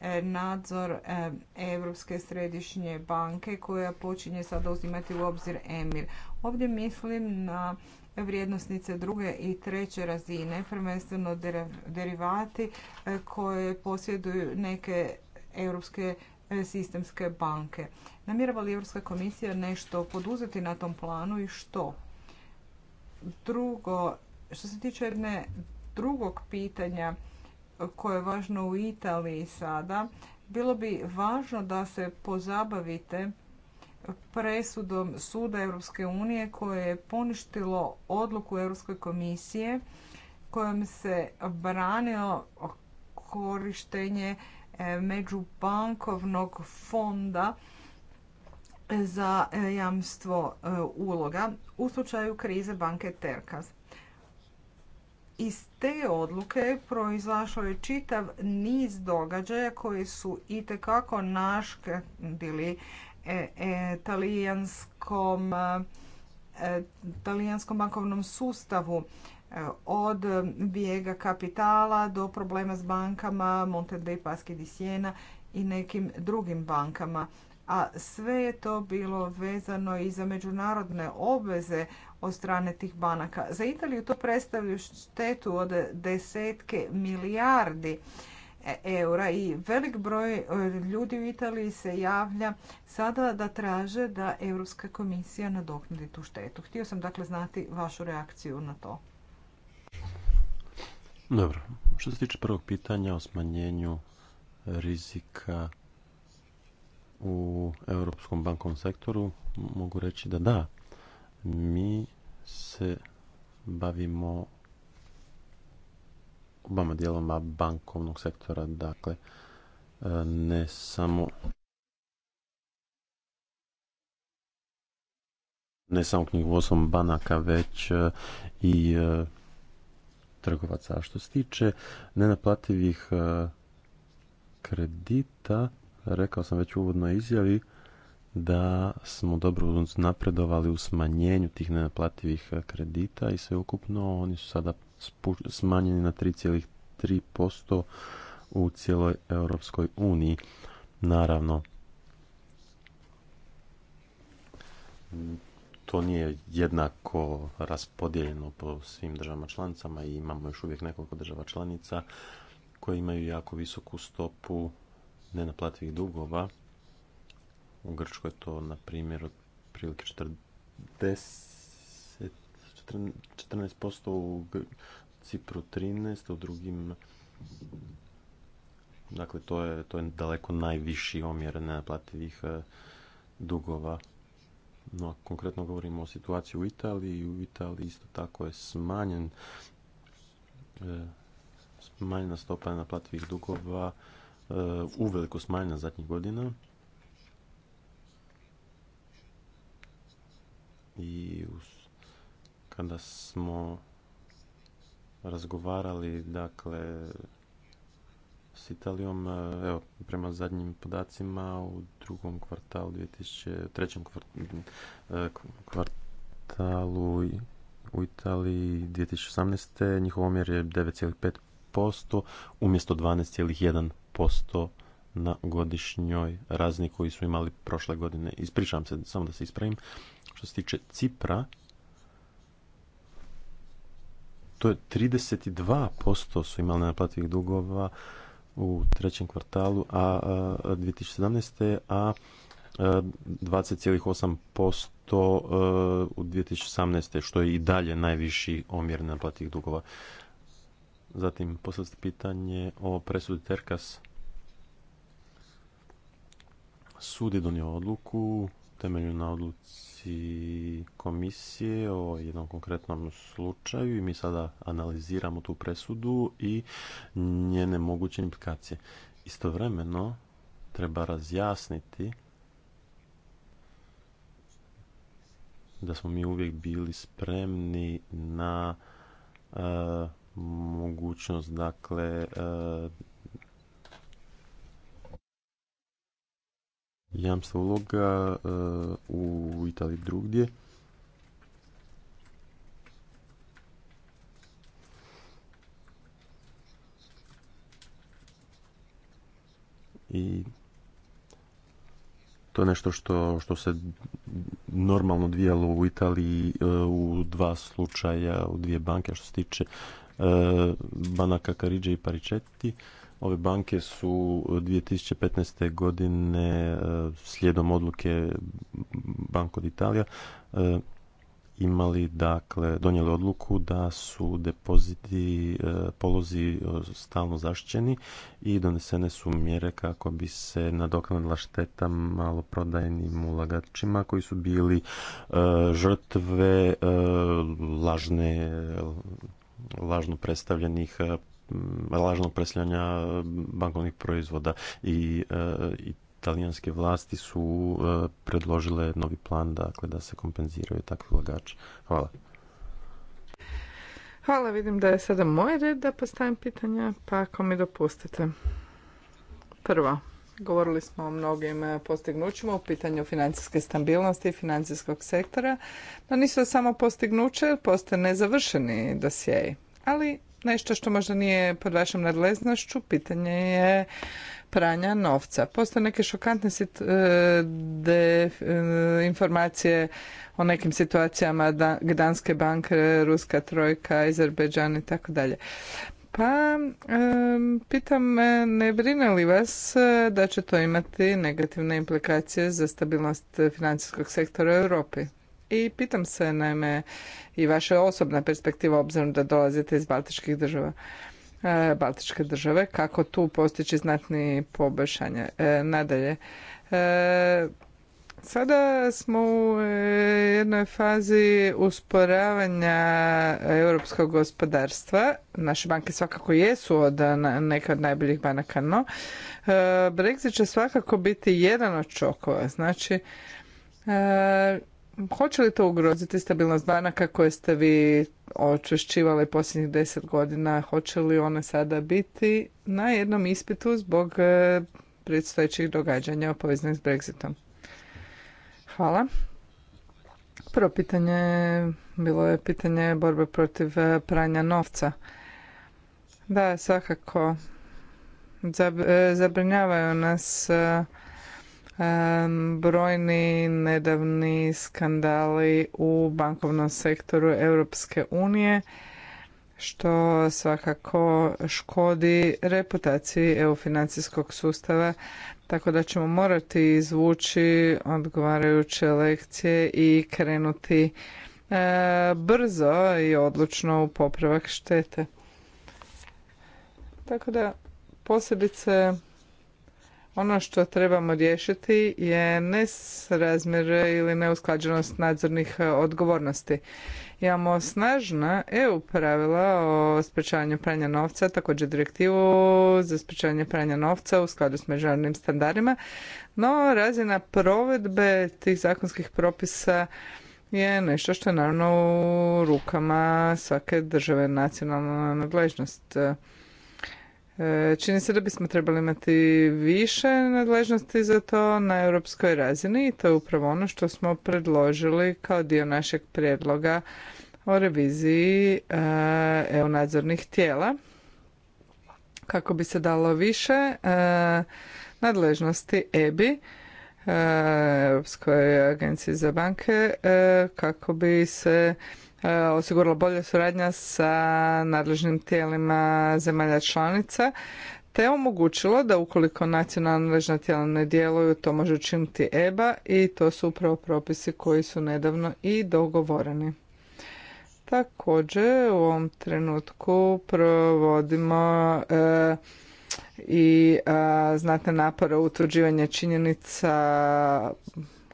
E, nadzor e, Europske središnje banke koja počinje sada uzimati u obzir EMIR. Ovdje mislim na vrijednosnice druge i treće razine, prvenstveno derivati e, koje posjeduju neke europske sistemske banke. Namjerava li Europska komisija nešto poduzeti na tom planu i što? Drugo, što se tiče jedne drugog pitanja, koje je važno u Italiji sada, bilo bi važno da se pozabavite presudom Suda Europske unije koje je poništilo odluku Europske komisije kojom se branilo korištenje e, međubankovnog fonda za e, jamstvo e, uloga u slučaju krize banke Terkas. Iz te odluke proizašao je čitav niz događaja koji su itekako naškodili e, e, talijanskom, e, talijanskom bankovnom sustavu e, od bijega kapitala do problema s bankama Monte dei Paschi di Siena i nekim drugim bankama. A sve je to bilo vezano i za međunarodne obveze od strane tih banaka. Za Italiju to predstavlja štetu od desetke milijardi eura i velik broj e, ljudi u Italiji se javlja sada da traže da Europska komisija nadoknadi tu štetu. Htio sam dakle znati vašu reakciju na to. Dobro. Što se tiče prvog pitanja o smanjenju rizika u europskom bankovnom sektoru, mogu reći da da mi se bavimo obama dijeloma bankovnog sektora, dakle ne samo ne samo knjigovodstvom banaka, već i trgovaca. A što se tiče nenaplativih kredita, rekao sam već u uvodnoj izjavi, da smo dobro napredovali u smanjenju tih nenaplativih eh, kredita i ukupno oni su sada smanjeni na 3,3% u cijeloj Europskoj uniji. Naravno, to nije jednako raspodijeljeno po svim državama članicama i imamo još uvijek nekoliko država članica koje imaju jako visoku stopu nenaplativih dugova u Grčkoj je to, na primjer, od prilike 14%, u Cipru 13%, u drugim... Dakle, to je, to je daleko najviši omjer nenaplativih e, dugova. No, konkretno govorimo o situaciji u Italiji. U Italiji isto tako je smanjen e, smanjena stopa nenaplativih dugova e, uveliko smanjena zadnjih godina i kada smo razgovarali dakle s Italijom, e, evo, prema zadnjim podacima u drugom kvartalu 2000, trećem e, kvartalu u Italiji 2018. njihov omjer je 9,5% umjesto 12,1% na godišnjoj razni koji su imali prošle godine. Ispričavam se, samo da se ispravim. Što se tiče Cipra, to je 32% su imali nenaplativih dugova u trećem kvartalu a, 2017. a 20,8% e, u 2018. što je i dalje najviši omjer nenaplativih dugova. Zatim poslali pitanje o presudi Terkas. Sud je donio odluku temelju na odluci komisije o jednom konkretnom slučaju i mi sada analiziramo tu presudu i njene moguće implikacije. Istovremeno treba razjasniti da smo mi uvijek bili spremni na e, mogućnost dakle e, jamstva uloga e, u Italiji drugdje. I to je nešto što, se normalno dvijalo u Italiji e, u dva slučaja, u dvije banke što se tiče e, banaka Karidže i Paricetti. Ove banke su 2015. E, godine e, slijedom odluke Banko Italija e, imali dakle donijeli odluku da su depoziti polozi stalno zaštićeni i donesene su mjere kako bi se nadoknadila šteta maloprodajnim ulagačima koji su bili žrtve lažne lažno predstavljenih Mm, lažnog presljanja mm, bankovnih proizvoda i eh, italijanske vlasti su eh, predložile novi plan dakle, da se kompenziraju takvi ulagači. Hvala. Hvala, vidim da je sada moj red da postavim pitanja, pa ako mi dopustite. Prvo, govorili smo o mnogim eh, postignućima u pitanju financijske stabilnosti i financijskog sektora, no nisu samo postignuće, postoje nezavršeni dosjeji. Ali nešto što možda nije pod vašom nadležnošću, pitanje je pranja novca. Postoje neke šokantne e, e, informacije o nekim situacijama da, Gdanske banke, Ruska trojka, Azerbajdžan i tako dalje. Pa, pitam, ne brine li vas e, da će to imati negativne implikacije za stabilnost financijskog sektora u Europi? I pitam se, naime, i vaša osobna perspektiva, obzirom da dolazite iz Baltičkih država, e, Baltičke države, kako tu postići znatni poboljšanje. E, nadalje, e, Sada smo u jednoj fazi usporavanja europskog gospodarstva. Naše banke svakako jesu od neke od najboljih banaka, no Brexit će svakako biti jedan od čokova. Znači, Hoće li to ugroziti stabilnost banaka koje ste vi očešćivali posljednjih deset godina? Hoće li one sada biti na jednom ispitu zbog e, predstojećih događanja povezanih s Brexitom? Hvala. Prvo pitanje bilo je pitanje borbe protiv e, pranja novca. Da, svakako e, zabrinjavaju nas brojni nedavni skandali u bankovnom sektoru Europske unije što svakako škodi reputaciji EU financijskog sustava tako da ćemo morati izvući odgovarajuće lekcije i krenuti e, brzo i odlučno u popravak štete. Tako da posebice ono što trebamo riješiti je nesrazmjer ili neusklađenost nadzornih e, odgovornosti. Imamo snažna EU pravila o sprečavanju pranja novca, također direktivu za sprečavanje pranja novca u skladu s međunarodnim standardima, no razina provedbe tih zakonskih propisa je nešto što je naravno u rukama svake države nacionalna nadležnost. E, čini se da bismo trebali imati više nadležnosti za to na europskoj razini i to je upravo ono što smo predložili kao dio našeg prijedloga o reviziji e, EU nadzornih tijela kako bi se dalo više e, nadležnosti EBI Europskoj agenciji za banke kako bi se E, osigurala bolja suradnja sa nadležnim tijelima zemalja članica te omogućilo da ukoliko nacionalna nadležna tijela ne djeluju to može učiniti EBA i to su upravo propisi koji su nedavno i dogovoreni. Također u ovom trenutku provodimo e, i e, znatne napore u činjenica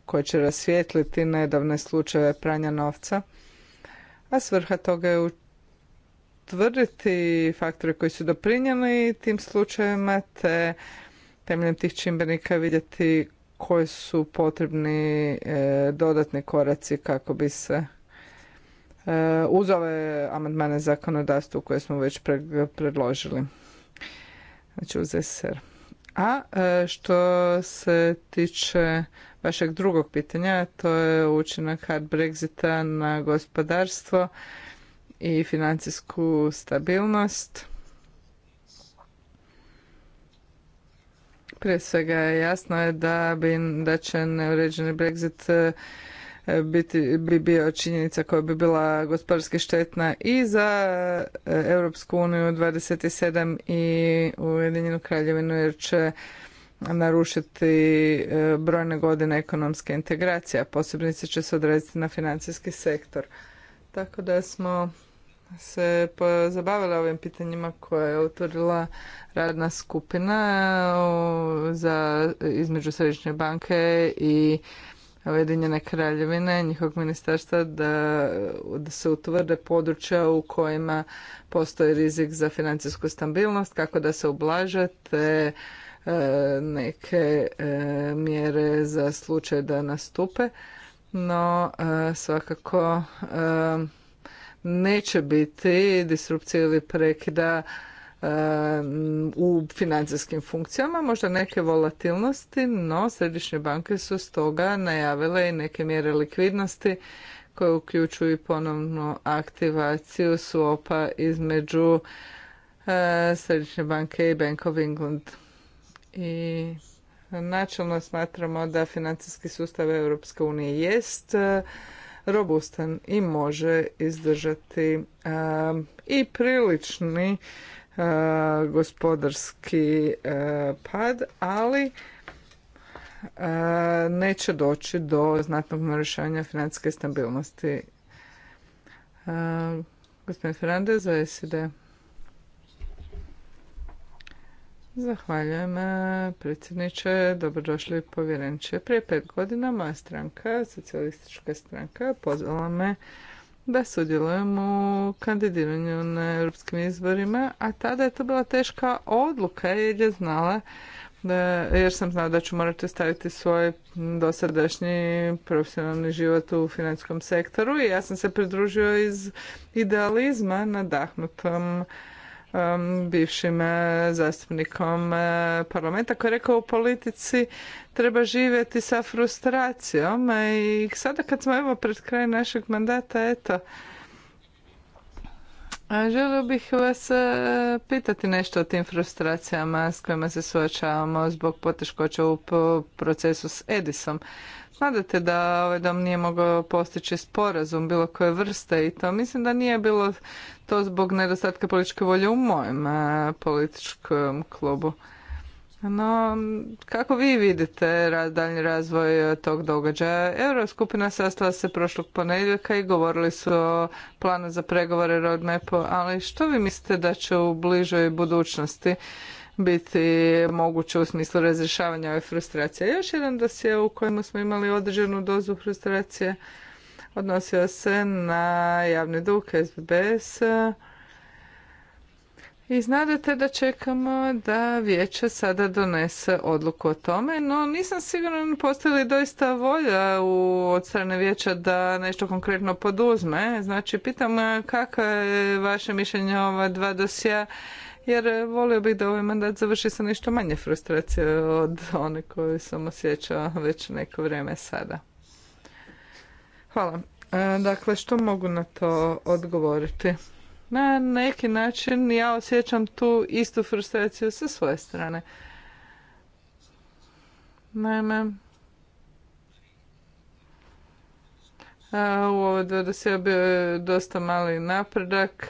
koje će rasvijetliti nedavne slučajeve pranja novca a svrha toga je utvrditi faktore koji su doprinijeli tim slučajevima te temeljem tih čimbenika vidjeti koji su potrebni e, dodatni koraci kako bi se e, uz ove amandmane zakonodavstvu koje smo već predložili. Znači uz SR. A e, što se tiče vašeg drugog pitanja, to je učinak hard Brexita na gospodarstvo i financijsku stabilnost. Prije svega jasno je da, bi, da će neuređeni Brexit E, biti, bi bio činjenica koja bi bila gospodarski štetna i za e, Europsku uniju 27 i Ujedinjenu kraljevinu jer će narušiti e, brojne godine ekonomske integracije, a posebnice će se odraziti na financijski sektor. Tako da smo se zabavili ovim pitanjima koje je utvrdila radna skupina za, između Središnje banke i Ujedinjene kraljevine, njihovog ministarstva da, da se utvrde područja u kojima postoji rizik za financijsku stabilnost, kako da se ublaže te e, neke e, mjere za slučaj da nastupe, no e, svakako neće biti disrupcije ili prekida u financijskim funkcijama, možda neke volatilnosti, no središnje banke su stoga najavile i neke mjere likvidnosti koje uključuju i ponovnu aktivaciju swapa između e, Središnje banke i Bank of England. I načelno smatramo da financijski sustav Europske unije jest e, robustan i može izdržati e, i prilični E, gospodarski e, pad, ali e, neće doći do znatnog narušavanja financijske stabilnosti. Gospodin Fernandez za SID. Zahvaljujem predsjedniče, dobrodošli povjerenče. Prije pet godina moja stranka, socijalistička stranka, pozvala me da sudjelujem u kandidiranju na europskim izborima, a tada je to bila teška odluka jer je znala jer sam znala da ću morati staviti svoj dosadašnji profesionalni život u financijskom sektoru i ja sam se pridružio iz idealizma nadahnutom Um, bivšim uh, zastupnikom uh, parlamenta koji je rekao u politici treba živjeti sa frustracijom i sada kad smo evo pred kraj našeg mandata eto a želio bih vas uh, pitati nešto o tim frustracijama s kojima se suočavamo zbog poteškoća u procesu s Edisom. Smatrate da ovaj dom nije mogao postići sporazum bilo koje vrste i to mislim da nije bilo to zbog nedostatka političke volje u mojem eh, političkom klubu. No, kako vi vidite daljnji razvoj eh, tog događaja? Euroskupina sastala se prošlog ponedjeljka i govorili su o planu za pregovore roadmapu, ali što vi mislite da će u bližoj budućnosti biti moguće u smislu razrješavanja ove frustracije. Još jedan dosje u kojemu smo imali određenu dozu frustracije odnosio se na javni dug SBBS. I znadete da čekamo da vijeće sada donese odluku o tome, no nisam sigurna postoji li doista volja u, od strane vijeća da nešto konkretno poduzme. Znači, pitam kakva je vaše mišljenje ova dva dosija jer e, volio bih da ovaj mandat završi sa nešto manje frustracije od one koju sam osjećao već neko vrijeme sada. Hvala. E, dakle, što mogu na to odgovoriti? Na neki način ja osjećam tu istu frustraciju sa svoje strane. Naime, e, u ovoj bio je dosta mali napredak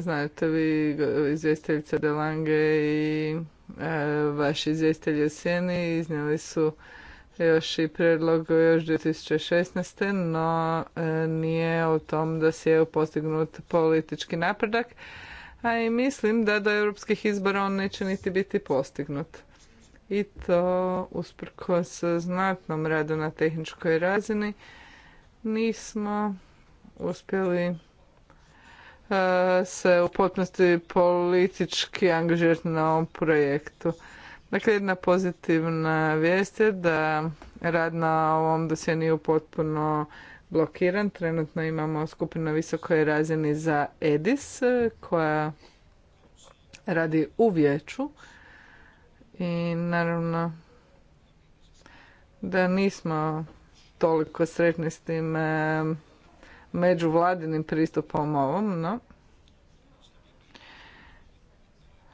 Znate vi, izvjestiteljica Delange i e, vaši izvjestitelji u Sjeni iznijeli su još i predlog još 2016. no e, nije o tom da se je postignut politički napredak, a i mislim da do europskih izbora on neće niti biti postignut. I to usprkos znatnom radu na tehničkoj razini nismo uspjeli E, se u potpunosti politički angažirati na ovom projektu. Dakle, jedna pozitivna vijest je da rad na ovom dosje nije potpuno blokiran. Trenutno imamo skupinu na visokoj razini za EDIS e, koja radi u vijeću i naravno da nismo toliko sretni s tim e, međuvladinim pristupom ovom, no.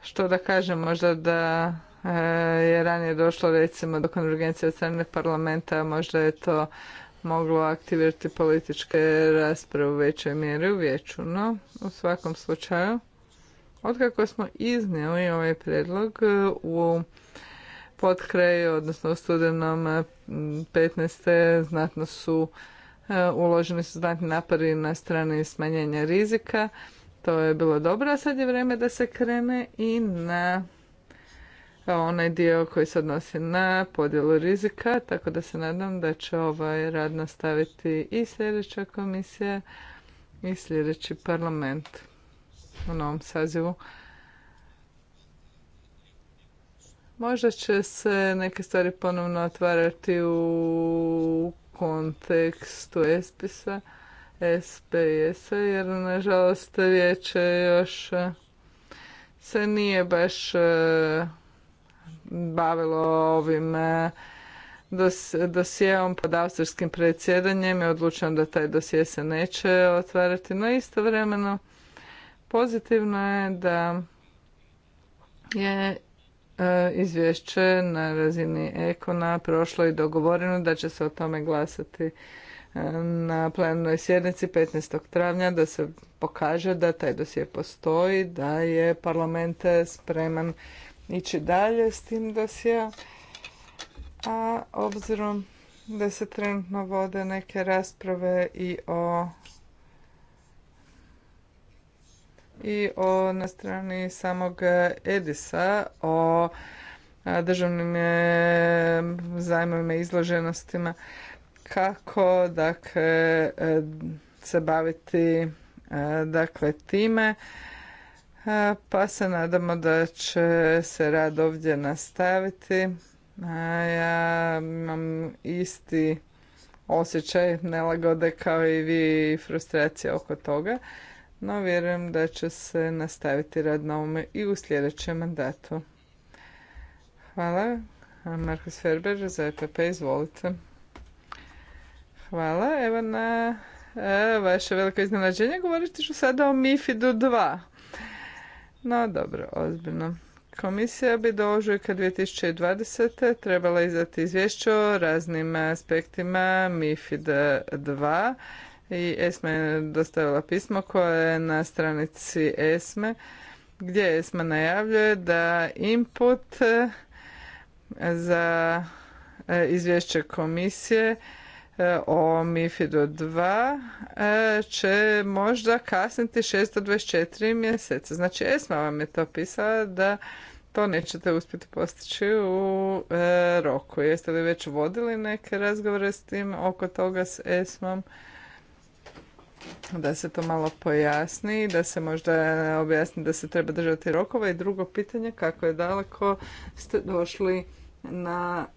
Što da kažem, možda da e, je ranije došlo recimo do konvergencije od strane parlamenta, možda je to moglo aktivirati političke rasprave u većoj mjeri u vijeću, no u svakom slučaju otkako smo iznijeli ovaj predlog e, u podkreju, odnosno u studenom 15. E, znatno su E, uloženi su znatni napori na strani smanjenja rizika. To je bilo dobro, a sad je vrijeme da se krene i na onaj dio koji se odnosi na podjelu rizika, tako da se nadam da će ovaj rad nastaviti i sljedeća komisija i sljedeći parlament u novom sazivu. Možda će se neke stvari ponovno otvarati u kontekstu espisa SPS-a, jer nažalost vijeće još eh, se nije baš eh, bavilo ovim eh, dosjeom pod austrijskim predsjedanjem i odlučeno da taj dosje se neće otvarati. No istovremeno pozitivno je da je E, izvješće na razini Ekona prošlo i dogovoreno da će se o tome glasati e, na plenarnoj sjednici 15. travnja da se pokaže da taj dosje postoji, da je parlament spreman ići dalje s tim dosjeom. A obzirom da se trenutno vode neke rasprave i o i o, na strani samog Edisa o državnim e, zajmovima i izloženostima kako dakle, e, se baviti e, dakle, time pa se nadamo da će se rad ovdje nastaviti. Ja imam isti osjećaj nelagode kao i vi frustracije oko toga no vjerujem da će se nastaviti rad na ovome i u sljedećem mandatu. Hvala. Markus Ferber za EPP, izvolite. Hvala. Evo na e, vaše veliko iznenađenje govorit ću sada o MIFID-u 2. No dobro, ozbiljno. Komisija bi do ožujka 2020. trebala izdati izvješće o raznim aspektima MIFID 2 i ESMA je dostavila pismo koje je na stranici ESME gdje ESMA najavljuje da input e, za e, izvješće komisije e, o MiFido 2 će možda kasniti 624 mjeseca. Znači ESMA vam je to pisala da to nećete uspjeti postići u roku. Jeste li već vodili neke razgovore s tim oko toga s ESMom? da se to malo pojasni, da se možda objasni da se treba držati rokova. I drugo pitanje, kako je daleko ste došli na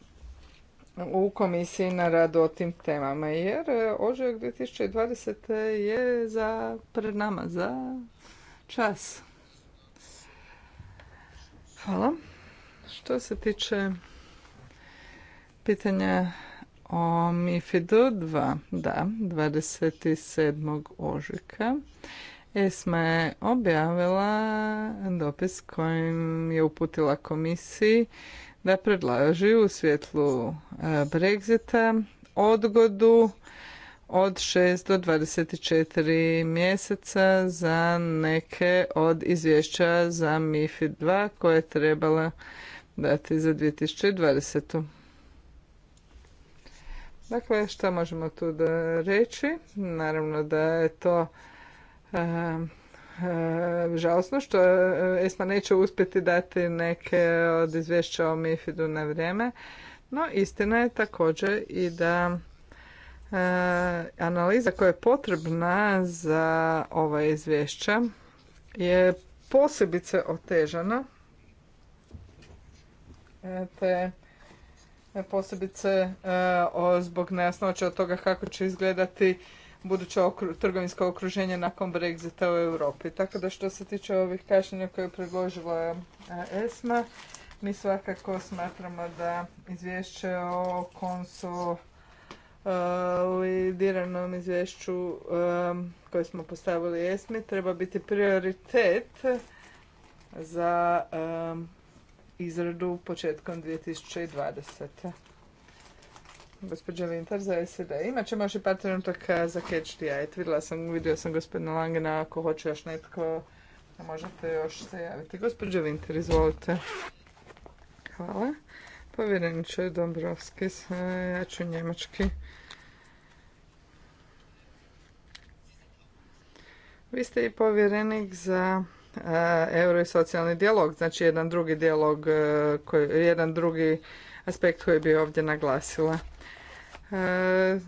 u komisiji na radu o tim temama, jer e, ožujak 2020. je za, pred nama za čas. Hvala. Što se tiče pitanja o MIFID-u 2, da, 27. ožujka. ESMA je objavila dopis kojim je uputila komisiji da predlaži u svjetlu e, Brexita odgodu od 6 do 24 mjeseca za neke od izvješća za MIFID 2 koje je trebala dati za 2020. Dakle, što možemo tu da reći? Naravno da je to e, žalosno što ESMA neće uspjeti dati neke od izvješća o MIFID-u na vrijeme, no istina je također i da analiza koja je potrebna za ova izvješća je posebice otežana. Te posebice e, zbog nejasnoće od toga kako će izgledati buduće trgovinsko okruženje nakon Brexita u Europi. Tako da što se tiče ovih kašnjenja koje je predložila e, ESMA, mi svakako smatramo da izvješće o konsu lidiranom izvješću e, koje smo postavili ESMI treba biti prioritet za izradu početkom 2020. Gospođa Vintar za SED. Imat ćemo još i par trenutaka za catch the eye. Vidjela sam, vidio sam gospodina Langena, ako hoće još netko, možete još se javiti. Gospodin Vinter, izvolite. Hvala. Povjereniče Dombrovski, ja ću njemački. Vi ste i povjerenik za euro i socijalni dijalog, znači jedan drugi dijalog, e, jedan drugi aspekt koji bi ovdje naglasila. E,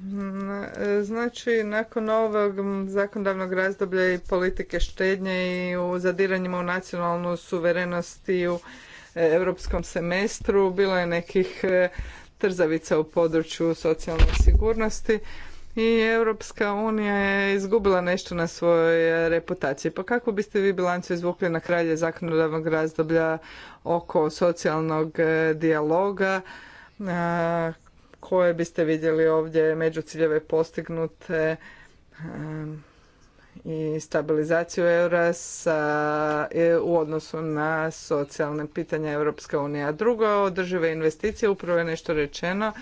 znači, nakon ovog zakonodavnog razdoblja i politike štednje i u zadiranjima u nacionalnu suverenost i u e, europskom semestru bilo je nekih trzavica u području socijalne sigurnosti i Europska unija je izgubila nešto na svojoj e, reputaciji. Pa kako biste vi bilancu izvukli na kralje zakonodavnog razdoblja oko socijalnog e, dijaloga? E, koje biste vidjeli ovdje među ciljeve postignute i stabilizaciju eura sa, u odnosu na socijalne pitanja Europske unija. A drugo, održive investicije, upravo je nešto rečeno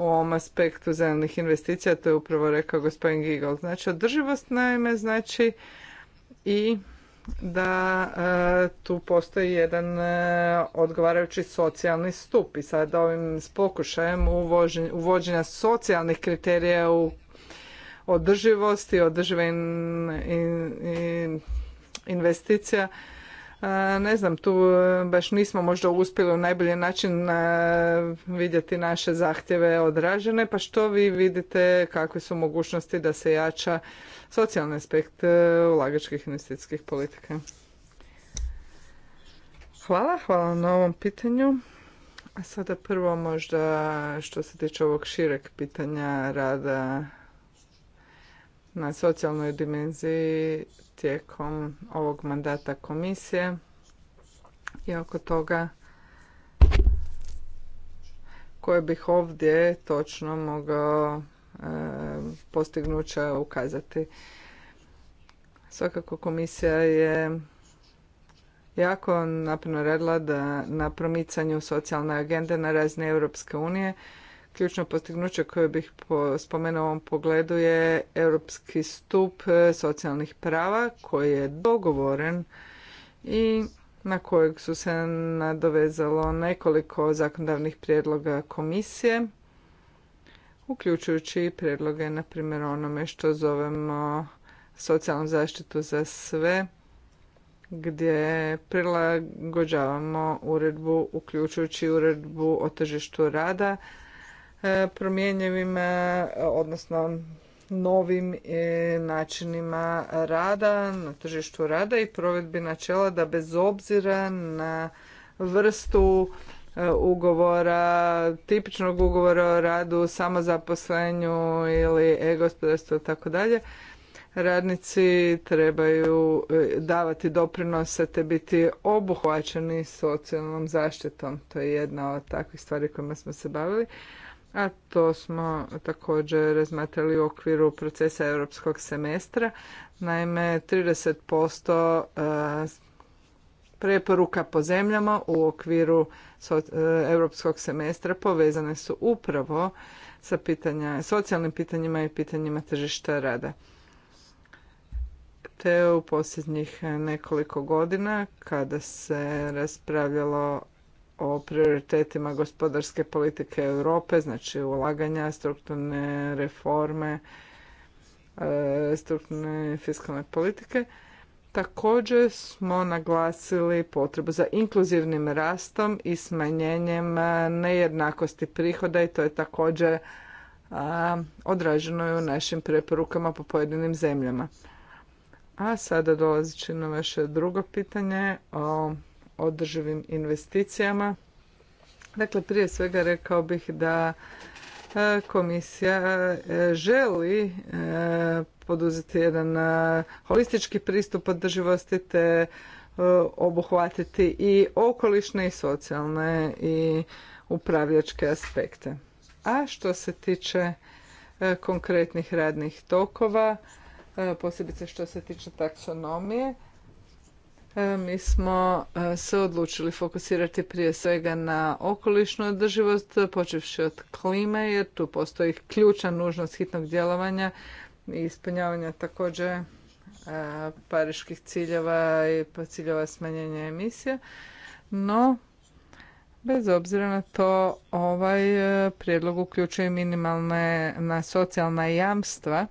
u ovom aspektu zelenih investicija, to je upravo rekao gospodin Gigol. Znači, održivost naime znači i da e, tu postoji jedan e, odgovarajući socijalni stup i sad ovim pokušajem uvođenja, socijalnih kriterija u održivosti, održive in, investicija ne znam, tu e, baš nismo možda uspjeli u najbolji način e, vidjeti naše zahtjeve odražene, pa što vi vidite kakve su mogućnosti da se jača socijalni aspekt e, ulagačkih investicijskih politika? Hvala, hvala na ovom pitanju. A sada prvo možda što se tiče ovog šireg pitanja rada na socijalnoj dimenziji, tijekom ovog mandata komisije i oko toga koje bih ovdje točno mogao e, postignuća ukazati. Svakako komisija je jako naporno radila da na promicanju socijalne agende na razini Europske unije Ključno postignuće koje bih spomenuo u ovom pogledu je Europski stup e, socijalnih prava koji je dogovoren i na kojeg su se nadovezalo nekoliko zakonodavnih prijedloga komisije, uključujući i prijedloge, na primjer, onome što zovemo socijalnu zaštitu za sve, gdje prilagođavamo uredbu, uključujući uredbu o tržištu rada, E, promjenjivim e, odnosno novim e, načinima rada na tržištu rada i provedbi načela da bez obzira na vrstu ugovora, tipičnog ugovora o radu, samozaposlenju ili e-gospodarstvu i tako dalje, radnici trebaju davati doprinose te biti obuhvaćeni socijalnom zaštitom. To je jedna od takvih stvari kojima smo se bavili a to smo također razmatrali u okviru procesa europskog semestra. Naime, 30% eh, preporuka po zemljama u okviru eh, europskog semestra povezane su upravo sa pitanja, socijalnim pitanjima i pitanjima tržišta rada. Te u posljednjih nekoliko godina kada se raspravljalo o prioritetima gospodarske politike Europe, znači ulaganja, strukturne reforme, e, strukturne fiskalne politike. Također smo naglasili potrebu za inkluzivnim rastom i smanjenjem e, nejednakosti prihoda i to je također e, odraženo je u našim preporukama po pojedinim zemljama. A sada ću na vaše drugo pitanje o održivim investicijama. Dakle, prije svega rekao bih da e, komisija e, želi e, poduzeti jedan holistički pristup održivosti te obuhvatiti i okolišne i socijalne i upravljačke aspekte. A što se tiče konkretnih radnih tokova, posebice što se tiče taksonomije, E, mi smo e, se odlučili fokusirati prije svega na okolišnu održivost, počevši od klime, jer tu postoji ključna nužnost hitnog djelovanja i ispunjavanja također e, pariških ciljeva i pa ciljeva smanjenja emisija. No, bez obzira na to, ovaj prijedlog uključuje minimalne na socijalna jamstva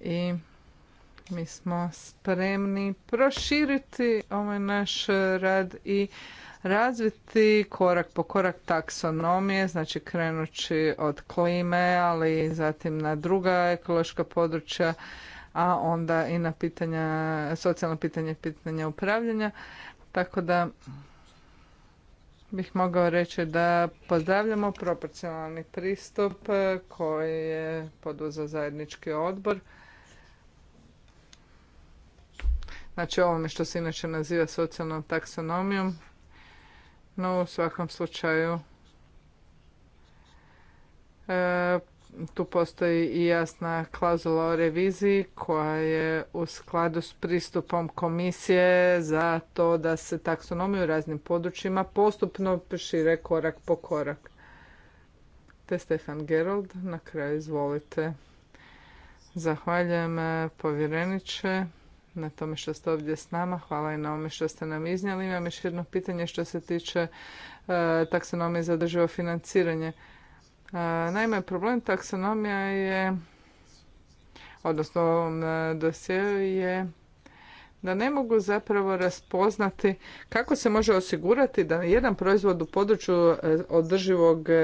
i mi smo spremni proširiti ovaj naš rad i razviti korak po korak taksonomije, znači krenući od klime, ali zatim na druga ekološka područja, a onda i na pitanja, socijalno pitanje, pitanja upravljanja. Tako da bih mogao reći da pozdravljamo proporcionalni pristup koji je poduzeo zajednički odbor. znači ovome što se inače naziva socijalnom taksonomijom, no u svakom slučaju e, tu postoji i jasna klauzula o reviziji koja je u skladu s pristupom komisije za to da se taksonomiju u raznim područjima postupno šire korak po korak. Te Stefan Gerold, na kraju izvolite. Zahvaljujem e, povjereniče na tome što ste ovdje s nama. Hvala i na ome što ste nam iznijeli. Imam još jedno pitanje što se tiče e, taksonomije za održivo financiranje. E, naime, problem taksonomija je, odnosno e, dosjeu je da ne mogu zapravo raspoznati kako se može osigurati da jedan proizvod u području e, održivog e,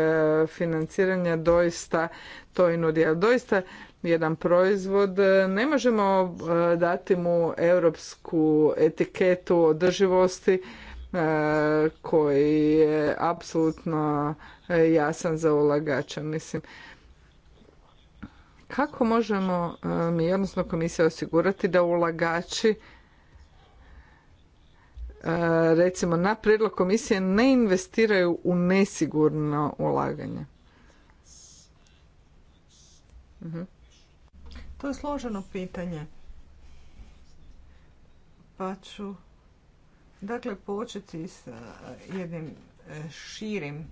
financiranja doista to i nudi. doista jedan proizvod e, ne možemo dati mu europsku etiketu održivosti koji je apsolutno jasan za ulagača. Mislim, kako možemo mi, odnosno komisija, osigurati da ulagači recimo na prijedlog komisije ne investiraju u nesigurno ulaganje? Mhm. To je složeno pitanje. Pa ću dakle početi s jednim e, širim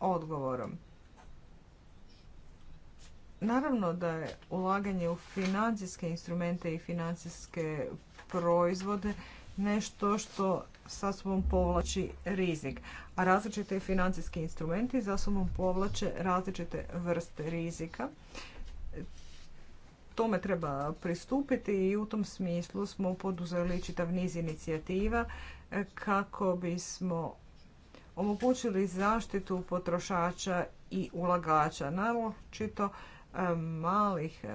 odgovorom. Naravno da je ulaganje u financijske instrumente i financijske proizvode nešto što sa sobom povlači rizik. A različite financijski instrumenti za sobom povlače različite vrste rizika. Tome treba pristupiti i u tom smislu smo poduzeli čitav niz inicijativa kako bismo omogućili zaštitu potrošača i ulagača. Naročito malih e,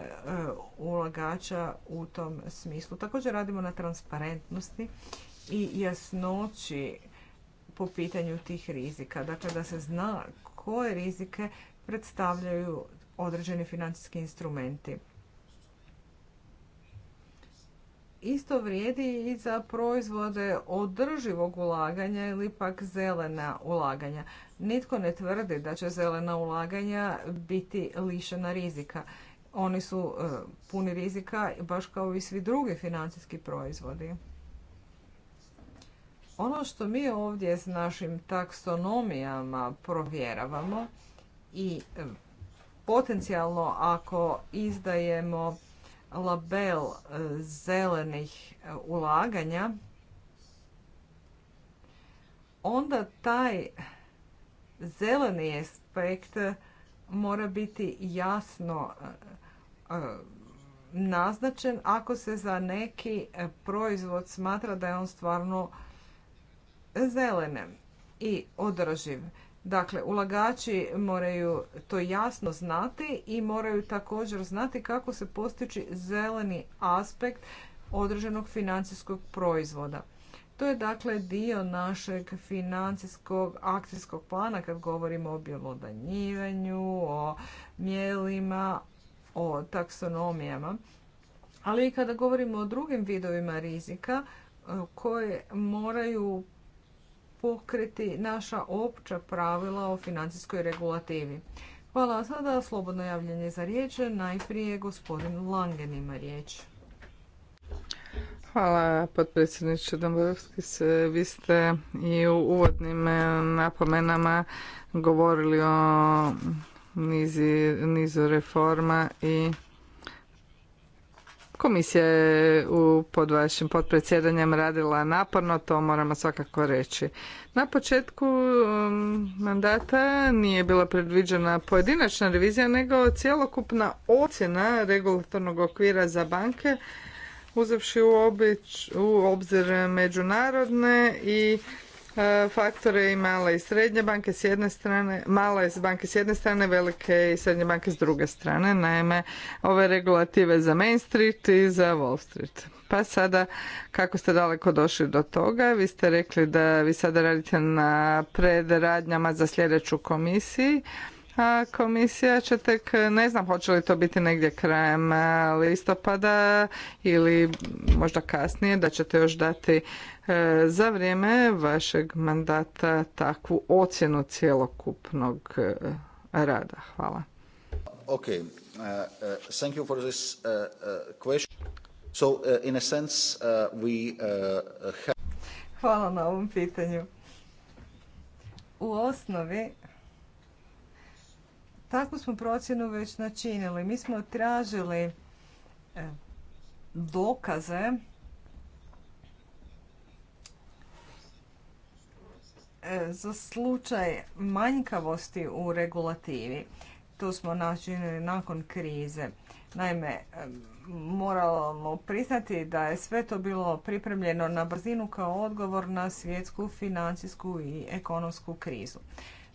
ulagača u tom smislu. Također radimo na transparentnosti i jasnoći po pitanju tih rizika. Dakle, da se zna koje rizike predstavljaju određeni financijski instrumenti. Isto vrijedi i za proizvode održivog ulaganja ili pak zelena ulaganja. Nitko ne tvrdi da će zelena ulaganja biti lišena rizika. Oni su e, puni rizika baš kao i svi drugi financijski proizvodi. Ono što mi ovdje s našim taksonomijama provjeravamo i e, potencijalno ako izdajemo label e, zelenih ulaganja, onda taj zeleni aspekt mora biti jasno e, naznačen ako se za neki proizvod smatra da je on stvarno zelene i održiv. Dakle, ulagači moraju to jasno znati i moraju također znati kako se postići zeleni aspekt određenog financijskog proizvoda. To je dakle dio našeg financijskog akcijskog plana kad govorimo o bjelodanjivanju, o mjelima, o taksonomijama. Ali i kada govorimo o drugim vidovima rizika e, koje moraju pokriti naša opća pravila o financijskoj regulativi. Hvala. Sada slobodno javljanje za riječ. Najprije gospodin Langen ima riječ. Hvala potpredsjedniče Dombrovski. Vi ste i u uvodnim eh, napomenama govorili o nizi, nizu reforma i komisija je u, pod vašim potpredsjedanjem radila naporno, to moramo svakako reći. Na početku mm, mandata nije bila predviđena pojedinačna revizija, nego cjelokupna ocjena regulatornog okvira za banke uzevši u, obič, u obzir međunarodne i e, faktore i male i srednje banke s jedne strane, male banke s jedne strane, velike i srednje banke s druge strane. Naime, ove regulative za Main Street i za Wall Street. Pa sada, kako ste daleko došli do toga, vi ste rekli da vi sada radite na predradnjama za sljedeću komisiju a komisija će tek, ne znam hoće li to biti negdje krajem e, listopada ili možda kasnije, da ćete još dati e, za vrijeme vašeg mandata takvu ocjenu cjelokupnog e, rada. Hvala. Hvala na ovom pitanju. U osnovi Takvu smo procjenu već načinili. Mi smo tražili e, dokaze e, za slučaj manjkavosti u regulativi. To smo načinili nakon krize. Naime, e, moramo priznati da je sve to bilo pripremljeno na brzinu kao odgovor na svjetsku financijsku i ekonomsku krizu.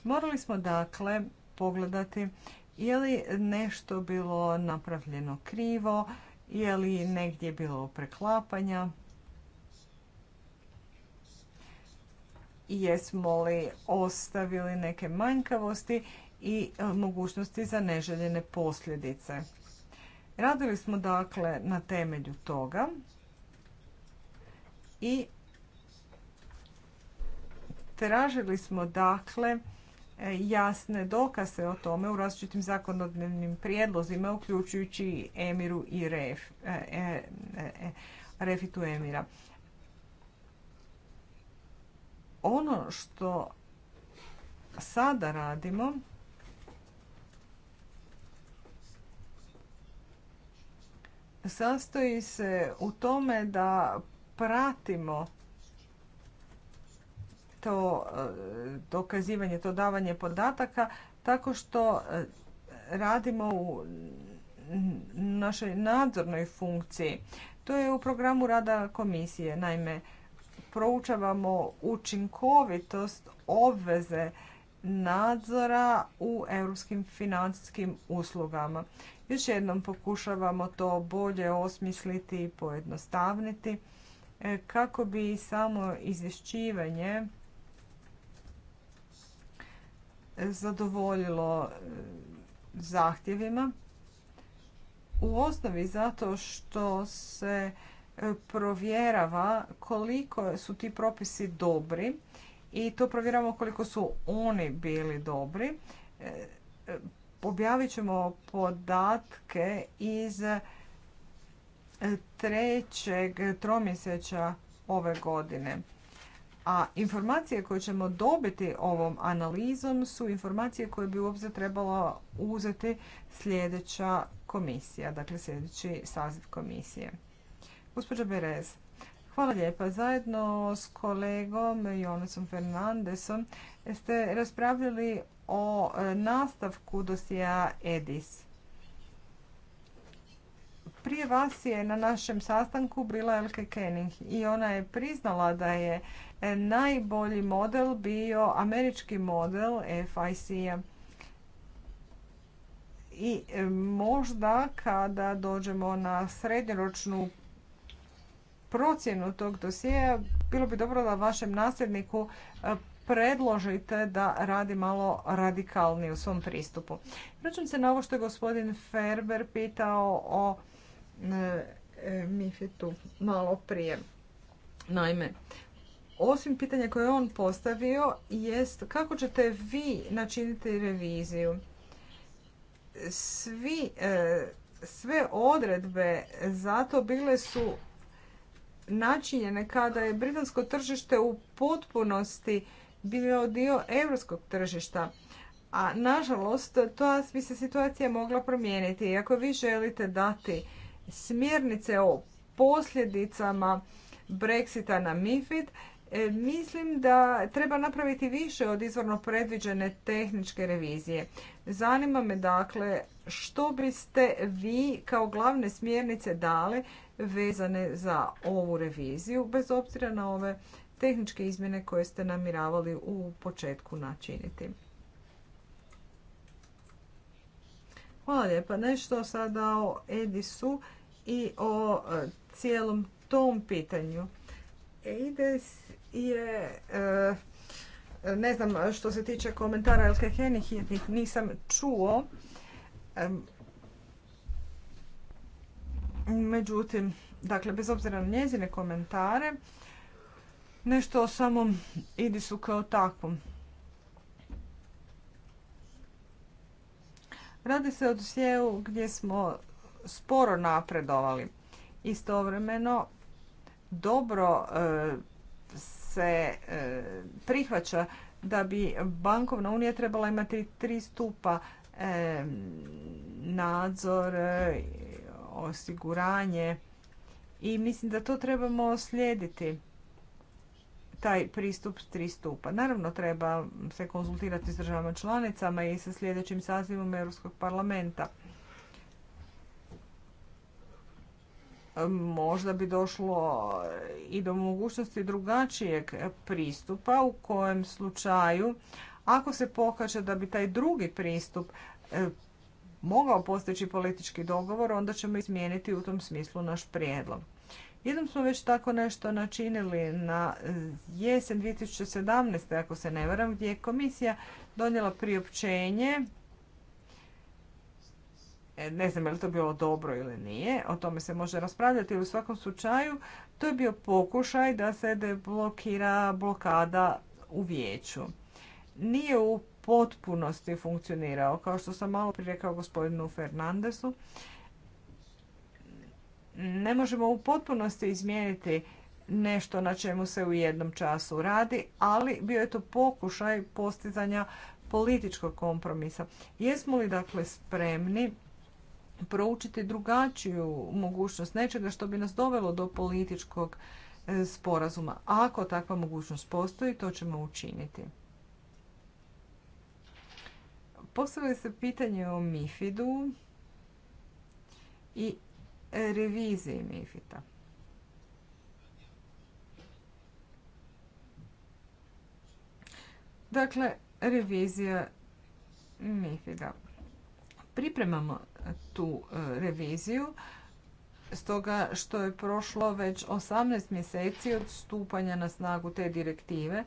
Morali smo dakle pogledati je li nešto bilo napravljeno krivo, je li negdje bilo preklapanja, jesmo li ostavili neke manjkavosti i e, mogućnosti za neželjene posljedice. Radili smo dakle na temelju toga i tražili smo dakle jasne dokaze o tome u različitim zakonodavnim prijedlozima, uključujući Emiru i e, e, e, Refitu Emira. Ono što sada radimo sastoji se u tome da pratimo to e, dokazivanje, to davanje podataka tako što e, radimo u našoj nadzornoj funkciji. To je u programu rada komisije. Naime, proučavamo učinkovitost obveze nadzora u europskim financijskim uslugama. Još jednom pokušavamo to bolje osmisliti i pojednostavniti e, kako bi samo izvješćivanje zadovoljilo e, zahtjevima u osnovi zato što se e, provjerava koliko su ti propisi dobri i to provjeramo koliko su oni bili dobri. E, objavit ćemo podatke iz trećeg tromjeseća ove godine. A informacije koje ćemo dobiti ovom analizom su informacije koje bi uopće trebala uzeti sljedeća komisija, dakle sljedeći saziv komisije. Gospođa Berez, hvala lijepa. Zajedno s kolegom Jonasom Fernandesom ste raspravljali o e, nastavku dosija EDIS. Prije vas je na našem sastanku bila Elke Kenning i ona je priznala da je Najbolji model bio američki model FIC-a. I e, možda kada dođemo na srednjoročnu procjenu tog dosijeja, bilo bi dobro da vašem nasljedniku e, predložite da radi malo radikalnije u svom pristupu. Vraćam se na ovo što je gospodin Ferber pitao o e, e Mifitu malo prije. Naime, osim pitanja koje je on postavio, jest kako ćete vi načiniti reviziju? Svi, e, sve odredbe zato bile su načinjene kada je britansko tržište u potpunosti bilo dio europskog tržišta. A nažalost, to bi se situacija mogla promijeniti. Iako vi želite dati smjernice o posljedicama Brexita na MIFID, E, mislim da treba napraviti više od izvorno predviđene tehničke revizije. Zanima me dakle što biste vi kao glavne smjernice dali vezane za ovu reviziju bez obzira na ove tehničke izmjene koje ste namiravali u početku načiniti. Hvala lijepa. Nešto sada o Edisu i o e, cijelom tom pitanju. Edis je e, ne znam što se tiče komentara Elke Henih, nisam čuo. Međutim, dakle, bez obzira na njezine komentare, nešto o samom Idisu kao takvom. Radi se o dosjeu gdje smo sporo napredovali. Istovremeno, dobro e, se e, prihvaća da bi bankovna unija trebala imati tri stupa e, nadzor, e, osiguranje i mislim da to trebamo slijediti taj pristup tri stupa. Naravno treba se konzultirati s državama članicama i sa sljedećim sazivom Europskog parlamenta. možda bi došlo i do mogućnosti drugačijeg pristupa u kojem slučaju ako se pokaže da bi taj drugi pristup e, mogao postići politički dogovor, onda ćemo izmijeniti u tom smislu naš prijedlog. Jednom smo već tako nešto načinili na e, jesen 2017. ako se ne varam, gdje je komisija donijela priopćenje E, ne znam je li to bilo dobro ili nije, o tome se može raspravljati, u svakom slučaju to je bio pokušaj da se deblokira blokada u vijeću. Nije u potpunosti funkcionirao, kao što sam malo prije rekao gospodinu Fernandesu. Ne možemo u potpunosti izmijeniti nešto na čemu se u jednom času radi, ali bio je to pokušaj postizanja političkog kompromisa. Jesmo li dakle spremni proučiti drugačiju mogućnost nečega što bi nas dovelo do političkog e, sporazuma. Ako takva mogućnost postoji, to ćemo učiniti. Postavili se pitanje o Mifidu i reviziji Mifita. Dakle, revizija Mifida pripremamo tu e, reviziju stoga što je prošlo već 18 mjeseci od stupanja na snagu te direktive,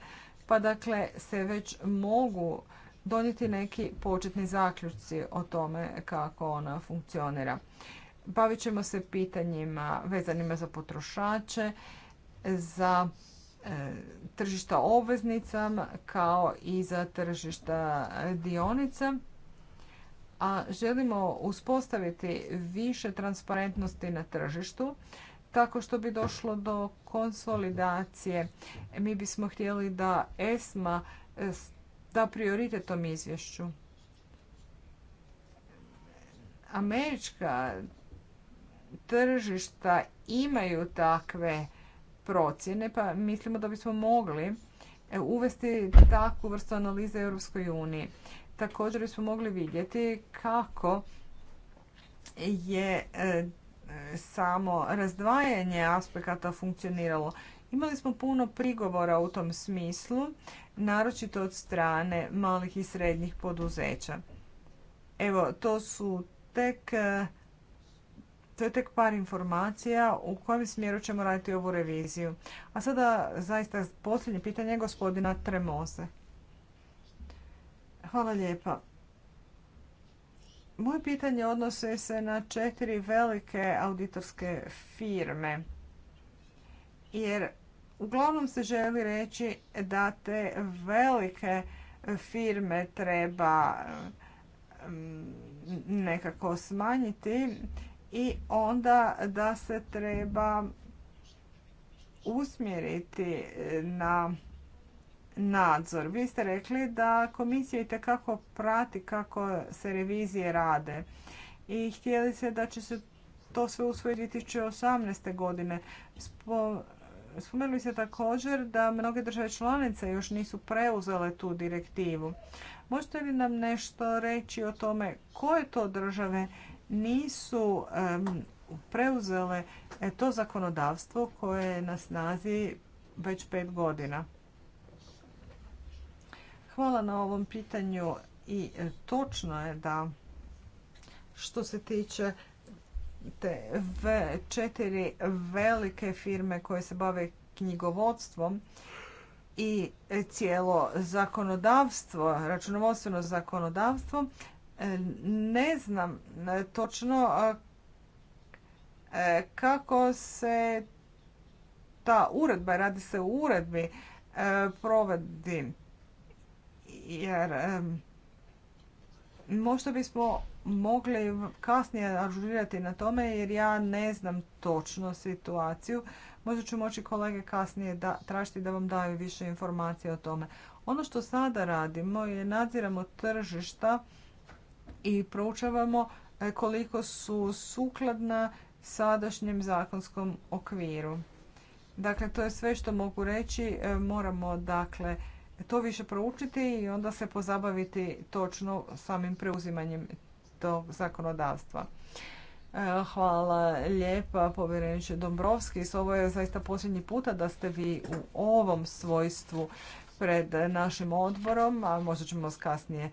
pa dakle se već mogu donijeti neki početni zaključci o tome kako ona funkcionira. Bavit ćemo se pitanjima vezanima za potrošače, za e, tržišta obveznicama kao i za tržišta dionica a želimo uspostaviti više transparentnosti na tržištu tako što bi došlo do konsolidacije. Mi bismo htjeli da ESMA e, da tom izvješću. Američka tržišta imaju takve procjene, pa mislimo da bismo mogli e, uvesti takvu vrstu analize Europskoj uniji također smo mogli vidjeti kako je e, samo razdvajanje aspekata funkcioniralo. Imali smo puno prigovora u tom smislu, naročito od strane malih i srednjih poduzeća. Evo, to su tek e, to je tek par informacija u kojem smjeru ćemo raditi ovu reviziju. A sada zaista posljednje pitanje gospodina Tremose. Hvala lijepa. Moje pitanje odnose se na četiri velike auditorske firme. Jer uglavnom se želi reći da te velike firme treba mm, nekako smanjiti i onda da se treba usmjeriti na nadzor. Vi ste rekli da komisija itekako prati kako se revizije rade i htjeli se da će se to sve usvojiti 2018. godine. Spomenuli se također da mnoge države članice još nisu preuzele tu direktivu. Možete li nam nešto reći o tome koje to države nisu preuzele e, to zakonodavstvo koje je na snazi već pet godina? Hvala na ovom pitanju i e, točno je da što se tiče te četiri velike firme koje se bave knjigovodstvom i e, cijelo zakonodavstvo, računovodstveno zakonodavstvo, e, ne znam točno kako se ta uredba, radi se o uredbi, provodi jer možda bismo mogli kasnije ažurirati na tome jer ja ne znam točno situaciju. Možda ću moći kolege kasnije tražiti da vam daju više informacije o tome. Ono što sada radimo je nadziramo tržišta i proučavamo e, koliko su sukladna sadašnjem zakonskom okviru. Dakle, to je sve što mogu reći. E, moramo dakle to više proučiti i onda se pozabaviti točno samim preuzimanjem tog zakonodavstva. E, hvala lijepa povjereniče Dombrovski. Ovo je zaista posljednji puta da ste vi u ovom svojstvu pred našim odborom, a možda ćemo vas kasnije e,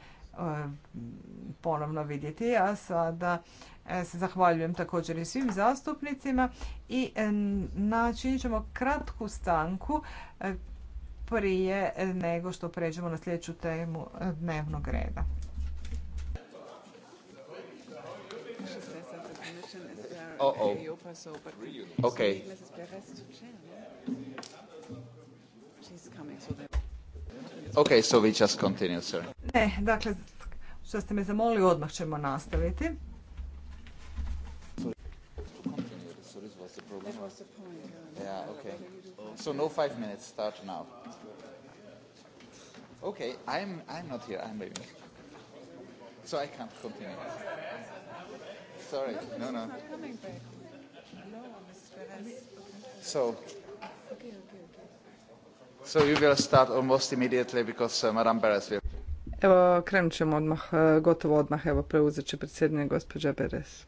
ponovno vidjeti. A sada e, se zahvaljujem također i svim zastupnicima i načinit ćemo kratku stanku prije nego što pređemo na sljedeću temu dnevnog reda. Uh Okay. so we just continue, sir. Ne, dakle, što ste me zamolili, odmah ćemo nastaviti. Yeah, okay. So no five minutes. Start now. Okay, I'm I'm not here. I'm leaving. So I can't continue. Sorry. No, no. So. So you will start almost immediately because uh, Madame Perez will. Evo, krenut ćemo odmah, e, gotovo odmah, evo, preuzet će predsjedanje gospođa Beres.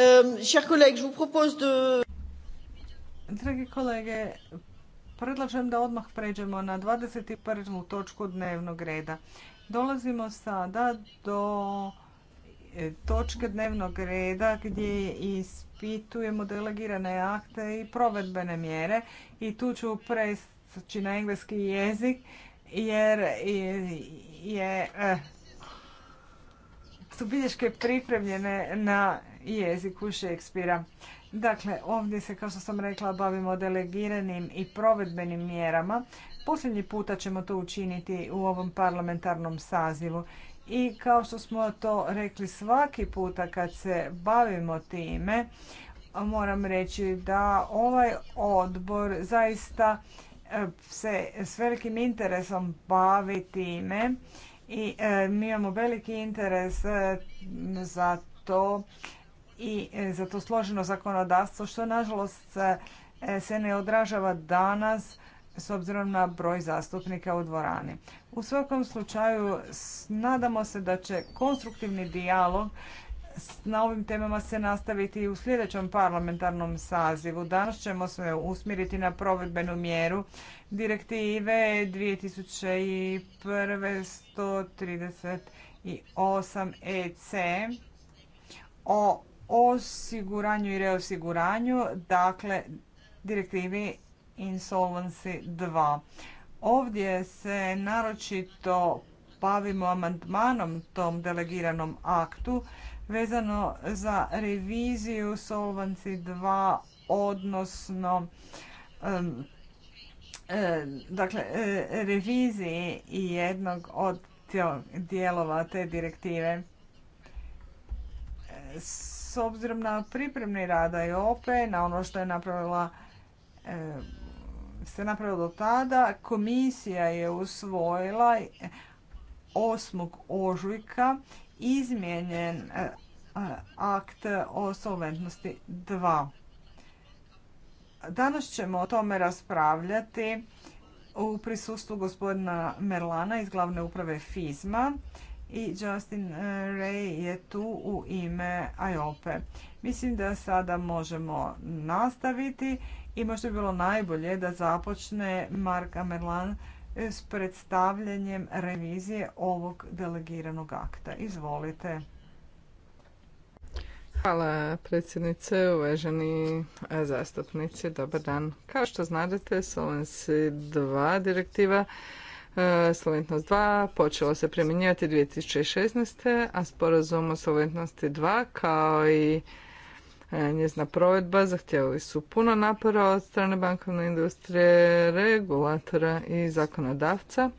Euh, chers Dragi kolege, predlažem da odmah pređemo na 21. točku dnevnog reda. Dolazimo sada do e, točke dnevnog reda gdje ispitujemo delegirane akte i provedbene mjere i tu ću preći na engleski jezik jer je, e, su bilješke pripremljene na jeziku Šekspira. Dakle, ovdje se, kao što sam rekla, bavimo delegiranim i provedbenim mjerama. Posljednji puta ćemo to učiniti u ovom parlamentarnom sazivu. I kao što smo to rekli svaki puta kad se bavimo time, moram reći da ovaj odbor zaista eh, se s velikim interesom bavi time i eh, mi imamo veliki interes eh, za to i e, za to složeno zakonodavstvo što nažalost e, se ne odražava danas s obzirom na broj zastupnika u dvorani. U svakom slučaju nadamo se da će konstruktivni dijalog na ovim temama se nastaviti i u sljedećem parlamentarnom sazivu. Danas ćemo se usmjeriti na provedbenu mjeru direktive 2001 138 EC o osiguranju i reosiguranju, dakle direktivi Insolvency 2. Ovdje se naročito bavimo amandmanom tom delegiranom aktu vezano za reviziju Solvency 2 odnosno dakle e, reviziji jednog od dijelova te direktive s obzirom na pripremni rada i e ope, na ono što je napravila e, se napravilo do tada, komisija je usvojila 8. ožujka izmijenjen e, akt o solventnosti 2. Danas ćemo o tome raspravljati u prisustvu gospodina Merlana iz glavne uprave FIZMA i Justin eh, Ray je tu u ime IOPE. Mislim da sada možemo nastaviti i možda bi bilo najbolje da započne Mark Amerlan eh, s predstavljanjem revizije ovog delegiranog akta. Izvolite. Hvala predsjednice, uvaženi eh, zastupnici, dobar dan. Kao što znadete, Solvency 2 direktiva E, Solventnost 2 počelo se primjenjivati 2016. a sporazum o Solventnosti 2 kao i e, njezna provedba zahtjevali su puno napora od strane bankovne industrije, regulatora i zakonodavca,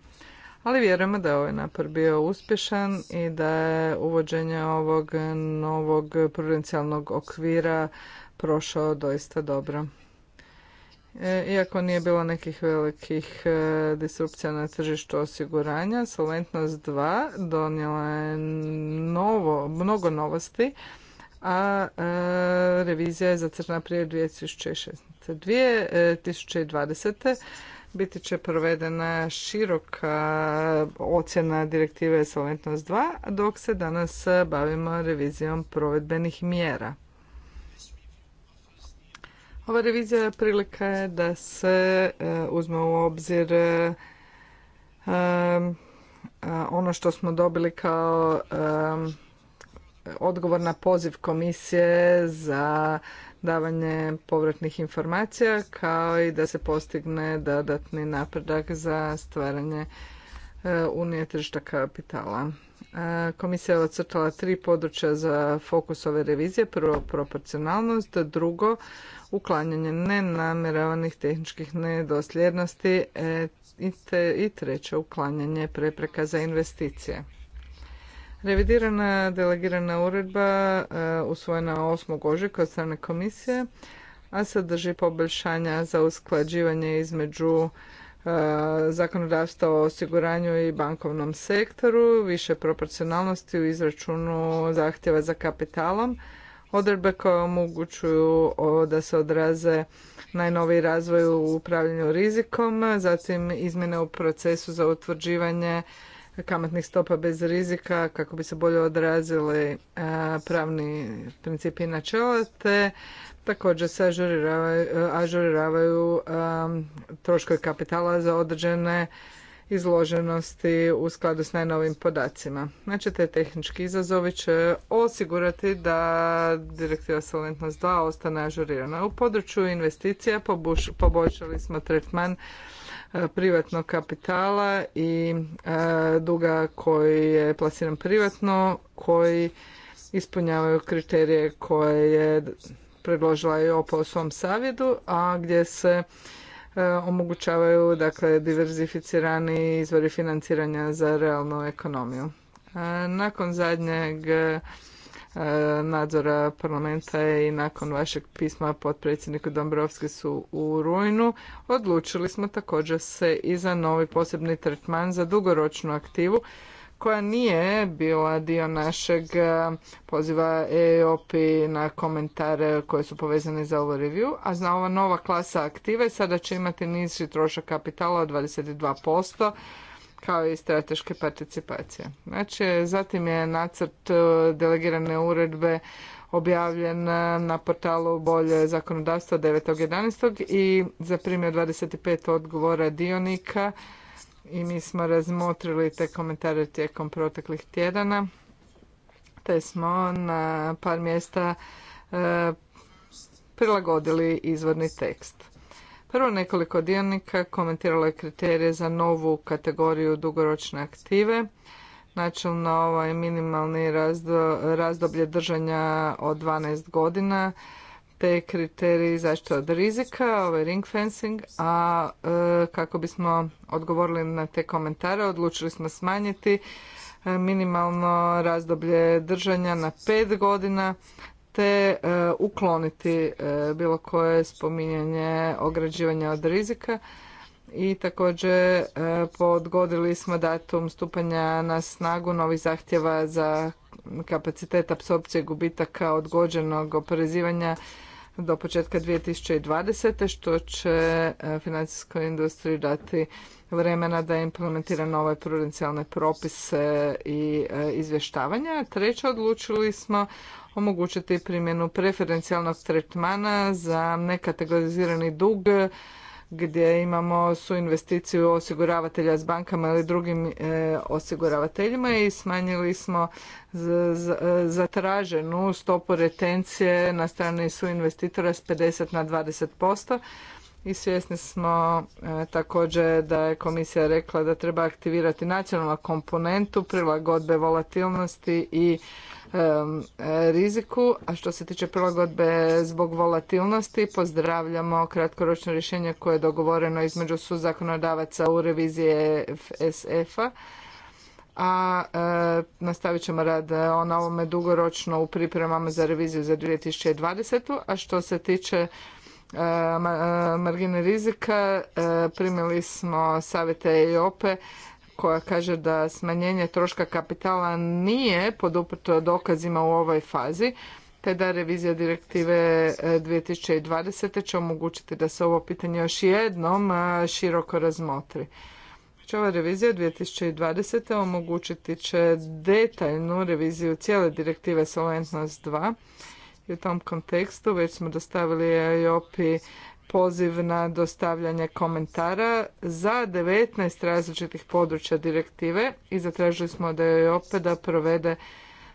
ali vjerujemo da je ovaj napor bio uspješan i da je uvođenje ovog novog prudencijalnog okvira prošao doista dobro. E, iako nije bilo nekih velikih e, disrupcija na tržištu osiguranja, Solventnost 2 donijela je novo, mnogo novosti, a e, revizija je zacrna prije 2016. 2020. biti će provedena široka ocjena direktive Solventnost 2, dok se danas bavimo revizijom provedbenih mjera. Ova revizija prilika je da se e, uzme u obzir e, e, ono što smo dobili kao odgovor na poziv komisije za davanje povratnih informacija kao i da se postigne dodatni napredak za stvaranje unije tržišta kapitala. Komisija je ocrtala tri područja za fokus ove revizije. Prvo, proporcionalnost. Drugo, uklanjanje nenamjeravanih tehničkih nedosljednosti e, i treće uklanjanje prepreka za investicije. Revidirana delegirana uredba e, usvojena 8. ožujka od strane komisije, a sadrži poboljšanja za usklađivanje između e, zakonodavstva o osiguranju i bankovnom sektoru, više proporcionalnosti u izračunu zahtjeva za kapitalom, odredbe koje omogućuju da se odraze najnoviji razvoj u upravljanju rizikom, zatim izmjene u procesu za utvrđivanje kamatnih stopa bez rizika kako bi se bolje odrazili e, pravni principi i načela, te također se ažuriravaju, e, ažuriravaju e, troškovi kapitala za određene izloženosti u skladu s najnovim podacima. Znači, te tehnički izazovi će osigurati da direktiva Solventnost 2 ostane ažurirana. U području investicija poboljšali smo tretman e, privatnog kapitala i e, duga koji je plasiran privatno, koji ispunjavaju kriterije koje je predložila i OPA u svom savjetu, a gdje se E, omogućavaju dakle diverzificirani izvori financiranja za realnu ekonomiju. E, nakon zadnjeg e, nadzora parlamenta i nakon vašeg pisma potpredsjedniku Dombrovski su u rujnu, odlučili smo također se i za novi posebni tretman za dugoročnu aktivu koja nije bila dio našeg e, poziva EOP na komentare koje su povezane za ovo review, a zna ova nova klasa aktive sada će imati niži trošak kapitala od 22%, kao i strateške participacije. Znači, zatim je nacrt e, delegirane uredbe objavljen e, na portalu Bolje zakonodavstva 9.11. i zaprimio 25 odgovora dionika i mi smo razmotrili te komentare tijekom proteklih tjedana te smo na par mjesta e, prilagodili izvorni tekst. Prvo nekoliko dionika komentiralo je kriterije za novu kategoriju dugoročne aktive. Načelno ovaj minimalni razdoblje držanja od 12 godina te kriteriji zašto od rizika, ovaj ring fencing, a e, kako bismo odgovorili na te komentare, odlučili smo smanjiti e, minimalno razdoblje držanja na pet godina, te e, ukloniti bilo koje spominjanje ograđivanja od rizika i također e, podgodili smo datum stupanja na snagu novih zahtjeva za kapacitet apsorpcije gubitaka odgođenog oporezivanja do početka 2020. što će e, financijskoj industriji dati vremena da implementira nove prudencijalne propise i e, izvještavanja. Treće, odlučili smo omogućiti primjenu preferencijalnog tretmana za nekategorizirani dug gdje imamo su investiciju osiguravatelja s bankama ili drugim e, osiguravateljima i smanjili smo e, zatraženu stopu retencije na strani su investitora s 50 na 20% i svjesni smo e, također da je komisija rekla da treba aktivirati nacionalnu komponentu prilagodbe volatilnosti i riziku. A što se tiče prilagodbe zbog volatilnosti, pozdravljamo kratkoročno rješenje koje je dogovoreno između zakonodavaca u revizije FSF-a a e, nastavit ćemo rad na ovome dugoročno u pripremama za reviziju za 2020. A što se tiče e, e, margine rizika, primili smo savjete EIOPE koja kaže da smanjenje troška kapitala nije poduprto dokazima u ovoj fazi, te da revizija direktive 2020. E, će omogućiti da se ovo pitanje još jednom e, široko razmotri. Znači, ova revizija 2020. omogućiti će detaljnu reviziju cijele direktive Solventnost 2 i u tom kontekstu već smo dostavili EOP-i poziv na dostavljanje komentara za 19 različitih područja direktive i zatražili smo da joj opet da provede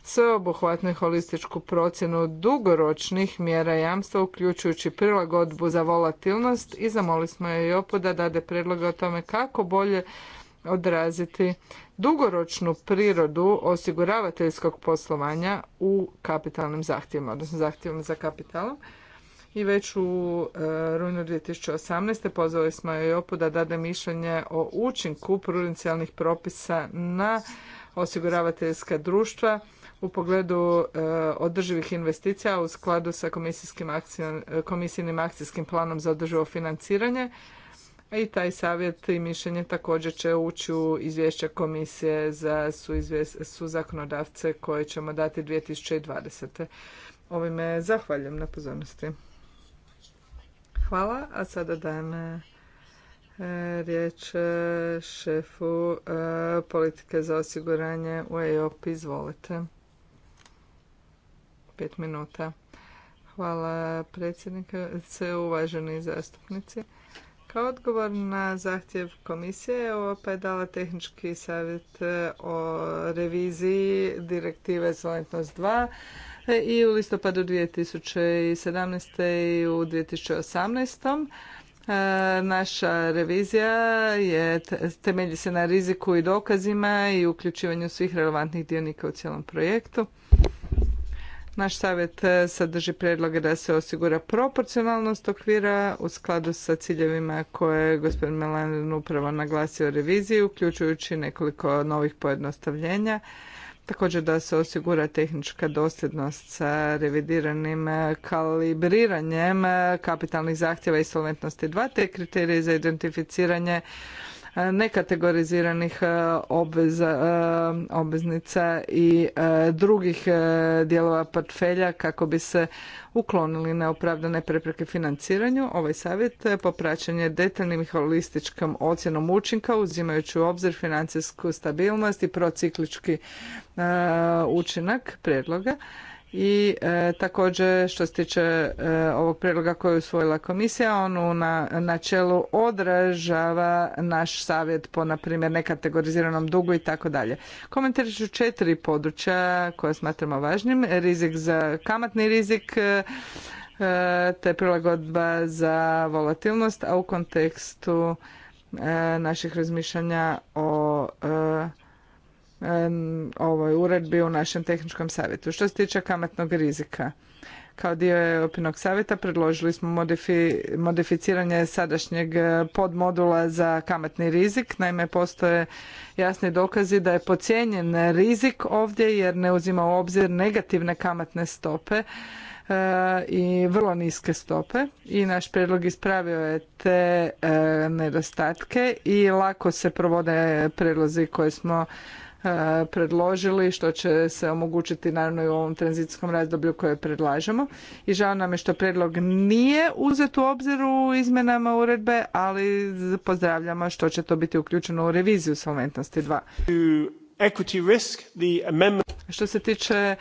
sveobuhvatnu i holističku procjenu dugoročnih mjera jamstva uključujući prilagodbu za volatilnost i zamolili smo joj opet da dade predloge o tome kako bolje odraziti dugoročnu prirodu osiguravateljskog poslovanja u kapitalnim zahtjevima, odnosno zahtjevima za kapitalom i već u e, rujnu 2018. pozvali smo joj u da dade mišljenje o učinku prudencijalnih propisa na osiguravateljska društva u pogledu e, održivih investicija u skladu sa e, komisijnim akcijskim planom za održivo financiranje i taj savjet i mišljenje također će ući u izvješća komisije za suzakonodavce koje ćemo dati 2020. Ovime zahvaljujem na pozornosti. Hvala, a sada dajem e, riječ e, šefu e, politike za osiguranje u EOP. Izvolite. Pet minuta. Hvala predsjednice, uvaženi zastupnici. Kao odgovor na zahtjev komisije, EOP pa je dala tehnički savjet o reviziji direktive Solventnost 2 i u listopadu 2017. i u 2018. E, naša revizija je, temelji se na riziku i dokazima i uključivanju svih relevantnih dionika u cijelom projektu. Naš savjet e, sadrži predloge da se osigura proporcionalnost okvira u skladu sa ciljevima koje je gospodin Melanin upravo naglasio reviziji, uključujući nekoliko novih pojednostavljenja Također da se osigura tehnička dosljednost sa revidiranim e, kalibriranjem e, kapitalnih zahtjeva i solventnosti dva te kriterije za identificiranje nekategoriziranih e, obveza, e, obveznica i e, drugih dijelova portfelja kako bi se uklonili neopravdane prepreke financiranju. Ovaj savjet popraćen je detaljnim i holističkom ocjenom učinka uzimajući u obzir financijsku stabilnost i prociklički učinak predloga i e, također što se tiče e, ovog prijedloga koji je usvojila komisija, on na načelu odražava naš savjet po, na primjer, nekategoriziranom dugu i tako dalje. Komentirat ću četiri područja koja smatramo važnim. Rizik za kamatni rizik, e, te prilagodba za volatilnost, a u kontekstu naših razmišljanja o ovoj uredbi u našem tehničkom savjetu. Što se tiče kamatnog rizika, kao dio Europinog savjeta predložili smo modificiranje sadašnjeg eh, podmodula za kamatni rizik. Naime, postoje jasni dokazi da je pocijenjen rizik ovdje jer ne uzima u obzir negativne kamatne stope eh, i vrlo niske stope i naš prijedlog ispravio je te eh, nedostatke i lako se provode prijedlozi koje smo E, predložili, što će se omogućiti naravno i u ovom tranzicijskom razdoblju koje predlažemo. I žao nam je što predlog nije uzet u obzir u izmenama uredbe, ali pozdravljamo što će to biti uključeno u reviziju solventnosti 2. Equity risk, the Što se tiče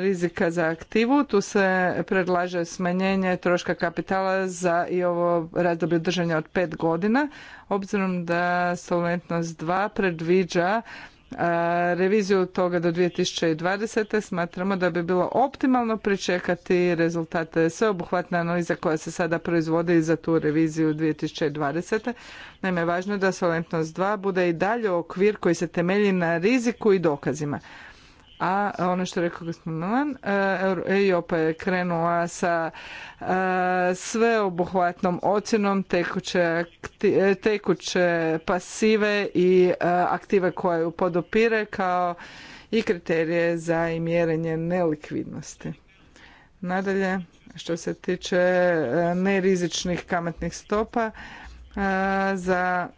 rizika za aktivu. Tu se predlaže smanjenje troška kapitala za i ovo razdoblje držanja od pet godina, obzirom da Solventnost 2 predviđa reviziju toga do 2020. smatramo da bi bilo optimalno pričekati rezultate sveobuhvatne analize koja se sada proizvodi za tu reviziju 2020. Naime, važno je da Solventnost 2 bude i dalje okvir koji se temelji na riziku i dokazima a ono što je rekao gospodin Milan, e, EIOPA je krenula sa e, sveobuhvatnom ocjenom tekuće, e, tekuće pasive i aktive koje ju podopire kao i kriterije za i mjerenje nelikvidnosti. Nadalje, što se tiče nerizičnih kamatnih stopa, za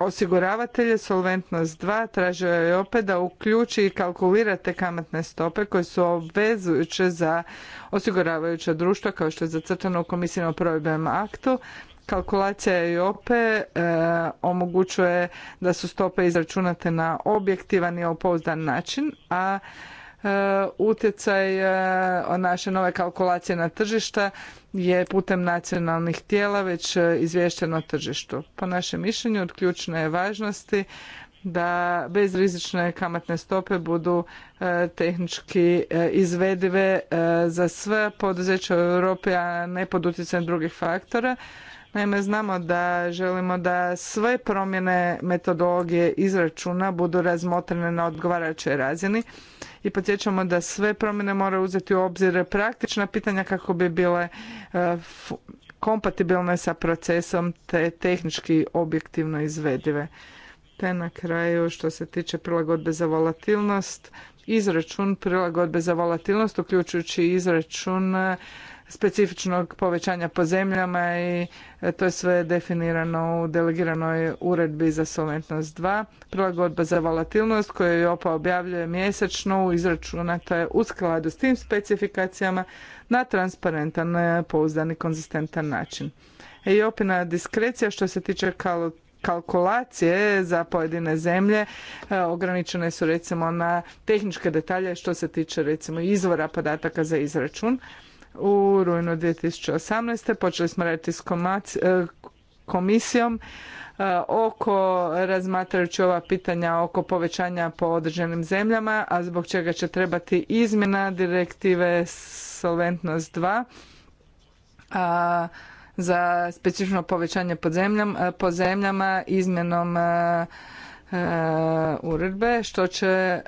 osiguravatelje Solventnost 2 tražio je opet da uključi i kalkulirate kamatne stope koje su obvezujuće za osiguravajuća društva kao što je zacrtano u komisijnom provedbenom aktu. Kalkulacija e IOP e, omogućuje da su stope izračunate na objektivan i opouzdan način, a Uh, utjecaj uh, naše nove kalkulacije na tržišta je putem nacionalnih tijela već uh, izvješteno tržištu. Po našem mišljenju od ključne je važnosti da bezrizične kamatne stope budu tehnički izvedive za sve poduzeća u Europi, a ne pod utjecajem drugih faktora. Naime, znamo da želimo da sve promjene metodologije izračuna budu razmotrene na odgovarajućoj razini i podsjećamo da sve promjene moraju uzeti u obzir praktična pitanja kako bi bile e, kompatibilne sa procesom te tehnički objektivno izvedive. Te na kraju što se tiče prilagodbe za volatilnost, izračun prilagodbe za volatilnost uključujući izračun specifičnog povećanja po zemljama i e, to je sve definirano u delegiranoj uredbi za solventnost 2. Prilagodba za volatilnost koju je OPA objavljuje mjesečno u izračunata je u skladu s tim specifikacijama na transparentan, e, pouzdan i konzistentan način. I e, opina diskrecija što se tiče kalkulacije za pojedine zemlje ograničene su recimo na tehničke detalje što se tiče recimo izvora podataka za izračun u rujnu 2018. Počeli smo raditi s e, komisijom e, oko razmatrajući ova pitanja oko povećanja po određenim zemljama, a zbog čega će trebati izmjena direktive Solventnost 2. A, za specifično povećanje po zemljama, e, po zemljama izmjenom uredbe što će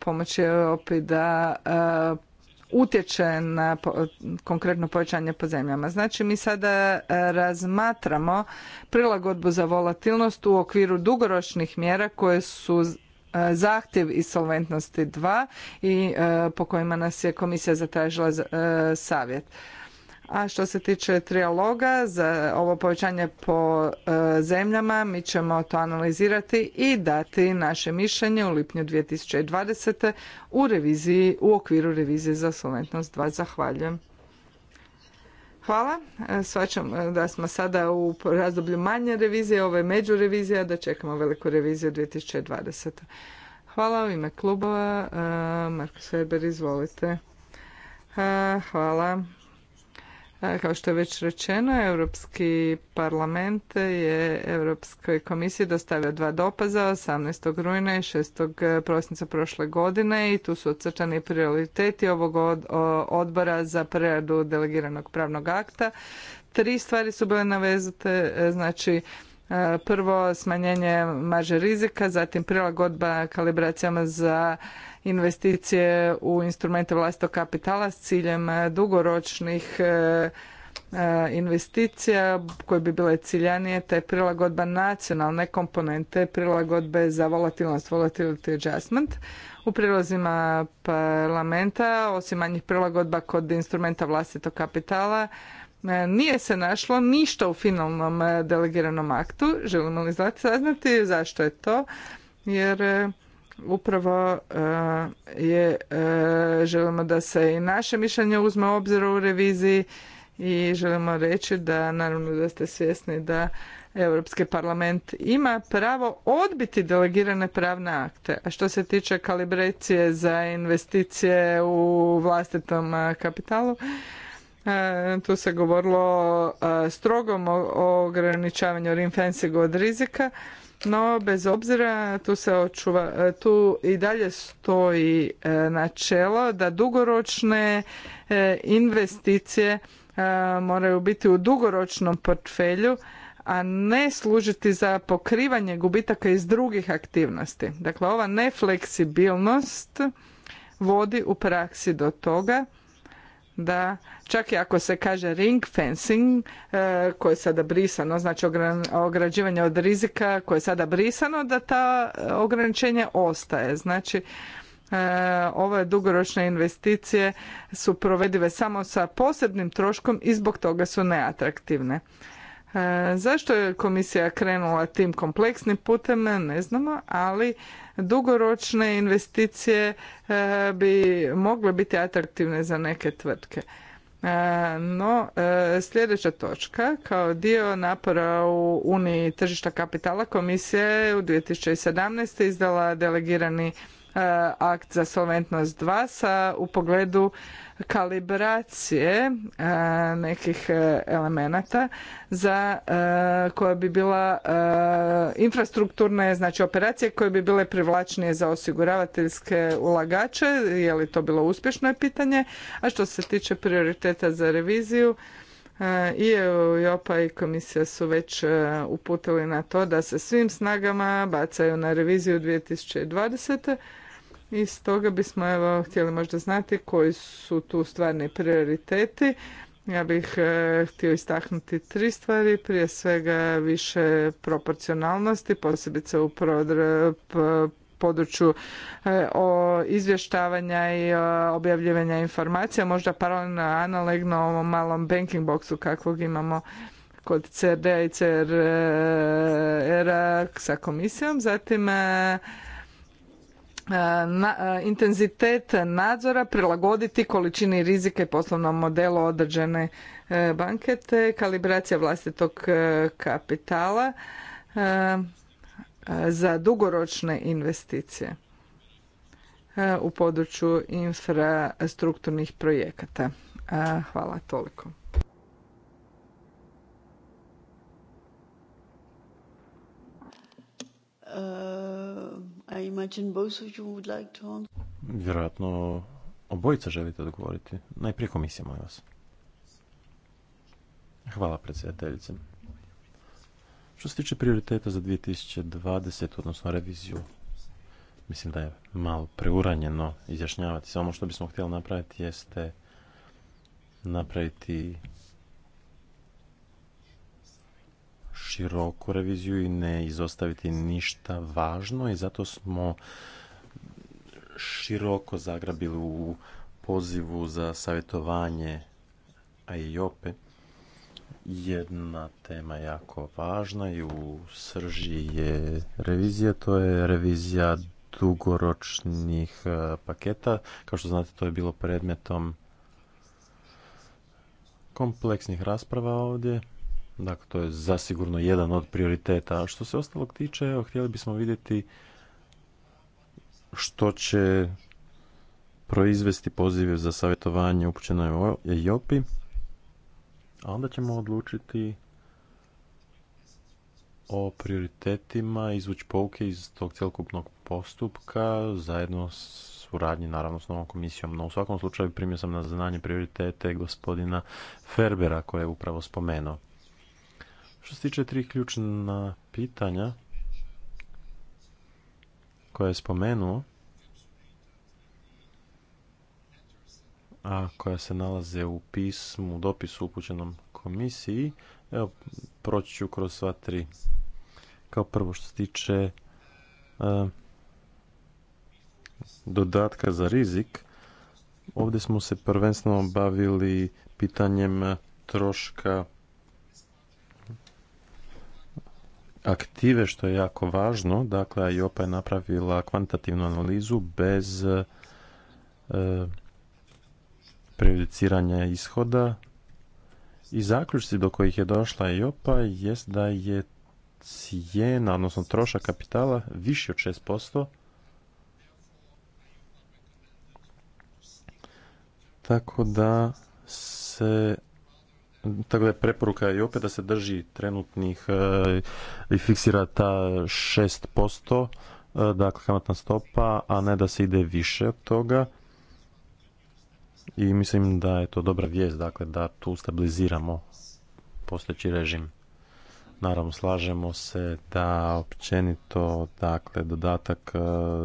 pomoći Europi da utječe na konkretno povećanje po zemljama. Znači mi sada e, razmatramo prilagodbu za volatilnost u okviru dugoročnih mjera koje su e, zahtjev iz solventnosti 2 i e, po kojima nas je komisija zatražila savjet. A što se tiče trialoga za ovo povećanje po e, zemljama, mi ćemo to analizirati i dati naše mišljenje u lipnju 2020. u reviziji, u okviru revizije za solventnost 2. Zahvaljujem. Hvala. E, Svačam e, da smo sada u razdoblju manje revizije, ovo je međurevizija, da čekamo veliku reviziju 2020. Hvala u ime klubova. Marko Sveber, izvolite. Hvala. Kao što je već rečeno, Europski parlament je Europskoj komisiji dostavio dva dopaza 18. rujna i 6. E, prosinca prošle godine i tu su ocrčani prioriteti ovog odbora za preradu delegiranog pravnog akta. Tri stvari su bile navezate e, znači e, prvo smanjenje marže rizika, zatim prilagodba kalibracijama za investicije u instrumente vlastitog kapitala s ciljem e, dugoročnih e, e, investicija koje bi bile ciljanije te prilagodba nacionalne komponente prilagodbe za volatilnost volatility adjustment u prilozima parlamenta osim manjih prilagodba kod instrumenta vlastitog kapitala nije se našlo ništa u finalnom delegiranom aktu. Želimo li saznati zašto je to? Jer upravo e, je e, želimo da se i naše mišljenje uzme u obzir u reviziji i želimo reći da naravno da ste svjesni da Europski parlament ima pravo odbiti delegirane pravne akte. A što se tiče kalibracije za investicije u vlastitom e, kapitalu, tu se govorilo o strogom ograničavanju ring od rizika no bez obzira tu se očuva, e, tu i dalje stoji e, načelo da dugoročne e, investicije moraju biti u dugoročnom portfelju, a ne služiti za pokrivanje gubitaka iz drugih aktivnosti. Dakle, ova nefleksibilnost vodi u praksi do toga da čak i ako se kaže ring fencing e, koje je sada brisano, znači ograđivanje od rizika koje je sada brisano, da ta ograničenje ostaje. Znači e, ove dugoročne investicije su provedive samo sa posebnim troškom i zbog toga su neatraktivne. E, zašto je komisija krenula tim kompleksnim putem, ne znamo, ali dugoročne investicije eh, bi mogle biti atraktivne za neke tvrtke. Eh, no, eh, sljedeća točka, kao dio napora u Uniji tržišta kapitala, komisija je u 2017. izdala delegirani E, akt za solventnost 2 sa, u pogledu kalibracije e, nekih e, elemenata za koja bi bila infrastrukturne znači operacije koje bi bile privlačnije za osiguravateljske ulagače je li to bilo uspješno je pitanje a što se tiče prioriteta za reviziju E, i Europa i komisija su već e, uputili na to da se svim snagama bacaju na reviziju 2020. I stoga bismo evo htjeli možda znati koji su tu stvarni prioriteti. Ja bih e, htio istaknuti tri stvari, prije svega više proporcionalnosti, posebice u području e, o izvještavanja i e, objavljivanja informacija, možda paralelno analogno ovom malom banking boxu kakvog imamo kod crd i crr e sa komisijom, zatim intenzitet nadzora prilagoditi količini rizike poslovnom modelu određene banke kalibracija vlastitog kapitala E, za dugoročne investicije e, u području infrastrukturnih projekata. E, hvala toliko. Uh, Vjerojatno obojica želite odgovoriti. Najprije komisija, molim vas. Hvala predsjedateljice. Što se tiče prioriteta za 2020, odnosno reviziju, mislim da je malo preuranjeno izjašnjavati. Samo što bismo htjeli napraviti jeste napraviti široku reviziju i ne izostaviti ništa važno i zato smo široko zagrabili u pozivu za savjetovanje opet, jedna tema jako važna i u srži je revizija, to je revizija dugoročnih e, paketa. Kao što znate, to je bilo predmetom kompleksnih rasprava ovdje. Dakle, to je zasigurno jedan od prioriteta. A što se ostalog tiče, evo, htjeli bismo vidjeti što će proizvesti pozive za savjetovanje upućenoj EIOPI. A onda ćemo odlučiti o prioritetima, izvući pouke iz tog cjelokupnog postupka, zajedno suradnji naravno s novom komisijom. No u svakom slučaju primio sam na znanje prioritete gospodina Ferbera koje je upravo spomenuo. Što se tiče tri ključna pitanja koje je spomenuo, a koja se nalaze u pismu, u dopisu upućenom komisiji. Evo, proći ću kroz sva tri. Kao prvo što se tiče e, dodatka za rizik, ovdje smo se prvenstveno bavili pitanjem troška aktive, što je jako važno. Dakle, IOPA je napravila kvantitativnu analizu bez e, prejudiciranja ishoda i zaključci do kojih je došla opa jest da je cijena, odnosno trošak kapitala viši od 6%, tako da se tako da je preporuka i opet da se drži trenutnih e, i fiksira ta 6%, e, dakle kamatna stopa, a ne da se ide više od toga i mislim da je to dobra vijest, dakle da tu stabiliziramo postojeći režim. Naravno, slažemo se da općenito, dakle, dodatak e,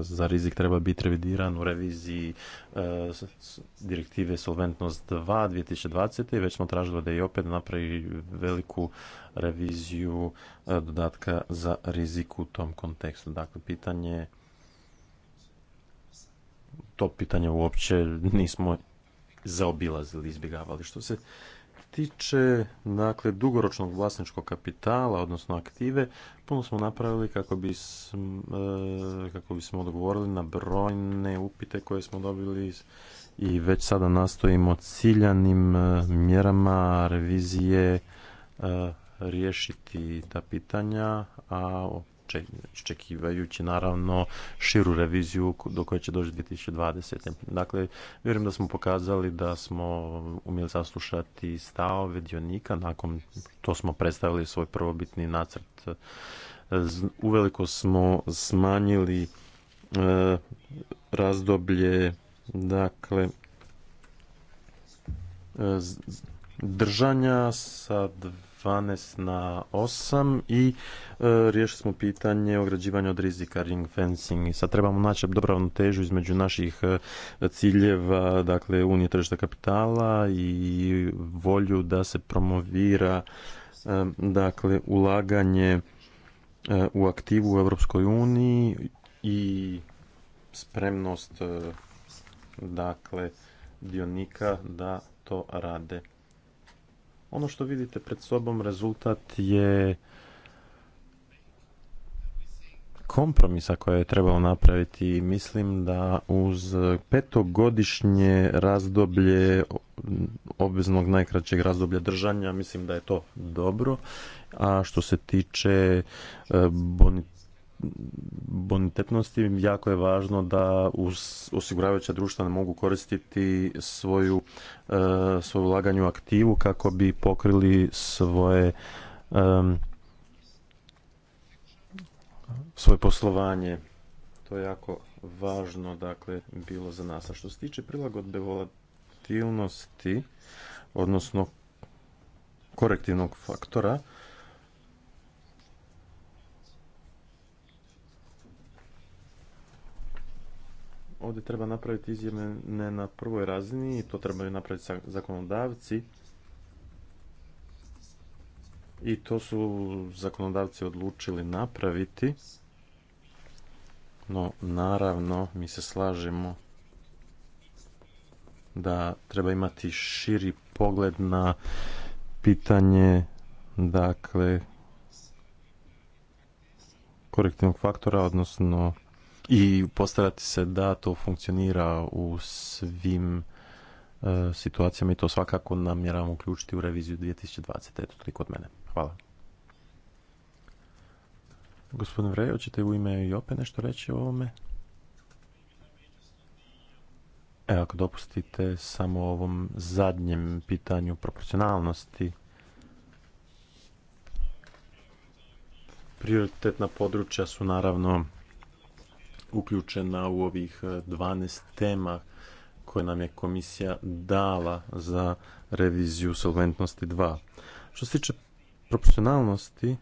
za rizik treba biti revidiran u reviziji e, direktive Solventnost 2 2020. I već smo tražili da i opet napravi veliku reviziju e, dodatka za rizik u tom kontekstu. Dakle, pitanje to pitanje uopće nismo zaobilazili, izbjegavali. Što se tiče dakle, dugoročnog vlasničkog kapitala, odnosno aktive, puno smo napravili kako, e, kako bismo odgovorili na brojne upite koje smo dobili i već sada nastojimo ciljanim e, mjerama revizije e, riješiti ta pitanja, a očekivajući naravno širu reviziju do koje će doći 2020. Dakle, vjerujem da smo pokazali da smo umjeli saslušati stavove dionika, nakon to smo predstavili svoj prvobitni nacrt. E, uveliko smo smanjili e, razdoblje dakle e, držanja sa 12 na 8 i e, riješili smo pitanje ograđivanja od rizika, ring fencing. I sad trebamo naći dobravnu težu između naših e, ciljeva, dakle unije tržišta kapitala i volju da se promovira e, dakle ulaganje e, u aktivu u Europskoj uniji i spremnost dakle dionika da to rade. Ono što vidite pred sobom rezultat je kompromisa koje je trebalo napraviti i mislim da uz petogodišnje razdoblje obveznog najkraćeg razdoblja držanja mislim da je to dobro. A što se tiče e, bonitetnosti jako je važno da osiguravajuća društva ne mogu koristiti svoju, e, svoju u aktivu kako bi pokrili svoje svoje poslovanje. To je jako važno, dakle, bilo za nas. A što se tiče prilagodbe volatilnosti, odnosno korektivnog faktora, ovdje treba napraviti izmjene na prvoj razini i to trebaju napraviti zakonodavci. I to su zakonodavci odlučili napraviti. No, naravno, mi se slažemo da treba imati širi pogled na pitanje dakle korektivnog faktora, odnosno i postarati se da to funkcionira u svim e, situacijama i to svakako namjeravamo uključiti u reviziju 2020. Eto, toliko od mene. Hvala. Gospodine Vrej, hoćete u ime i opet nešto reći o ovome? Evo, ako dopustite samo ovom zadnjem pitanju proporcionalnosti. Prioritetna područja su naravno uključena u ovih 12 e, tema koje nam je komisija dala za reviziju solventnosti 2. Što se tiče proporcionalnosti,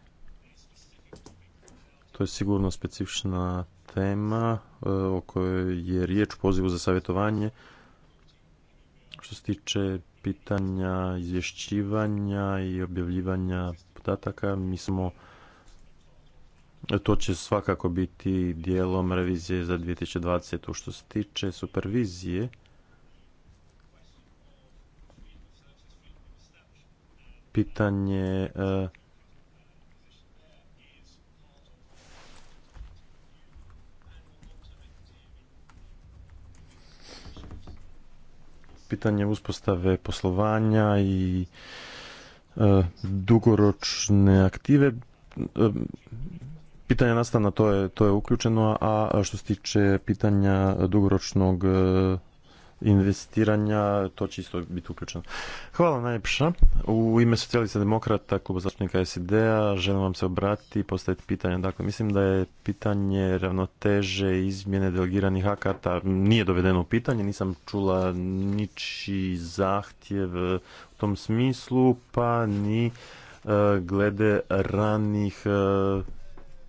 to je sigurno specifična tema e, o kojoj je riječ pozivu za savjetovanje. Što se tiče pitanja izvješćivanja i objavljivanja podataka, mi smo to će svakako biti dijelom revizije za 2020. Što se tiče supervizije, pitanje eh, pitanje uspostave poslovanja i eh, dugoročne aktive eh, pitanja nastavna, to je, to je uključeno, a što se tiče pitanja dugoročnog e, investiranja, to će isto biti uključeno. Hvala najljepša. U ime socijalista demokrata, kluba zastupnika SID-a, želim vam se obratiti i postaviti pitanje. Dakle, mislim da je pitanje ravnoteže izmjene delegiranih akata nije dovedeno u pitanje, nisam čula niči zahtjev u tom smislu, pa ni e, glede ranih e,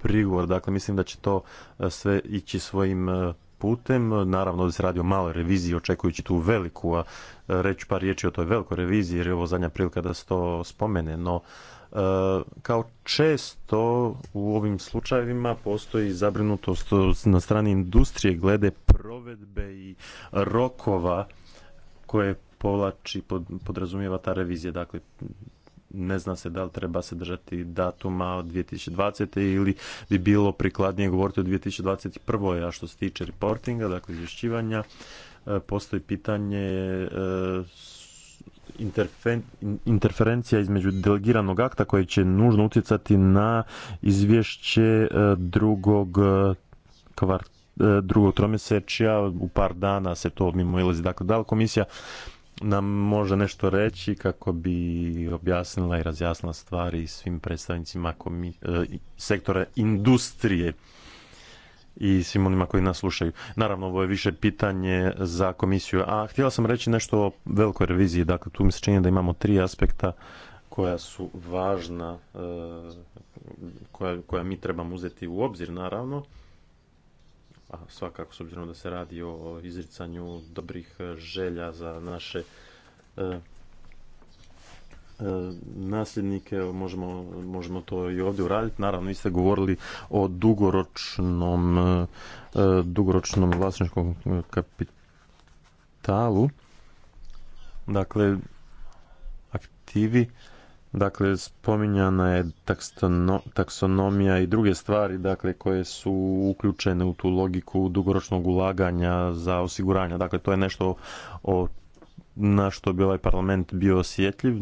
prigovor. Dakle, mislim da će to e, sve ići svojim e, putem. Naravno, ovdje se radi o maloj reviziji, očekujući tu veliku, a e, reći par riječi o toj velikoj reviziji, jer je ovo zadnja prilika da se to spomene, no kao često u ovim slučajevima postoji zabrinutost na strani industrije glede provedbe i rokova koje povlači, podrazumijeva ta revizija. Dakle, ne zna se da li treba se držati datuma od 2020. ili bi bilo prikladnije govoriti o 2021. A što se tiče reportinga, dakle izvješćivanja, e, postoji pitanje e, interferencija između delegiranog akta koji će nužno utjecati na izvješće e, drugog kvart, drugog tromjesečja, u par dana se to mimo ilazi. Dakle, da li komisija nam može nešto reći kako bi objasnila i razjasnila stvari svim predstavnicima komi, e, sektora industrije i svim onima koji nas slušaju. Naravno, ovo je više pitanje za komisiju. A htjela sam reći nešto o velikoj reviziji. Dakle, tu mi se čini da imamo tri aspekta koja su važna, e, koja, koja mi trebamo uzeti u obzir, naravno a svakako s obzirom da se radi o izricanju dobrih e, želja za naše e, e, nasljednike, možemo, možemo to i ovdje uraditi. Naravno, vi ste govorili o dugoročnom, e, dugoročnom vlasničkom kapitalu. Dakle, aktivi Dakle, spominjana je taksonomija i druge stvari dakle, koje su uključene u tu logiku dugoročnog ulaganja za osiguranja. Dakle, to je nešto o, na što bi ovaj parlament bio osjetljiv,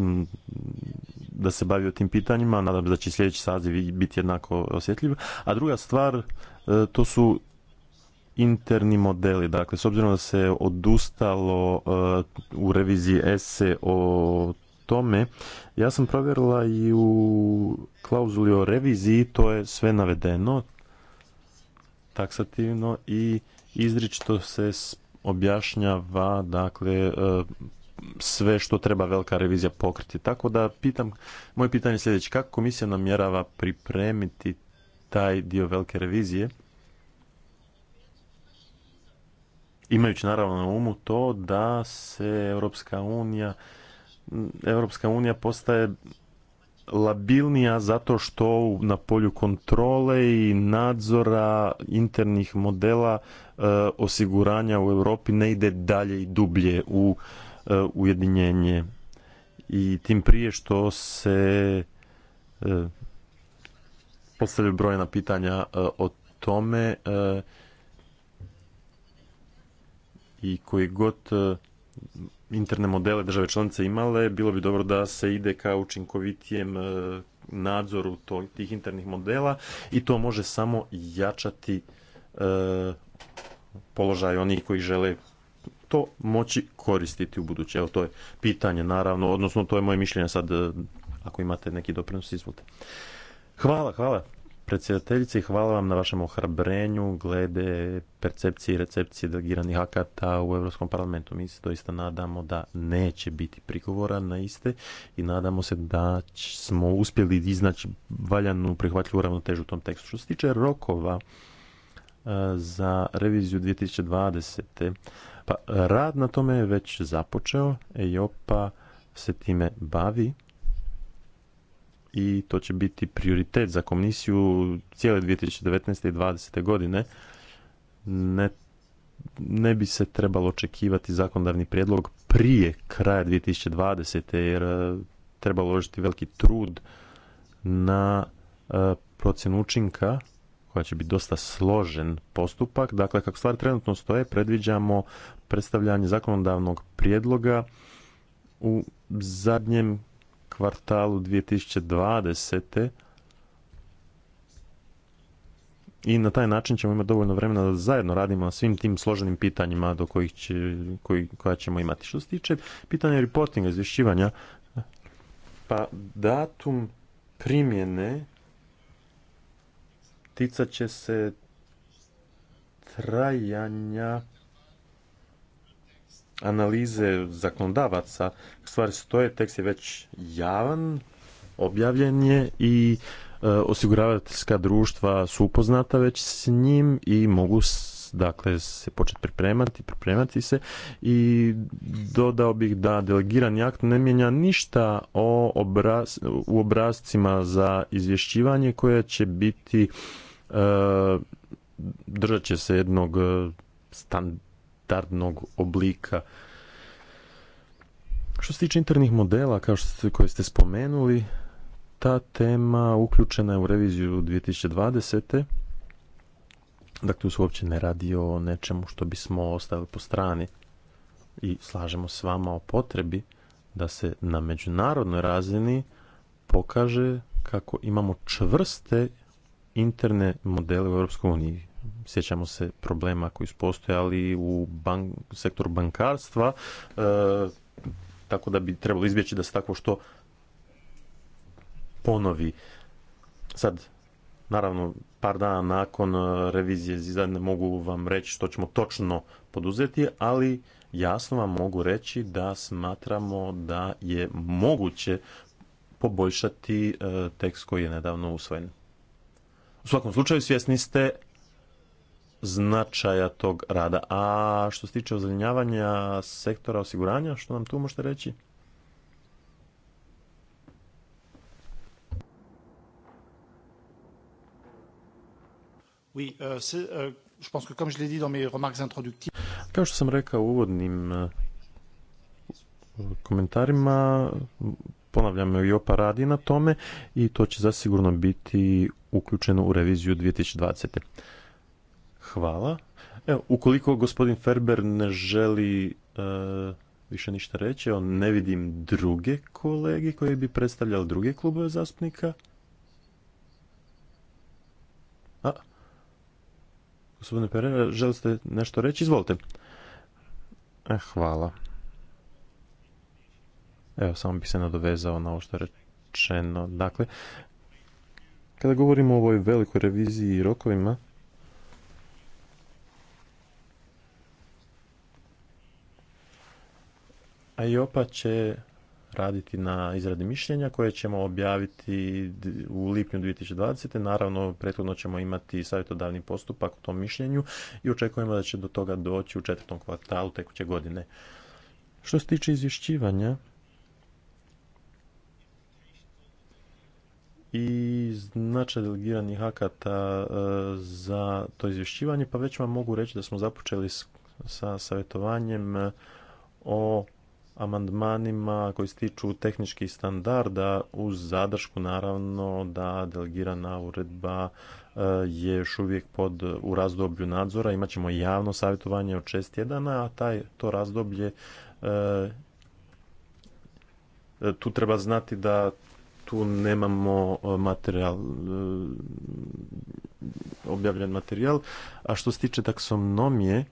da se bavi o tim pitanjima. Nadam se da će sljedeći saziv biti jednako osjetljiv. A druga stvar, e, to su interni modeli. Dakle, s obzirom da se odustalo e, u reviziji ESE o tome, ja sam provjerila i u klauzuli o reviziji, to je sve navedeno taksativno i izričito se objašnjava dakle e, sve što treba velika revizija pokriti. Tako da pitam, moje pitanje je sljedeće, kako komisija namjerava pripremiti taj dio velike revizije? Imajući naravno na umu to da se Europska unija Europska unija postaje labilnija zato što na polju kontrole i nadzora internih modela e, osiguranja u Europi ne ide dalje i dublje u e, ujedinjenje. I tim prije što se e, postavljaju brojna pitanja o tome i koji god interne modele države članice imale, bilo bi dobro da se ide ka učinkovitijem e, nadzoru tih internih modela i to može samo jačati e, položaj onih koji žele to moći koristiti u budući. Evo to je pitanje naravno, odnosno to je moje mišljenje sad e, ako imate neki doprinos izvolite. Hvala, hvala i Hvala vam na vašem ohrabrenju glede percepcije i recepcije delegiranih akata u Europskom parlamentu. Mi se doista nadamo da neće biti prigovora na iste i nadamo se da smo uspjeli iznaći valjanu prihvatljivu ravnotežu u tom tekstu. Što se tiče rokova e, za reviziju 2020. Pa, rad na tome je već započeo. EIOPA se time bavi i to će biti prioritet za komisiju cijele 2019. i 2020. godine. Ne, ne bi se trebalo očekivati zakonodavni prijedlog prije kraja 2020. jer e, treba uložiti veliki trud na e, procjenu učinka koja će biti dosta složen postupak. Dakle, kako stvari trenutno stoje, predviđamo predstavljanje zakonodavnog prijedloga u zadnjem kvartalu 2020. I na taj način ćemo imati dovoljno vremena da zajedno radimo na svim tim složenim pitanjima do kojih koji, koja ćemo imati. Što se tiče pitanja reportinga, izvješćivanja, pa datum primjene ticat će se trajanja analize zakonodavaca stvari stoje, tekst je već javan, objavljen je i e, osiguravateljska društva su upoznata već s njim i mogu dakle se početi pripremati, pripremati se i dodao bih da delegirani akt ne mijenja ništa o obraz, u obrazcima za izvješćivanje koje će biti e, držat će se jednog e, standarda standardnog oblika. Što se tiče internih modela, kao što ste, koje ste spomenuli, ta tema uključena je u reviziju 2020. Dakle, tu se uopće ne radi o nečemu što bismo ostavili po strani i slažemo s vama o potrebi da se na međunarodnoj razini pokaže kako imamo čvrste interne modele u Europskoj uniji sjećamo se problema koji su postojali u bank, sektoru bankarstva, e, tako da bi trebalo izbjeći da se tako što ponovi. Sad, naravno, par dana nakon e, revizije zida ne mogu vam reći što ćemo točno poduzeti, ali jasno vam mogu reći da smatramo da je moguće poboljšati e, tekst koji je nedavno usvojen. U svakom slučaju svjesni ste značaja tog rada. A što se tiče ozelenjavanja sektora osiguranja, što nam tu možete reći? Kao što sam rekao u uvodnim e, komentarima, ponavljam, Jopa radi na tome i to će zasigurno biti uključeno u reviziju 2020. Hvala. Evo, ukoliko gospodin Ferber ne želi e, više ništa reći, on ne vidim druge kolege koji bi predstavljali druge klubove zastupnika. A, gospodine Ferber, želite nešto reći? Izvolite. E, hvala. Evo, samo bih se nadovezao na ovo što je rečeno. Dakle, kada govorimo o ovoj velikoj reviziji i rokovima, A opa će raditi na izradi mišljenja koje ćemo objaviti u lipnju 2020. Naravno, prethodno ćemo imati savjetodavni postupak u tom mišljenju i očekujemo da će do toga doći u četvrtom kvartalu tekuće godine. Što se tiče izvješćivanja i značaj delegiranih akata e, za to izvješćivanje, pa već vam mogu reći da smo započeli sa savjetovanjem e, o amandmanima koji se tiču tehničkih standarda uz zadršku naravno da delegirana uredba e, je još uvijek pod, u razdoblju nadzora. Imaćemo javno savjetovanje od šest tjedana, a taj, to razdoblje e, e, tu treba znati da tu nemamo materijal, objavljen materijal. A što se tiče taksonomije,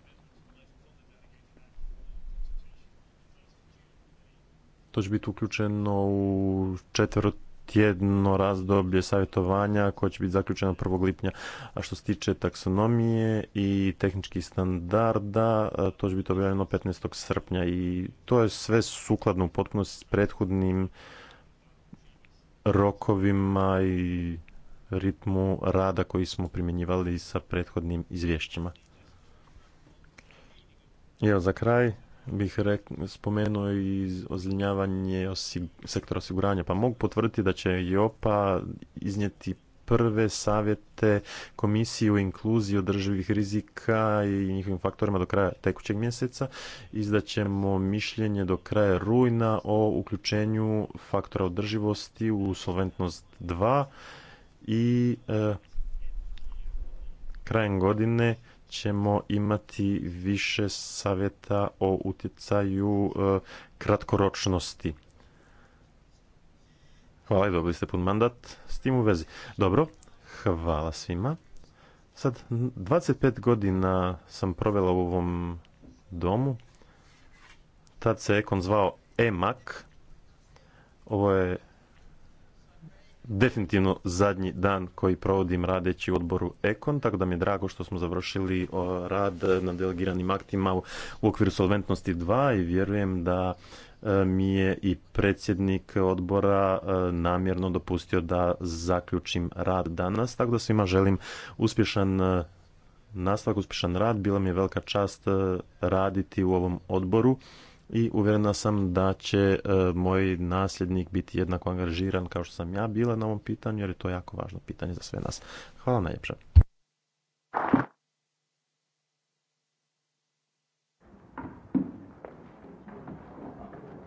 to će biti uključeno u četvrtjedno razdoblje savjetovanja koje će biti zaključeno 1. lipnja. A što se tiče taksonomije i tehničkih standarda, to će biti objavljeno 15. srpnja i to je sve sukladno u potpunosti s prethodnim rokovima i ritmu rada koji smo primjenjivali sa prethodnim izvješćima. I evo za kraj, bih rek, spomenuo i ozljenjavanje sektora osiguranja. Pa mogu potvrditi da će IOPA iznijeti prve savjete komisiju inkluziju održivih rizika i njihovim faktorima do kraja tekućeg mjeseca. Izdaćemo mišljenje do kraja rujna o uključenju faktora održivosti u solventnost 2 i e, krajem godine ćemo imati više savjeta o utjecaju e, kratkoročnosti. Hvala i dobili ste pun mandat s tim u vezi. Dobro, hvala svima. Sad, 25 godina sam provela u ovom domu. Tad se Ekon zvao EMAK. Ovo je definitivno zadnji dan koji provodim radeći u odboru Ekon, tako da mi je drago što smo završili rad na delegiranim aktima u okviru solventnosti 2 i vjerujem da e, mi je i predsjednik odbora e, namjerno dopustio da zaključim rad danas, tako da svima želim uspješan e, nastavak, uspješan rad. Bila mi je velika čast raditi u ovom odboru i uvjerena sam da će e, moj nasljednik biti jednako angažiran kao što sam ja bila na ovom pitanju jer je to jako važno pitanje za sve nas. Hvala najljepša.